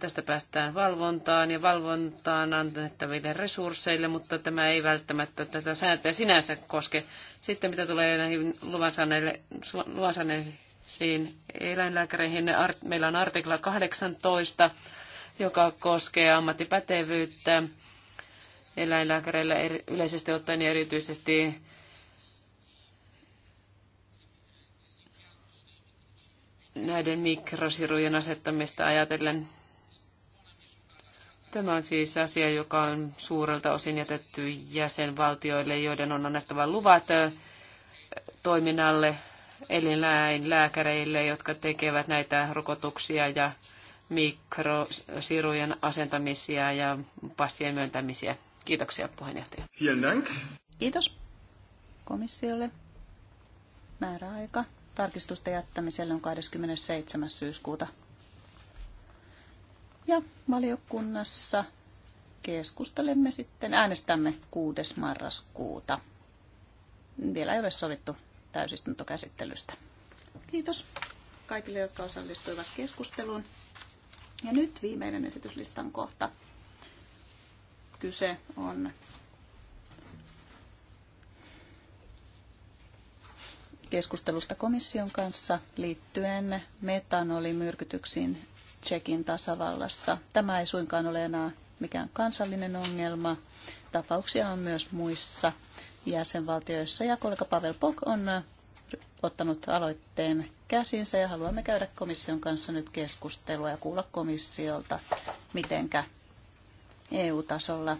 Speaker 4: tästä päästään valvontaan ja valvontaan annettaville resursseille, mutta tämä ei välttämättä tätä sääntöä sinänsä koske. Sitten mitä tulee näihin luvansaaneille, luvansaaneille siin eläinlääkäreihin. Meillä on artikla 18, joka koskee ammattipätevyyttä eläinlääkäreillä yleisesti ottaen ja erityisesti näiden mikrosirujen asettamista ajatellen. Tämä on siis asia, joka on suurelta osin jätetty jäsenvaltioille, joiden on annettava luvat toiminnalle eläinlääkäreille, jotka tekevät näitä rokotuksia ja mikrosirujen asentamisia ja passien myöntämisiä. Kiitoksia puheenjohtaja. Kiitos komissiolle.
Speaker 1: Määräaika tarkistusten jättämiselle on 27. syyskuuta. Ja valiokunnassa keskustelemme sitten, äänestämme 6. marraskuuta. Vielä ei ole sovittu täysistuntokäsittelystä. Kiitos kaikille, jotka osallistuivat keskusteluun. Ja nyt viimeinen esityslistan kohta. Kyse on keskustelusta komission kanssa liittyen metanolimyrkytyksiin Tsekin tasavallassa. Tämä ei suinkaan ole enää mikään kansallinen ongelma. Tapauksia on myös muissa jäsenvaltioissa. Ja kollega Pavel Pok on äh, ottanut aloitteen käsinsä ja haluamme käydä komission kanssa nyt keskustelua ja kuulla komissiolta, mitenkä EU-tasolla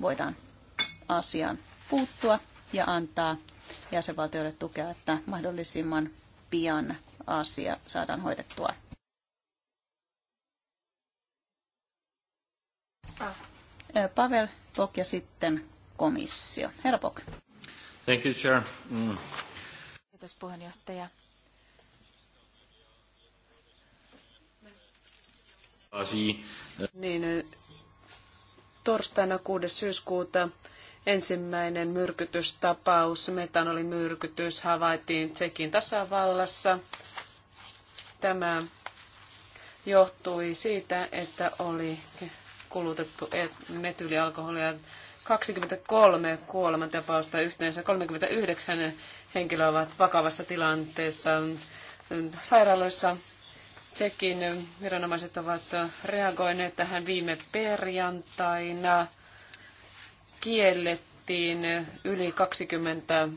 Speaker 1: voidaan asiaan puuttua ja antaa jäsenvaltioille tukea, että mahdollisimman pian asia saadaan hoidettua. Ah. Äh, Pavel Pok ja sitten komissio. Herra Bok.
Speaker 2: Thank you, Chair. Mm.
Speaker 1: Kiitos
Speaker 3: puheenjohtaja.
Speaker 2: Eh,
Speaker 4: niin, eh, torstaina 6. syyskuuta ensimmäinen myrkytystapaus, metanolimyrkytys, havaittiin Tsekin tasavallassa. Tämä johtui siitä, että oli kulutettu metyylialkoholia 23 kuolemantapausta yhteensä 39 henkilöä ovat vakavassa tilanteessa sairaaloissa. Tsekin viranomaiset ovat reagoineet tähän viime perjantaina. Kiellettiin yli 20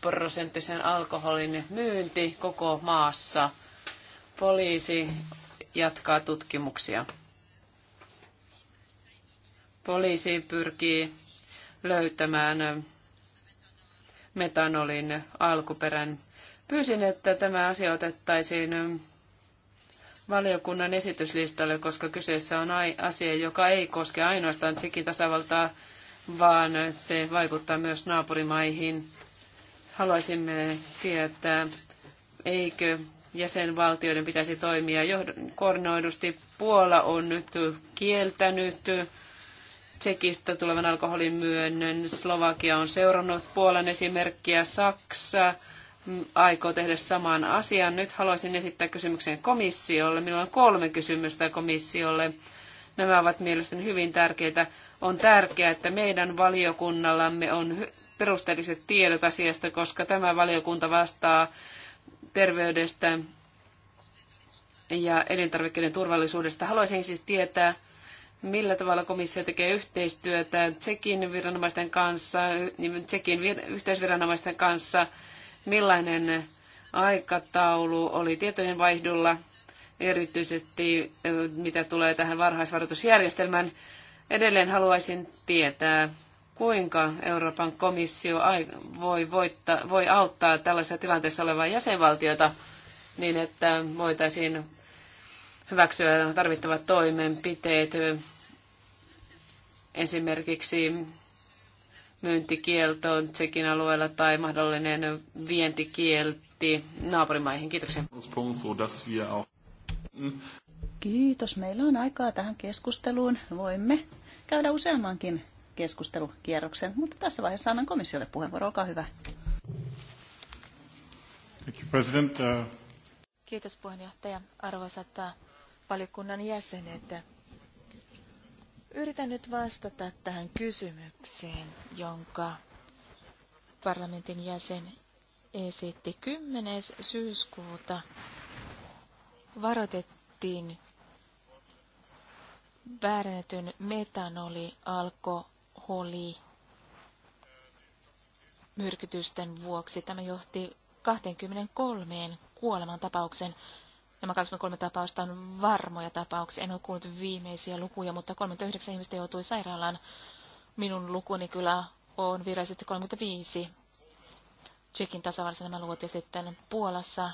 Speaker 4: prosenttisen alkoholin myynti koko maassa. Poliisi jatkaa tutkimuksia. Poliisi pyrkii löytämään metanolin alkuperän. Pyysin, että tämä asia otettaisiin valiokunnan esityslistalle, koska kyseessä on asia, joka ei koske ainoastaan Tsekin tasavaltaa, vaan se vaikuttaa myös naapurimaihin. Haluaisimme tietää, eikö jäsenvaltioiden pitäisi toimia koordinoidusti. Puola on nyt kieltänyt Tsekistä tulevan alkoholin myönnön. Slovakia on seurannut Puolan esimerkkiä. Saksa aikoo tehdä saman asian Nyt haluaisin esittää kysymyksen komissiolle. Minulla on kolme kysymystä komissiolle. Nämä ovat mielestäni hyvin tärkeitä. On tärkeää, että meidän valiokunnallamme on perusteelliset tiedot asiasta, koska tämä valiokunta vastaa terveydestä ja elintarvikkeiden turvallisuudesta. Haluaisin siis tietää, millä tavalla komissio tekee yhteistyötä Tsekin viranomaisten kanssa, niin Tsekin yhteisviranomaisten kanssa, millainen aikataulu oli tietojen vaihdolla, erityisesti mitä tulee tähän varhaisvaroitusjärjestelmään. Edelleen haluaisin tietää, kuinka Euroopan komissio voi, voittaa, voi auttaa tällaisessa tilanteessa olevaa jäsenvaltiota niin, että voitaisiin hyväksyä tarvittavat toimenpiteet, esimerkiksi myyntikielto Tsekin alueella tai mahdollinen vientikielti naapurimaihin. Kiitoksia.
Speaker 2: Kiitos. Meillä
Speaker 1: on aikaa tähän keskusteluun. Voimme käydä useammankin keskustelukierroksen, mutta tässä vaiheessa annan komissiolle puheenvuoro. Olkaa hyvä.
Speaker 2: Thank you, President.
Speaker 3: Kiitos puheenjohtaja. Arvoisat valiokunnan jäsenet. Yritän nyt vastata tähän kysymykseen, jonka parlamentin jäsen esitti 10. syyskuuta. Varoitettiin väärennetyn metanoli, alkoholi, myrkytysten vuoksi. Tämä johti 23 kuolemantapauksen Nämä 23 tapausta on varmoja tapauksia. En ole kuullut viimeisiä lukuja, mutta 39 ihmistä joutui sairaalaan. Minun lukuni kyllä on virallisesti 35. Tsekin tasavallassa nämä luvut ja sitten Puolassa.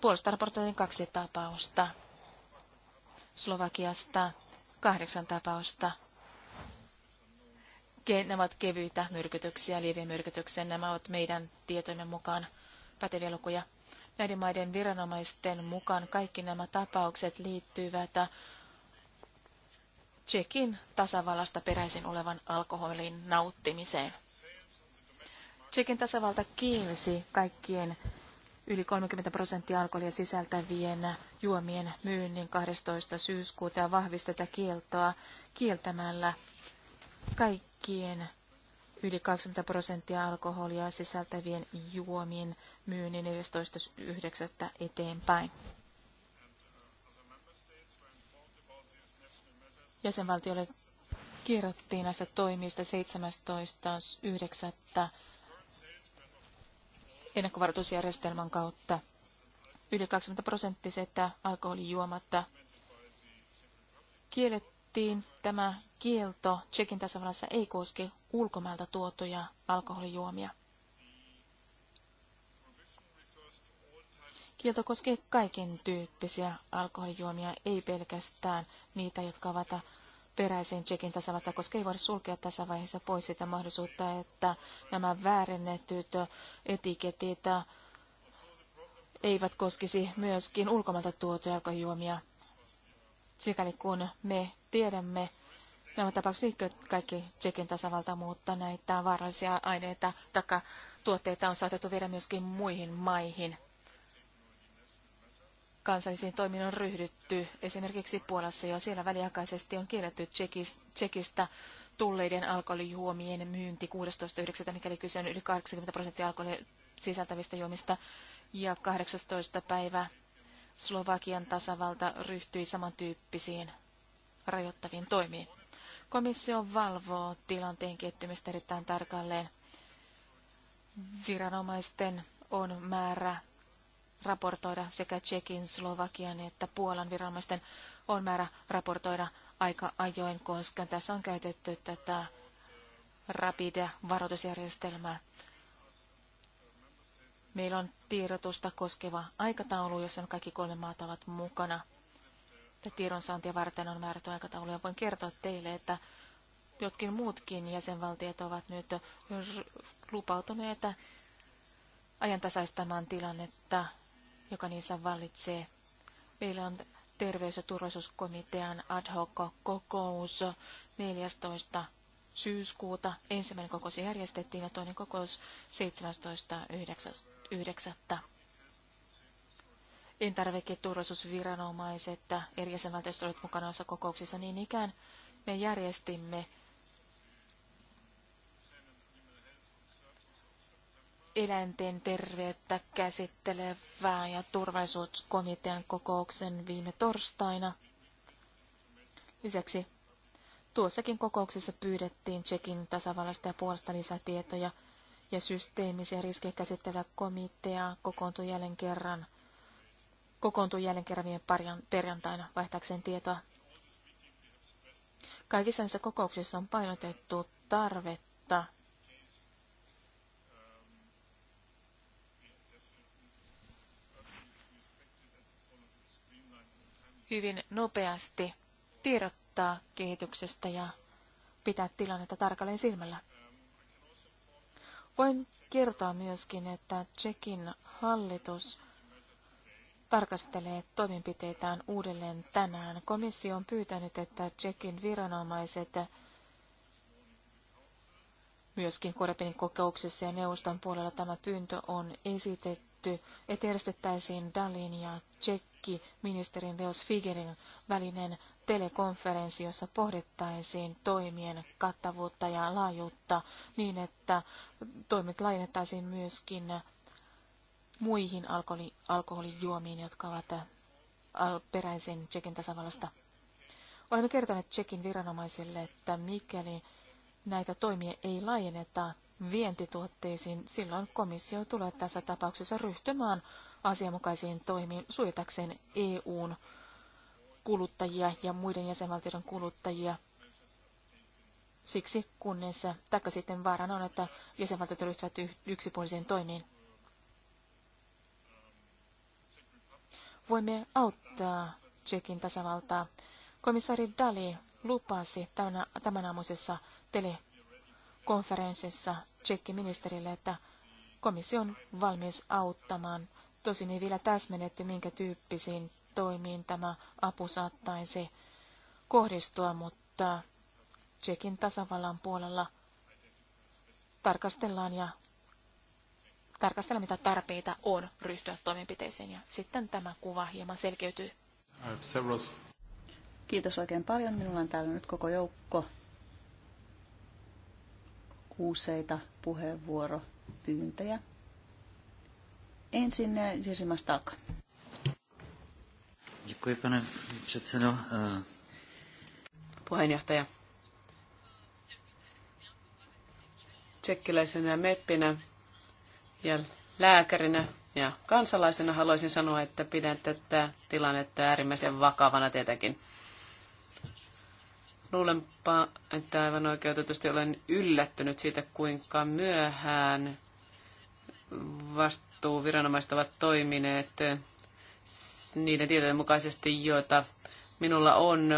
Speaker 3: Puolasta raportoitiin kaksi tapausta. Slovakiasta kahdeksan tapausta. Nämä ovat kevyitä myrkytyksiä, lieviä myrkytyksiä. Nämä ovat meidän tietoimme mukaan päteviä lukuja. Näiden maiden viranomaisten mukaan kaikki nämä tapaukset liittyvät Tsekin tasavallasta peräisin olevan alkoholin nauttimiseen. Tsekin tasavalta kielsi kaikkien yli 30 prosenttia alkoholia sisältävien juomien myynnin 12. syyskuuta ja tätä kieltoa kieltämällä kaikkien yli 20 prosenttia alkoholia sisältävien juomien myynnin 11.9. eteenpäin. Jäsenvaltiolle kirjoittiin näistä toimista 17.9. ennakkovaroitusjärjestelmän kautta. Yli 20 prosenttiset alkoholijuomatta kiellettiin. Tämä kielto Tsekin tasavallassa ei koske ulkomailta tuotuja alkoholijuomia. Kielto koskee kaiken tyyppisiä alkoholijuomia, ei pelkästään niitä, jotka ovat peräisin Tsekin tasavalta, koska ei voida sulkea tässä vaiheessa pois sitä mahdollisuutta, että nämä väärennetyt etiketit eivät koskisi myöskin ulkomailta tuotuja alkoholijuomia. Sikäli kun me tiedämme, nämä tapaukset niin kaikki Tsekin tasavalta, mutta näitä vaarallisia aineita tai tuotteita on saatettu viedä myöskin muihin maihin kansallisiin toimiin on ryhdytty. Esimerkiksi Puolassa jo siellä väliaikaisesti on kielletty tsekistä tulleiden alkoholijuomien myynti 16.9. mikäli kyse on yli 80 prosenttia alkoholia sisältävistä juomista. Ja 18. päivä Slovakian tasavalta ryhtyi samantyyppisiin rajoittaviin toimiin. Komissio valvoo tilanteen kehittymistä erittäin tarkalleen. Viranomaisten on määrä raportoida sekä Tsekin, Slovakian että Puolan viranomaisten on määrä raportoida aika ajoin, koska tässä on käytetty tätä rapida varoitusjärjestelmää. Meillä on tiedotusta koskeva aikataulu, jossa kaikki kolme maata ovat mukana. Tiedonsaantia varten on määrätty aikataulu ja voin kertoa teille, että jotkin muutkin jäsenvaltiot ovat nyt lupautuneet ajantasaistamaan tilannetta joka niissä vallitsee. Meillä on terveys- ja turvallisuuskomitean ad hoc kokous 14 syyskuuta. Ensimmäinen kokous järjestettiin ja toinen kokous 17.9. turvallisuusviranomaiset ja eri jäsenvaltiot olivat mukana kokouksissa niin ikään. Me järjestimme eläinten terveyttä käsittelevää ja turvallisuuskomitean kokouksen viime torstaina. Lisäksi tuossakin kokouksessa pyydettiin Tsekin tasavallasta ja puolesta lisätietoja ja systeemisiä riskejä käsittelevä komitea kokoontui jälleen kerran kokoontui jälleen kerran viime perjantaina vaihtaakseen tietoa. Kaikissa näissä kokouksissa on painotettu tarvetta hyvin nopeasti tiedottaa kehityksestä ja pitää tilannetta tarkalleen silmällä. Voin kertoa myöskin, että Tsekin hallitus tarkastelee toimenpiteitään uudelleen tänään. Komissio on pyytänyt, että Tsekin viranomaiset myöskin Korepin kokouksessa ja neuvoston puolella tämä pyyntö on esitetty päätetty, että järjestettäisiin Dalin ja Tsekki ministerin Leos Figerin välinen telekonferenssi, jossa pohdittaisiin toimien kattavuutta ja laajuutta niin, että toimet laajennettaisiin myöskin muihin alkoholi, alkoholijuomiin, jotka ovat äh, peräisin Tsekin tasavallasta. Olemme kertoneet Tsekin viranomaisille, että mikäli näitä toimia ei laajenneta, vientituotteisiin, silloin komissio tulee tässä tapauksessa ryhtymään asianmukaisiin toimiin suojatakseen EUn kuluttajia ja muiden jäsenvaltioiden kuluttajia. Siksi kunnissa, taikka sitten vaarana on, että jäsenvaltiot ryhtyvät yksipuolisiin toimiin. Voimme auttaa Tsekin tasavaltaa. Komissaari Dali lupasi tämän, tämän aamuisessa telekonferenssissa ministerille, että komissio on valmis auttamaan. Tosin ei vielä täsmennetty, minkä tyyppisiin toimiin tämä apu saattaisi kohdistua, mutta Tsekin tasavallan puolella tarkastellaan ja tarkastellaan, mitä tarpeita on ryhtyä toimenpiteeseen ja
Speaker 1: sitten tämä kuva hieman selkeytyy. Kiitos oikein paljon. Minulla on täällä nyt koko joukko useita puheenvuoropyyntöjä. Ensin eh, Jerzy Mastalka.
Speaker 2: Děkuji, pane předsedo.
Speaker 4: Puheenjohtaja. Tsekkiläisenä meppinä ja lääkärinä ja kansalaisena haluaisin sanoa, että pidän tätä tilannetta äärimmäisen vakavana tietenkin. Luulenpa, että aivan oikeutetusti olen yllättynyt siitä, kuinka myöhään vastuuviranomaiset ovat toimineet niiden tietojen mukaisesti, joita minulla on,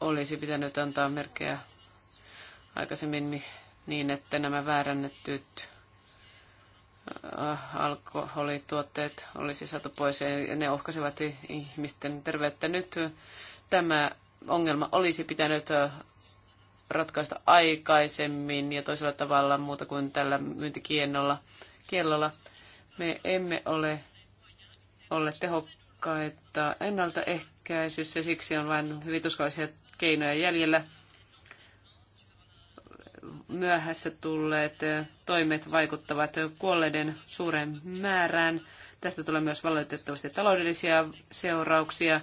Speaker 4: olisi pitänyt antaa merkkejä aikaisemmin niin, että nämä väärännettyt äh, alkoholituotteet olisi saatu pois ja ne ohkasivat ihmisten terveyttä. Nyt tämä ongelma olisi pitänyt ratkaista aikaisemmin ja toisella tavalla muuta kuin tällä myyntikiellolla. Me emme ole ole tehokkaita ennaltaehkäisyssä, siksi on vain hyvin tuskallisia keinoja jäljellä. Myöhässä tulleet toimet vaikuttavat kuolleiden suureen määrään. Tästä tulee myös valitettavasti taloudellisia seurauksia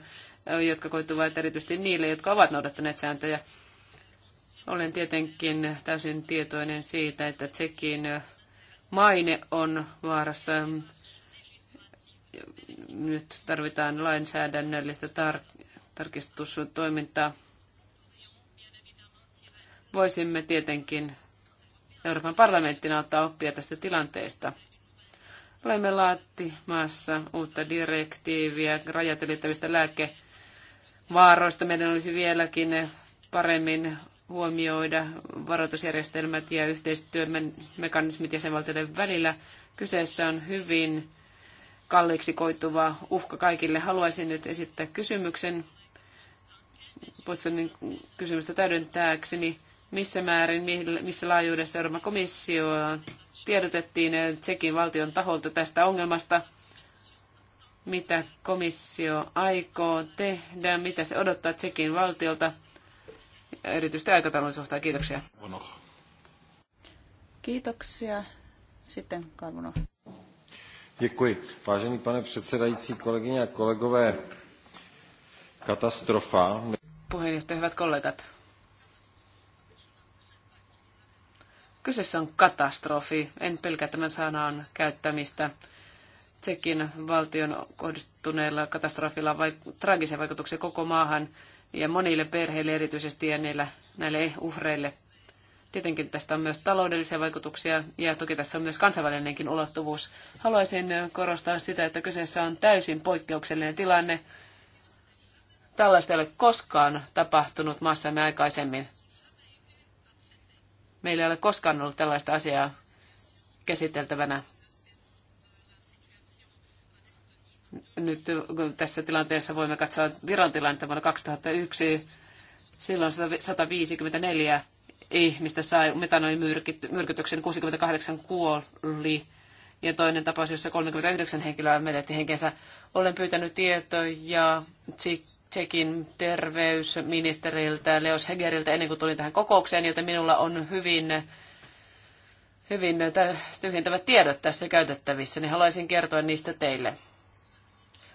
Speaker 4: jotka koituvat erityisesti niille, jotka ovat noudattaneet sääntöjä. Olen tietenkin täysin tietoinen siitä, että Tsekin maine on vaarassa. Nyt tarvitaan lainsäädännöllistä tar- tarkistustoimintaa. Voisimme tietenkin Euroopan parlamenttina ottaa oppia tästä tilanteesta. Olemme laatimassa uutta direktiiviä rajat ylittävistä lääke- vaaroista meidän olisi vieläkin paremmin huomioida varoitusjärjestelmät ja yhteistyömekanismit jäsenvaltioiden välillä. Kyseessä on hyvin kalliiksi koituva uhka kaikille. Haluaisin nyt esittää kysymyksen Potsonin kysymystä täydentääkseni. Missä määrin, missä laajuudessa Euroopan komissio tiedotettiin Tsekin valtion taholta tästä ongelmasta – mitä komissio aikoo tehdä, mitä se odottaa Tsekin valtiolta, erityisesti aikataulun suhteen. Kiitoksia.
Speaker 1: Kiitoksia. Sitten Karvuno.
Speaker 2: Děkuji.
Speaker 3: Vážený pane předsedající, kolegyně a kolegové, katastrofa.
Speaker 4: Puheenjohtaja, hyvät kollegat. Kyseessä on katastrofi. En pelkää tämän sanan käyttämistä. Tsekin valtion kohdistuneella katastrofilla on vaik- traagisia vaikutuksia koko maahan ja monille perheille erityisesti ja niillä, näille uhreille. Tietenkin tästä on myös taloudellisia vaikutuksia ja toki tässä on myös kansainvälinenkin ulottuvuus. Haluaisin korostaa sitä, että kyseessä on täysin poikkeuksellinen tilanne. Tällaista ei ole koskaan tapahtunut maassamme aikaisemmin. Meillä ei ole koskaan ollut tällaista asiaa käsiteltävänä nyt tässä tilanteessa voimme katsoa Viron tilannetta vuonna 2001. Silloin 154 ihmistä sai myrkytyksen, 68 kuoli ja toinen tapaus, jossa 39 henkilöä menetti henkensä. Olen pyytänyt tietoja Tsekin terveysministeriltä Leos Hegeriltä ennen kuin tulin tähän kokoukseen, joten minulla on hyvin hyvin tyhjentävät tiedot tässä käytettävissä, niin haluaisin kertoa niistä teille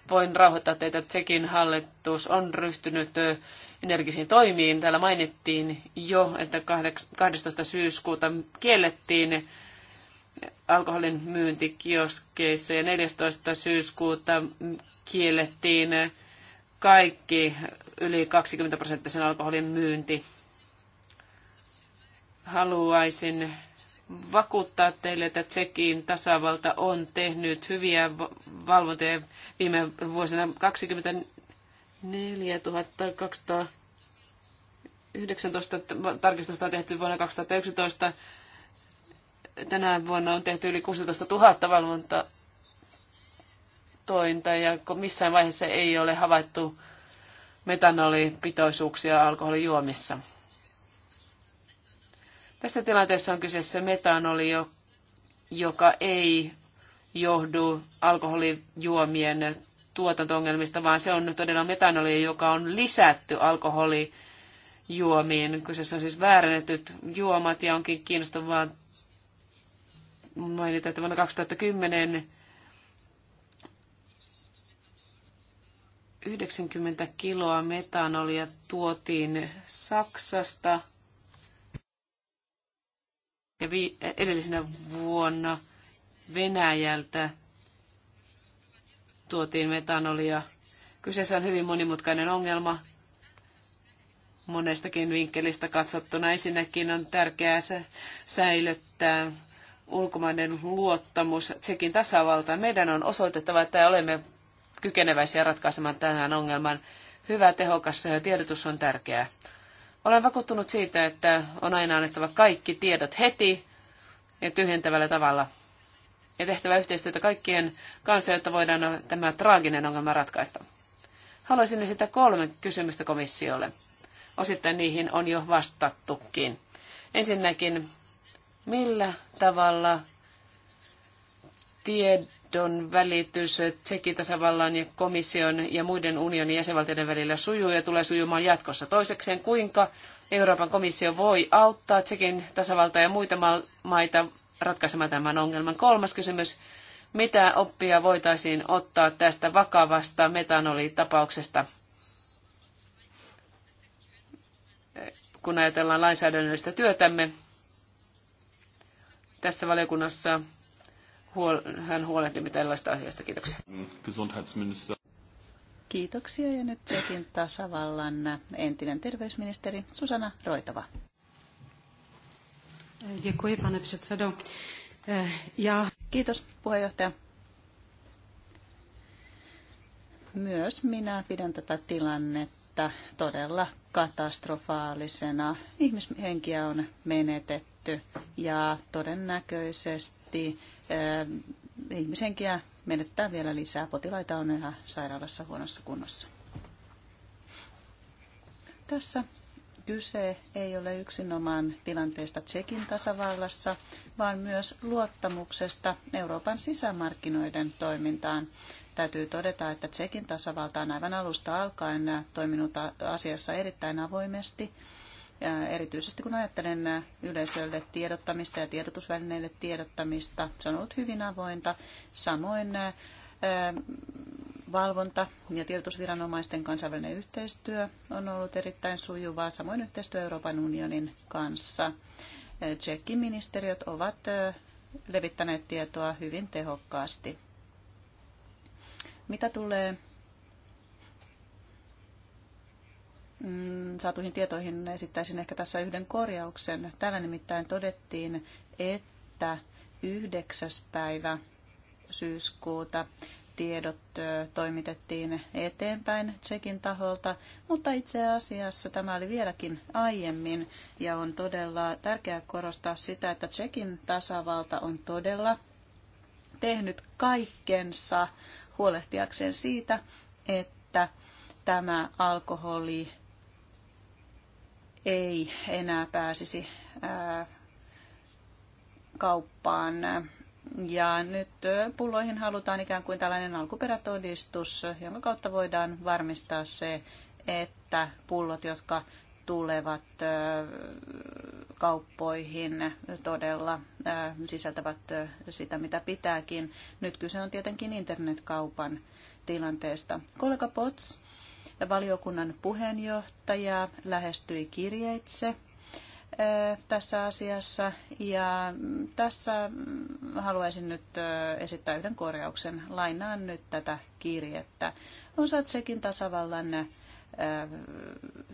Speaker 4: voin rauhoittaa teitä, että sekin hallitus on ryhtynyt energisiin toimiin. Täällä mainittiin jo, että 12. syyskuuta kiellettiin alkoholin myynti kioskeissa ja 14. syyskuuta kiellettiin kaikki yli 20 prosenttisen alkoholin myynti. Haluaisin vakuuttaa teille, että Tsekin tasavalta on tehnyt hyviä valvontoja viime vuosina 24 219 tarkistusta on tehty vuonna 2011. Tänä vuonna on tehty yli 16 000 valvontatointa ja missään vaiheessa ei ole havaittu metanolipitoisuuksia alkoholijuomissa. juomissa. Tässä tilanteessa on kyseessä metanoli, joka ei johdu alkoholijuomien tuotanto vaan se on todella metanoli, joka on lisätty alkoholijuomiin. Kyseessä on siis väärennetyt juomat ja onkin kiinnostavaa mainita, että vuonna 2010 90 kiloa metanolia tuotiin Saksasta ja vi- edellisenä vuonna Venäjältä tuotiin metanolia. Kyseessä on hyvin monimutkainen ongelma monestakin vinkkelistä katsottuna. Ensinnäkin on tärkeää säilyttää ulkomainen luottamus Tsekin tasavaltaan. Meidän on osoitettava, että olemme kykeneväisiä ratkaisemaan tämän ongelman. Hyvä, tehokas tiedotus on tärkeää. Olen vakuuttunut siitä, että on aina annettava kaikki tiedot heti ja tyhjentävällä tavalla. Ja tehtävä yhteistyötä kaikkien kanssa, jotta voidaan tämä traaginen ongelma ratkaista. Haluaisin esittää kolme kysymystä komissiolle. Osittain niihin on jo vastattukin. Ensinnäkin, millä tavalla tied, tiedon välitys Tsekin tasavallan ja komission ja muiden unionin jäsenvaltioiden välillä sujuu ja tulee sujumaan jatkossa. Toisekseen, kuinka Euroopan komissio voi auttaa Tsekin tasavaltaa ja muita maita ratkaisemaan tämän ongelman. Kolmas kysymys, mitä oppia voitaisiin ottaa tästä vakavasta metanolitapauksesta? kun ajatellaan lainsäädännöllistä työtämme tässä valiokunnassa huol- hän huolehdimme tällaista asioista. Kiitoksia.
Speaker 2: Gesundheitsminister.
Speaker 4: Kiitoksia ja nyt Tsekin tasavallan
Speaker 1: entinen terveysministeri Susana Roitava. Ja... Kiitos puheenjohtaja. Myös minä pidän tätä tilannetta todella katastrofaalisena. Ihmishenkiä on menetetty ja todennäköisesti miettii. Eh, Ihmisenkiä menettää vielä lisää. Potilaita on yhä sairaalassa huonossa kunnossa. Tässä kyse ei ole yksinomaan tilanteesta Tsekin tasavallassa, vaan myös luottamuksesta Euroopan sisämarkkinoiden toimintaan. Täytyy todeta, että Tsekin tasavalta on aivan alusta alkaen toiminut asiassa erittäin avoimesti erityisesti kun ajattelen yleisölle tiedottamista ja tiedotusvälineille tiedottamista. Se on ollut hyvin avointa. Samoin valvonta ja tiedotusviranomaisten kansainvälinen yhteistyö on ollut erittäin sujuvaa, samoin yhteistyö Euroopan unionin kanssa. Tsekkin ministeriöt ovat levittäneet tietoa hyvin tehokkaasti. Mitä tulee Mm, saatuihin tietoihin esittäisin ehkä tässä yhden korjauksen. Täällä nimittäin todettiin, että 9. päivä syyskuuta tiedot toimitettiin eteenpäin Tsekin taholta, mutta itse asiassa tämä oli vieläkin aiemmin ja on todella tärkeää korostaa sitä, että Tsekin tasavalta on todella tehnyt kaikkensa huolehtiakseen siitä, että tämä alkoholi ei enää pääsisi kauppaan. Ja nyt pulloihin halutaan ikään kuin tällainen alkuperätodistus, jonka kautta voidaan varmistaa se, että pullot, jotka tulevat kauppoihin todella sisältävät sitä, mitä pitääkin. Nyt kyse on tietenkin internetkaupan tilanteesta. Kollega Pots valiokunnan puheenjohtaja lähestyi kirjeitse tässä asiassa. Ja tässä haluaisin nyt esittää yhden korjauksen. Lainaan nyt tätä kirjettä. Osatsekin tasavallan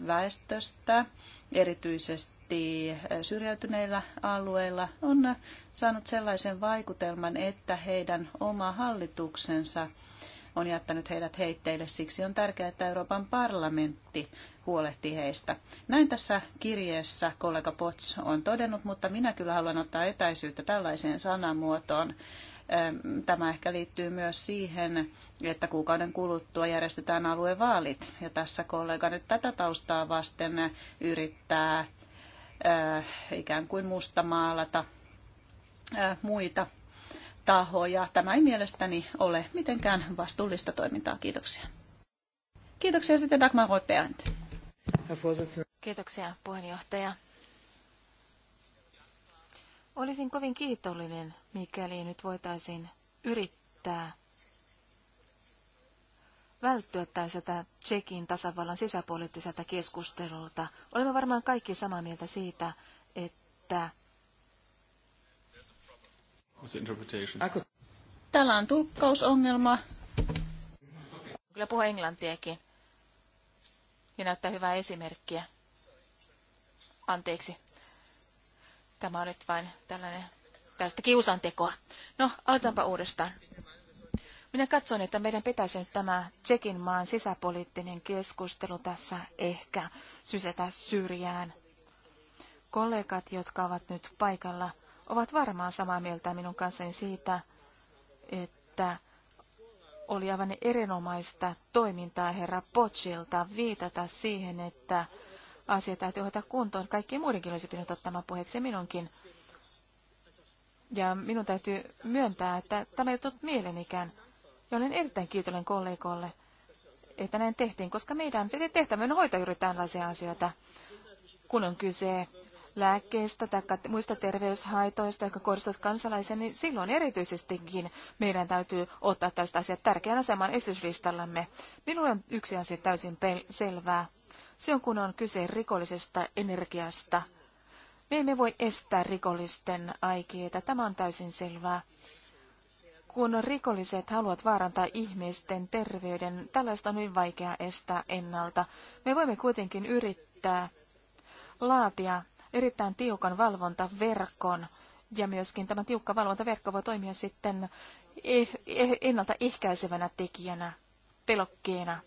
Speaker 1: väestöstä, erityisesti syrjäytyneillä alueilla, on saanut sellaisen vaikutelman, että heidän oma hallituksensa – on jättänyt heidät heitteille. Siksi on tärkeää, että Euroopan parlamentti huolehtii heistä. Näin tässä kirjeessä kollega Potts on todennut, mutta minä kyllä haluan ottaa etäisyyttä tällaiseen sanamuotoon. Ehm, tämä ehkä liittyy myös siihen, että kuukauden kuluttua järjestetään aluevaalit. Ja tässä kollega nyt tätä taustaa vasten yrittää ehm, ikään kuin mustamaalata ehm, muita tahoja. Tämä ei mielestäni ole mitenkään vastuullista toimintaa. Kiitoksia. Kiitoksia sitten Dagmar Roitberg. Kiitoksia puheenjohtaja.
Speaker 3: Olisin kovin kiitollinen, mikäli nyt voitaisiin yrittää välttyä täysiltä Tsekin tasavallan sisäpoliittiselta keskustelulta. Olemme varmaan kaikki samaa mieltä siitä, että
Speaker 2: the interpretation.
Speaker 3: Täällä on tulkkausongelma. Kyllä puhuu englantiakin. Ja näyttää hyvää esimerkkiä. Anteeksi. Tämä on nyt vain tällainen tällaista kiusantekoa. No, aloitetaanpa uudestaan. Minä katson, että meidän pitäisi nyt tämä Tsekin maan sisäpoliittinen keskustelu tässä ehkä sysätä syrjään. Kollegat, jotka ovat nyt paikalla, ovat varmaan samaa mieltä minun kanssani siitä, että oli aivan erinomaista toimintaa herra Potsilta viitata siihen, että asia täytyy hoitaa kuntoon. Kaikki muidenkin olisi pitänyt ottaa puheeksi minunkin. Ja minun täytyy myöntää, että tämä ei tullut mielenikään. Ja olen erittäin kiitollinen kollegolle, että näin tehtiin, koska meidän tehtävämme on hoitaa juuri tällaisia asioita, kun on kyse lääkkeistä tai muista terveyshaitoista, jotka kohdistuvat kansalaisiin, niin silloin erityisestikin meidän täytyy ottaa tästä asiat tärkeän aseman esityslistallamme. Minulle on yksi asia täysin selvää. Se on kun on kyse rikollisesta energiasta. Me emme voi estää rikollisten aikeita, tämä on täysin selvää. Kun rikolliset haluavat vaarantaa ihmisten terveyden, tällaista on hyvin vaikea estää ennalta. Me voimme kuitenkin yrittää laatia erittäin tiukan valvontaverkon. Ja myöskin tämä tiukka valvontaverkko voi toimia sitten eh, eh, ennaltaehkäisevänä tekijänä, pelokkeena.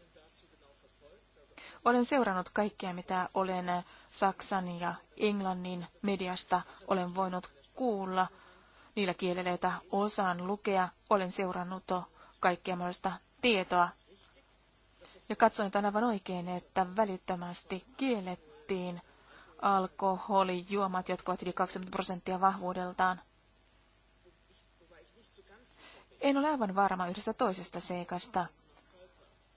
Speaker 3: Olen seurannut kaikkea, mitä olen Saksan ja Englannin mediasta olen voinut kuulla. Niillä kielillä, joita osaan lukea, olen seurannut kaikkea mahdollista tietoa. Ja katsoin että on aivan oikein, että välittömästi kiellettiin alkoholijuomat, jotka ovat yli 20 prosenttia vahvuudeltaan. En ole aivan varma yhdestä toisesta seikasta.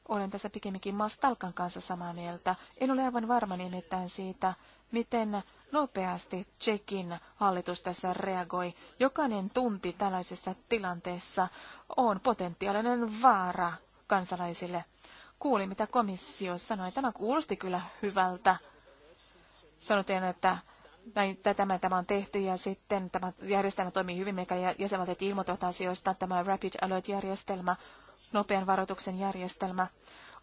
Speaker 3: Olen tässä pikemminkin Mastalkan kanssa samaa mieltä. En ole aivan varma nimittäin siitä, miten nopeasti Tsekin hallitus tässä reagoi. Jokainen tunti tällaisessa tilanteessa on potentiaalinen vaara kansalaisille. Kuulin, mitä komissio sanoi. Tämä kuulosti kyllä hyvältä sanotaan, että näin, tämä, tämä on tehty ja sitten tämä järjestelmä toimii hyvin, mikä jäsenvaltiot ilmoittavat asioista. Tämä Rapid Alert-järjestelmä, nopean varoituksen järjestelmä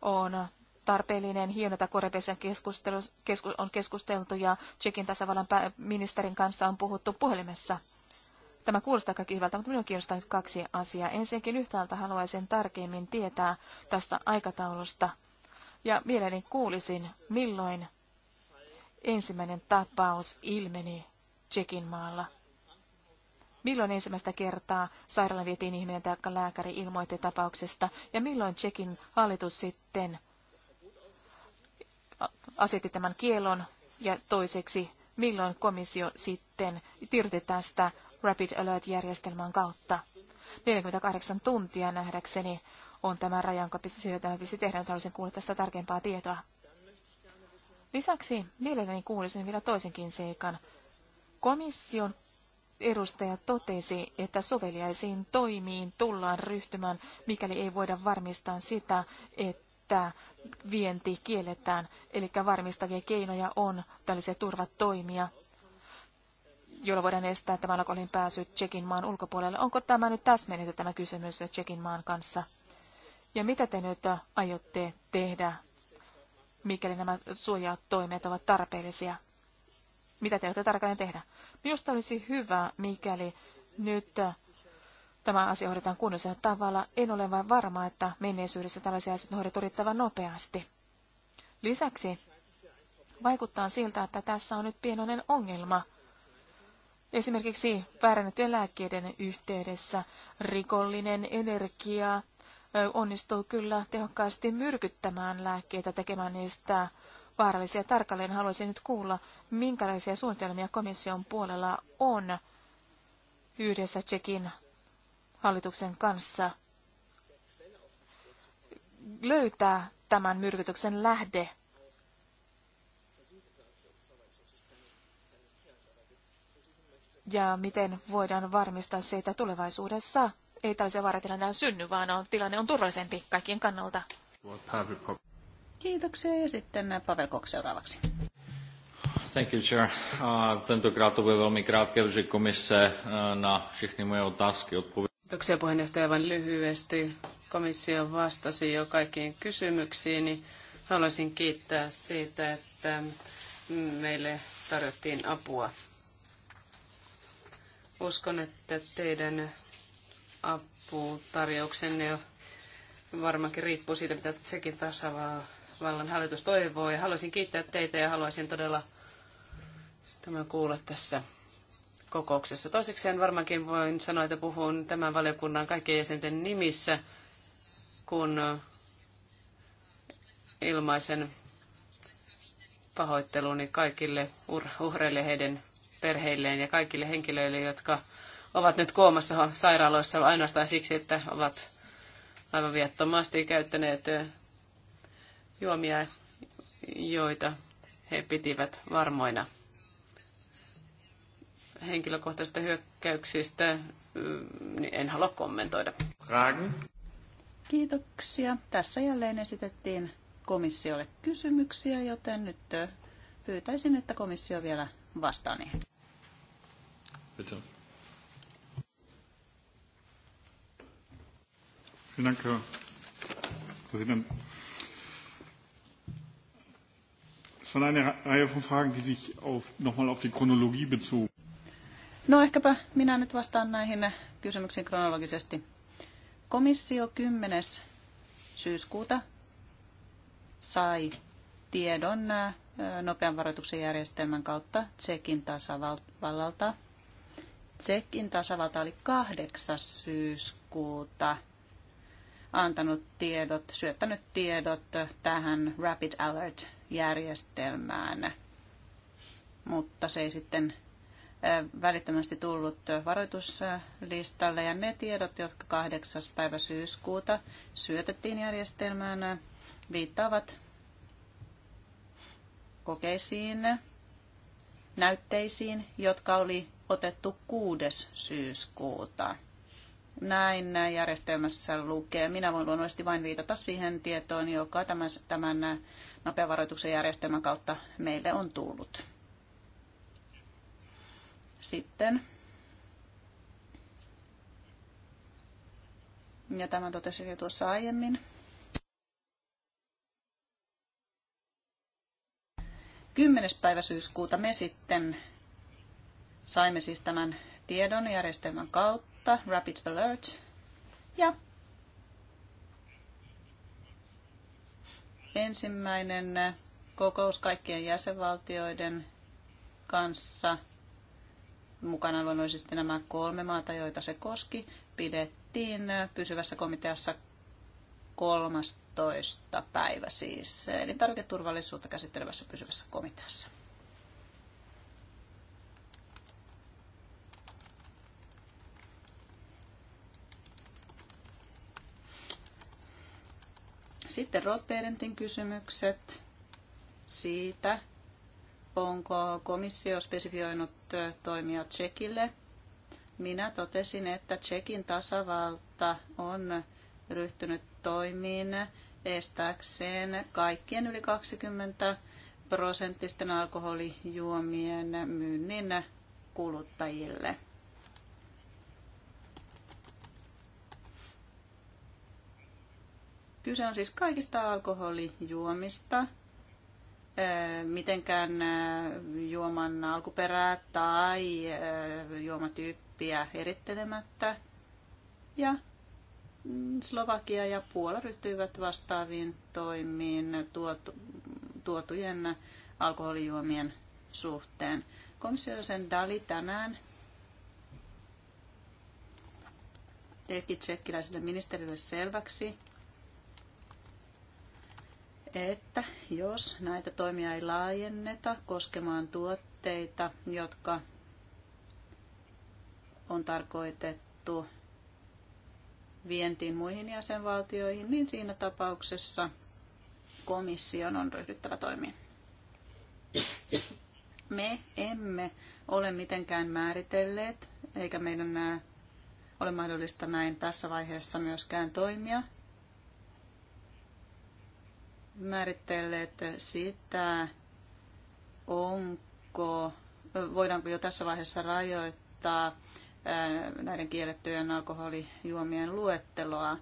Speaker 3: on tarpeellinen. Hieno, että Korepesen keskustelu, kesku, on keskusteltu ja Tsekin tasavallan pää, ministerin kanssa on puhuttu puhelimessa. Tämä kuulostaa kaikki hyvältä, mutta minua kiinnostaa nyt kaksi asiaa. Ensinnäkin yhtäältä haluaisin tarkemmin tietää tästä aikataulusta. Ja mielelläni kuulisin, milloin ensimmäinen tapaus ilmeni Tsekin maalla. Milloin ensimmäistä kertaa sairaalan vietiin ihminen tai lääkäri ilmoitti tapauksesta ja milloin Tsekin hallitus sitten asetti tämän kielon ja toiseksi milloin komissio sitten tirti tästä Rapid Alert-järjestelmän kautta. 48 tuntia nähdäkseni on tämä raja, jonka piti, tämä tehdä, haluaisin kuulla tästä tarkempaa tietoa. Lisäksi mielelläni kuulisin vielä toisenkin seikan. Komission edustaja totesi, että soveliaisiin toimiin tullaan ryhtymään, mikäli ei voida varmistaa sitä, että vienti kielletään, eli varmistavia keinoja on tällaisia turvatoimia joilla voidaan estää tämä alkoholin pääsy Tsekin maan ulkopuolelle. Onko tämä nyt täsmennetty tämä kysymys Tsekin maan kanssa? Ja mitä te nyt aiotte tehdä mikäli nämä suojatoimet ovat tarpeellisia. Mitä te olette tarkalleen tehdä? Minusta olisi hyvä, mikäli nyt äh, tämä asia hoidetaan kunnollisella tavalla. En ole vain varma, että menneisyydessä tällaisia asioita hoidetaan riittävän nopeasti. Lisäksi vaikuttaa siltä, että tässä on nyt pienoinen ongelma. Esimerkiksi väärännettyjen lääkkeiden yhteydessä rikollinen energia onnistuu kyllä tehokkaasti myrkyttämään lääkkeitä, tekemään niistä vaarallisia. Tarkalleen haluaisin nyt kuulla, minkälaisia suunnitelmia komission puolella on yhdessä Tsekin hallituksen kanssa löytää tämän myrkytyksen lähde. Ja miten voidaan varmistaa se, että tulevaisuudessa ei tällaisia vaaratilanteita synny, vaan on, tilanne on turvallisempi
Speaker 1: kaikkien kannalta. Kiitoksia ja sitten Pavel Kok seuraavaksi.
Speaker 2: Thank you, Chair. Uh, tentokrát to bude velmi krátké, protože komise
Speaker 3: uh, na všechny moje otázky
Speaker 4: Kiitoksia puheenjohtaja. Vain lyhyesti komissio vastasi jo kaikkiin kysymyksiin. Niin Haluaisin kiittää siitä, että mm, meille tarjottiin apua. Uskon, että teidän aputarjouksenne niin varmaankin riippuu siitä, mitä sekin tasavallan hallitus toivoo. Ja haluaisin kiittää teitä ja haluaisin todella tämän kuulla tässä kokouksessa. Toisekseen varmaankin voin sanoa, että puhun tämän valiokunnan kaikkien jäsenten nimissä, kun ilmaisen pahoitteluni kaikille uhreille, heidän perheilleen ja kaikille henkilöille, jotka ovat nyt koomassa sairaaloissa ainoastaan siksi, että ovat aivan viattomasti käyttäneet juomia, joita he pitivät varmoina. Henkilökohtaisista hyökkäyksistä niin en halua kommentoida. Fragen.
Speaker 1: Kiitoksia. Tässä jälleen esitettiin komissiolle kysymyksiä, joten nyt pyytäisin, että komissio vielä vastaa niihin.
Speaker 2: Bitte. Vielen Dank, Herr Präsident. Es waren eine Reihe von Fragen, die sich auf, nochmal auf die Chronologie bezogen.
Speaker 1: No ehkäpä minä nyt vastaan näihin kysymyksiin kronologisesti. Komissio 10. syyskuuta sai tiedon äh, nopean varoituksen järjestelmän kautta Tsekin tasavallalta. Tsekin tasavalta oli 8. syyskuuta antanut tiedot, syöttänyt tiedot tähän Rapid Alert-järjestelmään, mutta se ei sitten välittömästi tullut varoituslistalle ja ne tiedot, jotka 8. päivä syyskuuta syötettiin järjestelmään, viittaavat kokeisiin, näytteisiin, jotka oli otettu 6. syyskuuta. Näin järjestelmässä lukee. Minä voin luonnollisesti vain viitata siihen tietoon, joka tämän, tämän nopeavaroituksen järjestelmän kautta meille on tullut. Sitten. Ja tämän totesin jo tuossa aiemmin. Kymmenes päivä syyskuuta me sitten saimme siis tämän tiedon järjestelmän kautta kautta Rapid Alert ja ensimmäinen kokous kaikkien jäsenvaltioiden kanssa. Mukana luonnollisesti nämä kolme maata, joita se koski, pidettiin pysyvässä komiteassa 13. päivä siis tarviketurvallisuutta käsittelevässä pysyvässä komiteassa. Sitten Rotterentin kysymykset siitä, onko komissio spesifioinut toimia Tsekille. Minä totesin, että Tsekin tasavalta on ryhtynyt toimiin estääkseen kaikkien yli 20 prosenttisten alkoholijuomien myynnin kuluttajille. Kyse on siis kaikista alkoholijuomista, mitenkään juoman alkuperää tai juomatyyppiä erittelemättä. Ja mm, Slovakia ja Puola ryhtyivät vastaaviin toimiin tuotu, tuotujen alkoholijuomien suhteen. Komissio sen Dali tänään teki tsekkiläiselle ministerille selväksi, että jos näitä toimia ei laajenneta koskemaan tuotteita, jotka on tarkoitettu vientiin muihin jäsenvaltioihin, niin siinä tapauksessa komission on ryhdyttävä toimiin. Me emme ole mitenkään määritelleet, eikä meidän ole mahdollista näin tässä vaiheessa myöskään toimia määritelleet sitä, onko, voidaanko jo tässä vaiheessa rajoittaa näiden kiellettyjen alkoholijuomien luetteloa.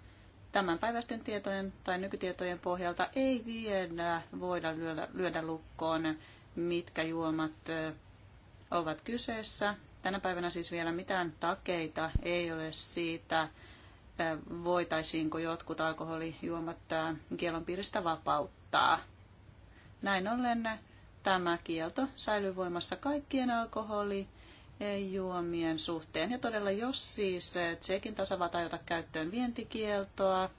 Speaker 1: Tämänpäiväisten tietojen tai nykytietojen pohjalta ei vielä voida lyödä, lyödä lukkoon, mitkä juomat ovat kyseessä. Tänä päivänä siis vielä mitään takeita ei ole siitä, voitaisiinko jotkut alkoholijuomat kielon piiristä vapauttaa. Näin ollen tämä kielto säilyy voimassa kaikkien juomien suhteen. Ja todella jos siis Tsekin tasavalta ajota käyttöön vientikieltoa,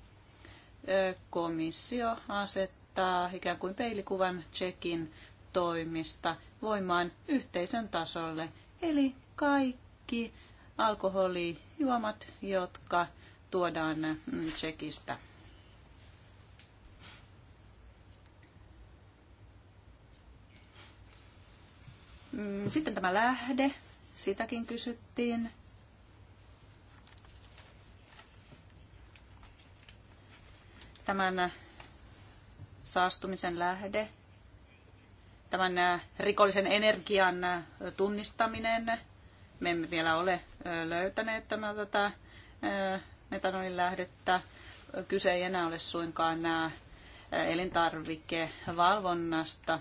Speaker 1: komissio asettaa ikään kuin peilikuvan Tsekin toimista voimaan yhteisön tasolle. Eli kaikki alkoholijuomat, jotka tuodaan mm, Tsekistä. Mm, sitten tämä lähde, sitäkin kysyttiin. Tämän äh, saastumisen lähde, tämän äh, rikollisen energian äh, tunnistaminen. Me emme vielä ole löytäneet tämä, tätä metanolin lähdettä. Kyse ei enää ole suinkaan nämä elintarvikevalvonnasta,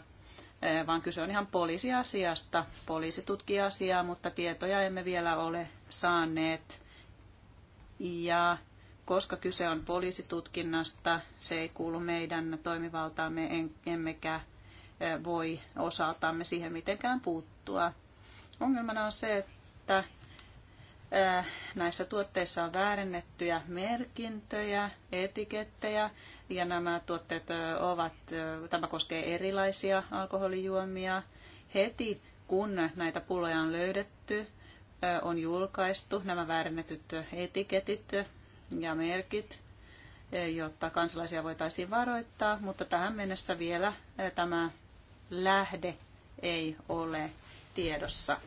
Speaker 1: vaan kyse on ihan poliisiasiasta. Poliisi tutkii asiaa, mutta tietoja emme vielä ole saaneet. Ja koska kyse on poliisitutkinnasta, se ei kuulu meidän toimivaltaamme, emmekä voi osaltamme siihen mitenkään puuttua. Ongelmana on se, että Äh, näissä tuotteissa on väärennettyjä merkintöjä, etikettejä ja nämä tuotteet äh, ovat, äh, tämä koskee erilaisia alkoholijuomia. Heti kun näitä pulloja on löydetty, on julkaistu nämä väärennetyt etiketit ja merkit, jotta kansalaisia voitaisiin varoittaa, mutta tähän mennessä vielä tämä lähde ei ole tiedossa.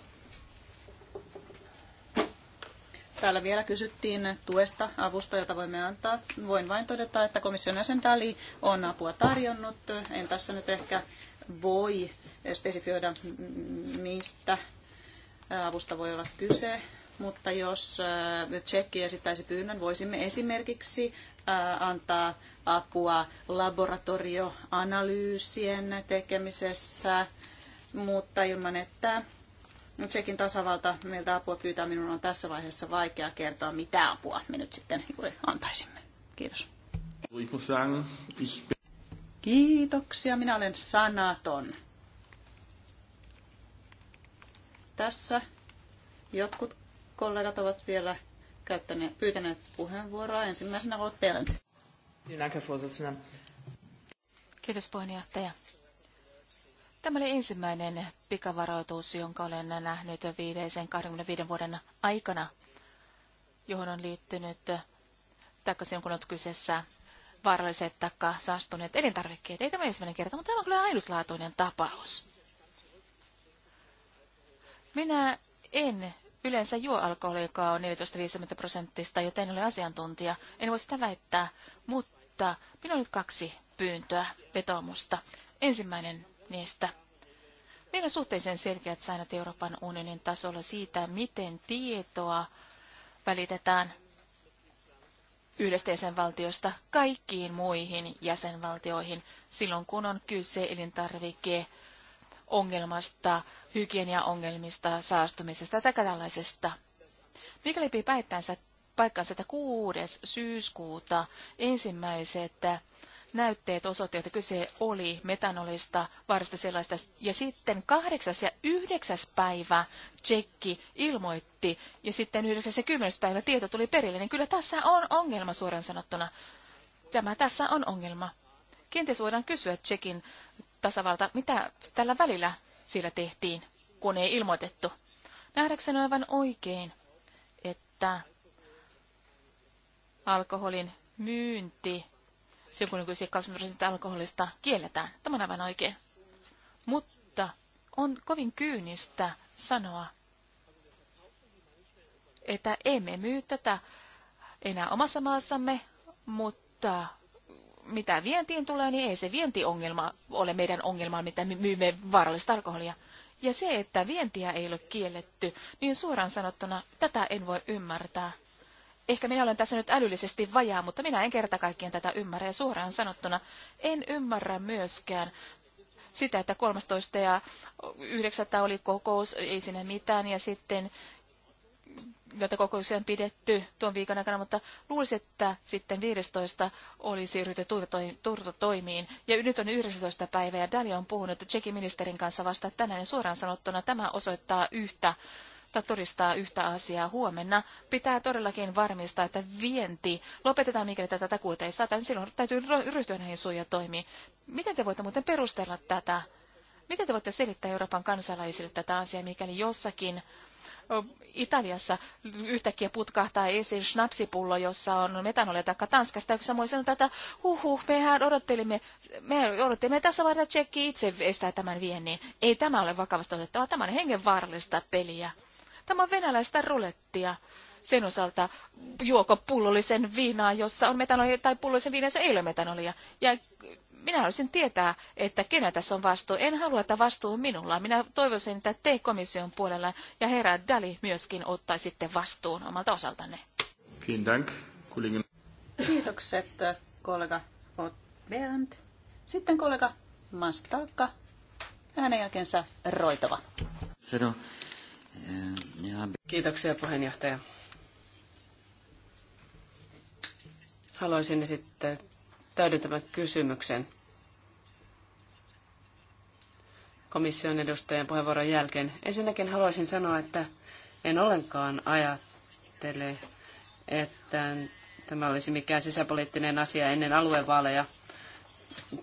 Speaker 1: Täällä vielä kysyttiin tuesta, avusta, jota voimme antaa. Voin vain todeta, että komission jäsen Dali on apua tarjonnut. En tässä nyt ehkä voi spesifioida, mistä avusta voi olla kyse, mutta jos äh, Tsekki esittäisi pyynnön, voisimme esimerkiksi äh, antaa apua laboratorioanalyysien tekemisessä, mutta ilman että No, Tsekin tasavalta meiltä apua pyytää. Minun on tässä vaiheessa vaikea kertoa, mitä apua me nyt sitten juuri antaisimme. Kiitos. Kiitoksia, minä olen sanaton. Tässä jotkut kollegat ovat vielä käyttäneet, pyytäneet puheenvuoroa. Ensimmäisenä olet Berend.
Speaker 3: Kiitos puheenjohtaja. Tämä oli ensimmäinen pikavaroitus, jonka olen nähnyt viimeisen 25 vuoden aikana, johon on liittynyt, taikka silloin kun on kyseessä vaaralliset taikka saastuneet elintarvikkeet. Ei tämä ensimmäinen kerta, mutta tämä on kyllä ainutlaatuinen tapaus. Minä en yleensä juo alkoholia, joka on 14-50 prosenttista, joten en ole asiantuntija. En voi sitä väittää, mutta minulla on nyt kaksi pyyntöä, vetoomusta. Ensimmäinen niistä. Meillä on suhteellisen selkeät säännöt Euroopan unionin tasolla siitä, miten tietoa välitetään yhdestä jäsenvaltiosta kaikkiin muihin jäsenvaltioihin silloin, kun on kyse elintarvike ongelmasta, hygieniaongelmista, saastumisesta tai tällaisesta. Mikäli päättäänsä paikkaansa, että 6. syyskuuta ensimmäiset näytteet osoittivat, että kyse oli metanolista varsta sellaista. Ja sitten kahdeksas ja yhdeksäs päivä tsekki ilmoitti ja sitten yhdeksäs ja kymmenes päivä tieto tuli perille. Niin kyllä tässä on ongelma suoraan sanottuna. Tämä tässä on ongelma. Kenties voidaan kysyä tsekin tasavalta, mitä tällä välillä siellä tehtiin, kun ei ilmoitettu. Nähdäkseni on aivan oikein, että alkoholin myynti silloin kun kyse 20 prosenttia alkoholista kielletään. Tämä on aivan oikein. Mutta on kovin kyynistä sanoa, että emme myy tätä enää omassa maassamme, mutta mitä vientiin tulee, niin ei se vientiongelma ole meidän ongelma, mitä myymme vaarallista alkoholia. Ja se, että vientiä ei ole kielletty, niin suoraan sanottuna tätä en voi ymmärtää. Ehkä minä olen tässä nyt älyllisesti vajaa, mutta minä en kerta kaikkien tätä ymmärrä. Ja suoraan sanottuna en ymmärrä myöskään sitä, että 13 ja 9 oli kokous, ei sinne mitään, ja sitten jota kokouksia on pidetty tuon viikon aikana, mutta luulisin, että sitten 15 olisi turto toimiin. Ja nyt on 19 päivä ja Dali on puhunut Tsekin ministerin kanssa vasta tänään ja suoraan sanottuna tämä osoittaa yhtä tai todistaa yhtä asiaa huomenna. Pitää todellakin varmistaa, että vienti lopetetaan, mikäli tätä takuuta ei saata, niin silloin täytyy ryhtyä näihin suojatoimiin. Miten te voitte muuten perustella tätä? Miten te voitte selittää Euroopan kansalaisille tätä asiaa, mikäli jossakin Italiassa yhtäkkiä putkahtaa esiin schnapsipullo, jossa on metanolia taikka Tanskasta, kun samoin että huh huh, mehän odottelimme, me odottelimme tässä vaiheessa tsekki itse estää tämän viennin. Ei tämä ole vakavasti otettava, tämä on hengenvaarallista peliä. Tämä on venäläistä rulettia sen osalta, juoko pullollisen viinaa, jossa on metanolia, tai pullollisen viinaa, jossa ei ole metanolia. Ja minä haluaisin tietää, että kenä tässä on vastuu. En halua, että vastuu on minulla. Minä toivoisin, että te komission puolella ja herra Dali myöskin ottaisitte vastuun
Speaker 1: omalta osaltanne. Kiitokset kollega Bernd. Sitten kollega Mastalka. Hänen jälkeensä
Speaker 4: Roitova.
Speaker 2: Sano. Kiitoksia
Speaker 4: puheenjohtaja. Haluaisin esittää täydentävän kysymyksen. komission edustajan puheenvuoron jälkeen. Ensinnäkin haluaisin sanoa, että en ollenkaan ajattele, että tämä olisi mikään sisäpoliittinen asia ennen aluevaaleja.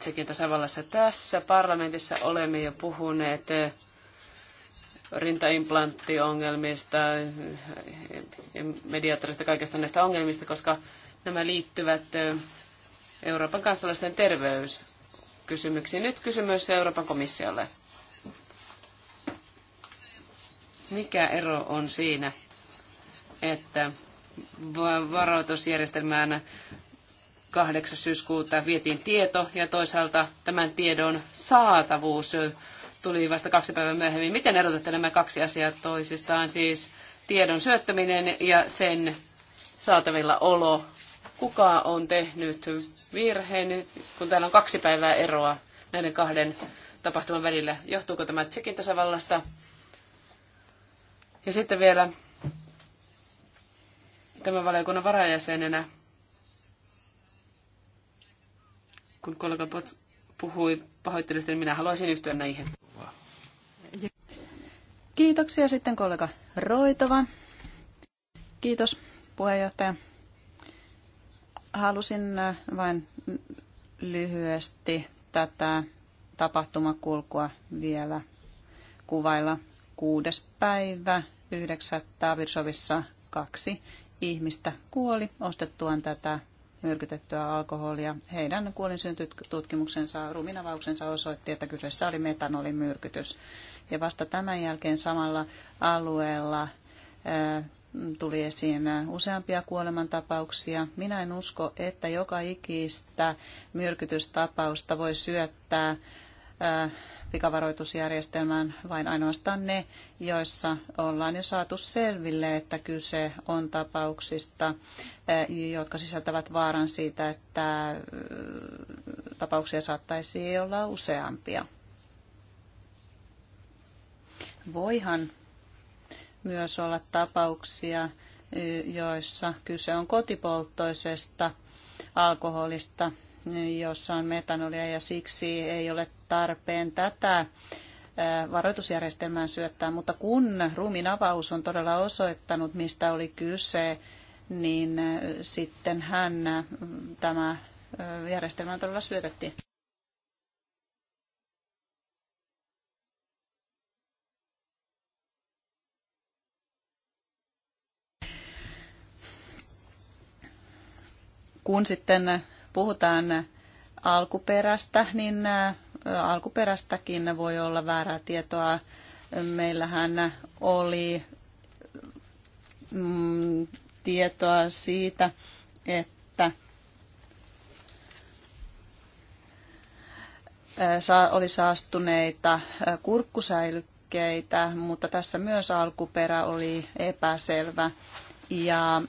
Speaker 4: Sekin tasavallassa tässä parlamentissa olemme jo puhuneet rintaimplanttiongelmista, mediatorista, kaikista näistä ongelmista, koska nämä liittyvät Euroopan kansalaisten terveyskysymyksiin. Nyt kysymys Euroopan komissiolle. Mikä ero on siinä, että varoitusjärjestelmään 8. syyskuuta vietiin tieto ja toisaalta tämän tiedon saatavuus tuli vasta kaksi päivää myöhemmin. Miten erotatte nämä kaksi asiaa toisistaan, siis tiedon syöttäminen ja sen saatavilla olo? Kuka on tehnyt virheen, kun täällä on kaksi päivää eroa näiden kahden tapahtuman välillä? Johtuuko tämä Tsekin tasavallasta? Ja sitten vielä tämän valiokunnan varajäsenenä, kun kollega Pots puhui pahoittelusta, niin minä haluaisin yhtyä näihin.
Speaker 1: Kiitoksia sitten kollega Roitova. Kiitos puheenjohtaja. Halusin äh, vain lyhyesti tätä tapahtumakulkua vielä kuvailla. Kuudes päivä yhdeksättä Virsovissa kaksi ihmistä kuoli ostettuaan tätä myrkytettyä alkoholia. Heidän kuolinsyntytutkimuksensa, ruminavauksensa osoitti, että kyseessä oli metanolimyrkytys. Ja vasta tämän jälkeen samalla alueella äh, tuli esiin useampia kuolemantapauksia. Minä en usko, että joka ikistä myrkytystapausta voi syöttää pikavaroitusjärjestelmään vain ainoastaan ne, joissa ollaan jo saatu selville, että kyse on tapauksista, jotka sisältävät vaaran siitä, että tapauksia saattaisi olla useampia. Voihan myös olla tapauksia, joissa kyse on kotipolttoisesta alkoholista jossa on metanolia ja siksi ei ole tarpeen tätä varoitusjärjestelmään syöttää. Mutta kun ruumin avaus on todella osoittanut, mistä oli kyse, niin sitten hän tämä järjestelmä todella syötettiin. kun sitten puhutaan alkuperästä, niin alkuperästäkin voi olla väärää tietoa. Meillähän oli mm, tietoa siitä, että oli saastuneita kurkkusäilykkeitä, mutta tässä myös alkuperä oli epäselvä. Ja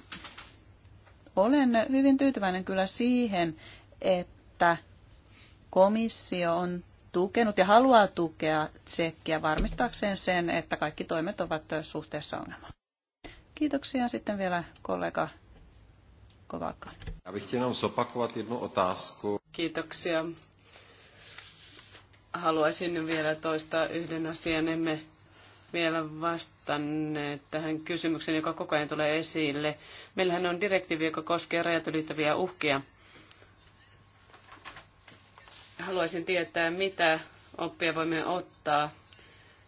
Speaker 1: olen hyvin tyytyväinen kyllä siihen, että komissio on tukenut ja haluaa tukea tsekkiä varmistaakseen sen, että kaikki toimet ovat suhteessa ongelmaan. Kiitoksia sitten
Speaker 4: vielä kollega Kovalka. Kiitoksia. Haluaisin vielä toistaa yhden asian. Emme vielä vastanneet tähän kysymykseen, joka koko ajan tulee esille. Meillähän on direktiivi, joka koskee rajat ylittäviä uhkia. Haluaisin tietää, mitä oppia voimme ottaa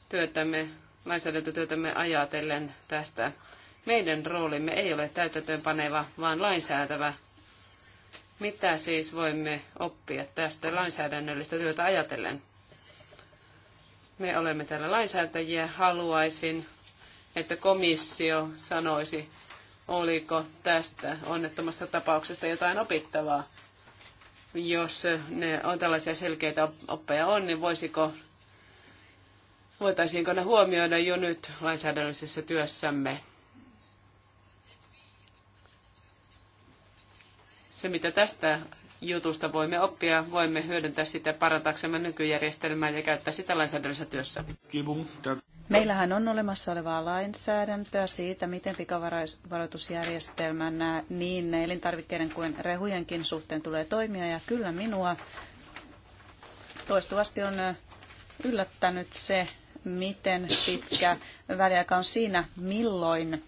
Speaker 4: työtämme, lainsäädäntötyötämme ajatellen tästä. Meidän roolimme ei ole täytäntöönpaneva, vaan lainsäätävä. Mitä siis voimme oppia tästä lainsäädännöllistä työtä ajatellen? Me olemme täällä lainsäätäjiä. Haluaisin, että komissio sanoisi, oliko tästä onnettomasta tapauksesta jotain opittavaa. Jos ne on tällaisia selkeitä oppeja on, niin voisiko, voitaisiinko ne huomioida jo nyt lainsäädännöllisessä työssämme? Se, mitä tästä jutusta voimme oppia, voimme hyödyntää sitä parantaaksemme nykyjärjestelmää ja käyttää sitä lainsäädännössä työssä.
Speaker 1: Meillähän on olemassa olevaa lainsäädäntöä siitä, miten pikavaroitusjärjestelmän niin elintarvikkeiden kuin rehujenkin suhteen tulee toimia. Ja kyllä minua toistuvasti on yllättänyt se, miten pitkä väliaika on siinä, milloin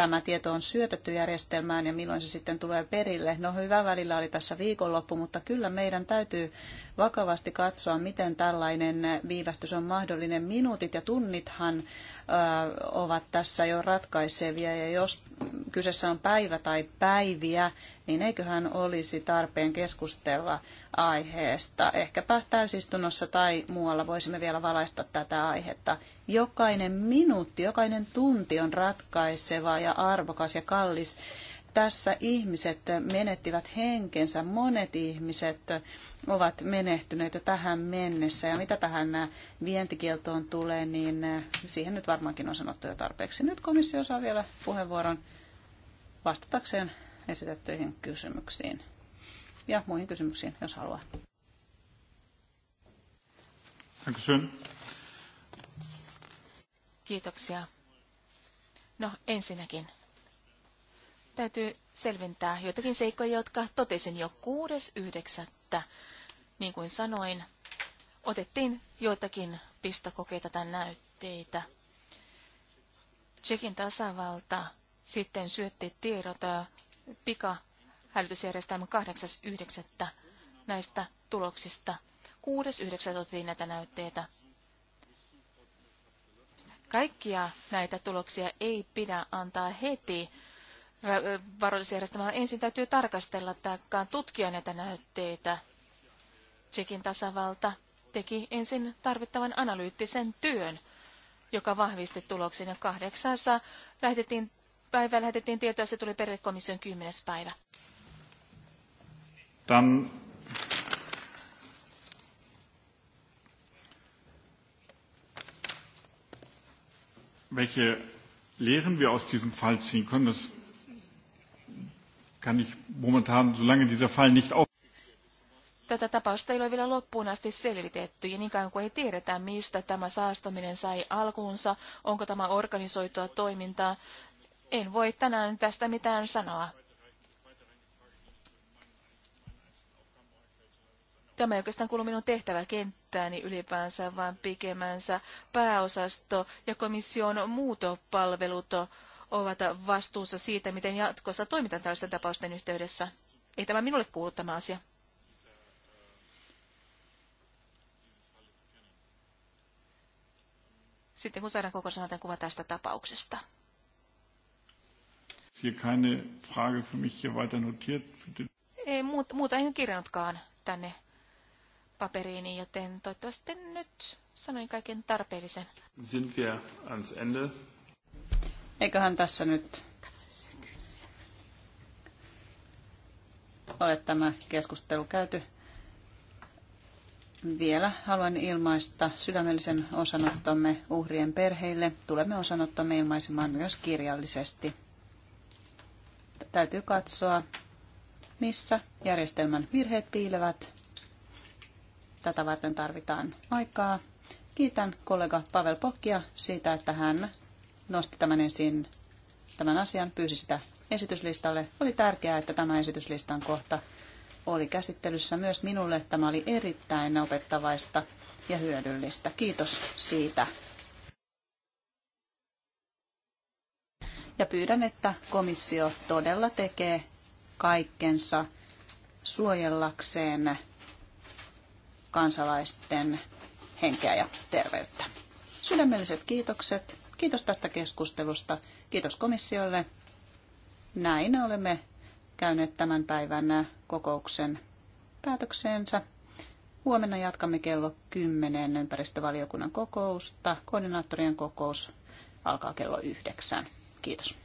Speaker 1: tämä tieto on syötetty järjestelmään ja milloin se sitten tulee perille. No hyvä välillä oli tässä viikonloppu, mutta kyllä meidän täytyy vakavasti katsoa, miten tällainen viivästys on mahdollinen. Minuutit ja tunnithan ovat tässä jo ratkaisevia ja jos kyseessä on päivä tai päiviä, niin eiköhän olisi tarpeen keskustella aiheesta. Ehkäpä täysistunnossa tai muualla voisimme vielä valaista tätä aihetta. Jokainen minuutti, jokainen tunti on ratkaiseva ja arvokas ja kallis. Tässä ihmiset menettivät henkensä, monet ihmiset ovat menehtyneet tähän mennessä. Ja mitä tähän vientikieltoon tulee, niin siihen nyt varmaankin on sanottu jo tarpeeksi. Nyt komissio saa vielä puheenvuoron vastatakseen esitettyihin kysymyksiin ja muihin kysymyksiin, jos
Speaker 2: haluaa.
Speaker 3: Kiitoksia. No ensinnäkin täytyy selventää joitakin seikkoja, jotka totesin jo 6.9. Niin kuin sanoin, otettiin joitakin pistokokeita tai näytteitä. Tsekin tasavalta sitten syötti tiedot äh, pika hälytysjärjestelmä 8.9. näistä tuloksista. 6.9. otettiin näitä näytteitä. Kaikkia näitä tuloksia ei pidä antaa heti varoitusjärjestelmällä. Ensin täytyy tarkastella tai tutkia näitä näytteitä. Tsekin tasavalta teki ensin tarvittavan analyyttisen työn, joka vahvisti tuloksen ja kahdeksassa lähetettiin päivä lähetettiin tietoa, se tuli perille komission 10. päivä.
Speaker 2: Dann welche Lehren wir aus diesem Fall ziehen können, das kann ich momentan, solange dieser Fall nicht auf
Speaker 3: Tätä tapausta ei ole vielä loppuun asti selvitetty, ja niin kauan kuin ei tiedetä, mistä tämä saastuminen sai alkuunsa, onko tämä organisoitua toimintaa, en voi tänään tästä mitään sanoa. Tämä ei oikeastaan kuulu minun tehtäväkenttääni ylipäänsä, vaan pikemänsä pääosasto ja komission muutopalvelut ovat vastuussa siitä, miten jatkossa toimitaan tällaisten tapausten yhteydessä. Ei tämä minulle kuulu tämä asia. Sitten kun saadaan koko sanan kuva tästä tapauksesta.
Speaker 2: Hier keine Frage für mich hier weiter notiert.
Speaker 3: Ei muuta, muuta en kirjannutkaan tänne paperiini, joten toivottavasti nyt sanoin kaiken tarpeellisen.
Speaker 2: Sind wir ans Ende?
Speaker 1: Eiköhän tässä nyt ole tämä keskustelu käyty. Vielä haluan ilmaista sydämellisen osanottomme uhrien perheille. Tulemme osanottomme ilmaisemaan myös kirjallisesti täytyy katsoa, missä järjestelmän virheet piilevät. Tätä varten tarvitaan aikaa. Kiitän kollega Pavel Pokkia siitä, että hän nosti tämän esiin, tämän asian, pyysi sitä esityslistalle. Oli tärkeää, että tämä esityslistan kohta oli käsittelyssä myös minulle. Tämä oli erittäin opettavaista ja hyödyllistä. Kiitos siitä. ja pyydän, että komissio todella tekee kaikkensa suojellakseen kansalaisten henkeä ja terveyttä. Sydämelliset kiitokset. Kiitos tästä keskustelusta. Kiitos komissiolle. Näin olemme käyneet tämän päivän kokouksen päätökseensä. Huomenna jatkamme kello 10 ympäristövaliokunnan kokousta. Koordinaattorien kokous alkaa kello 9. Kiitos.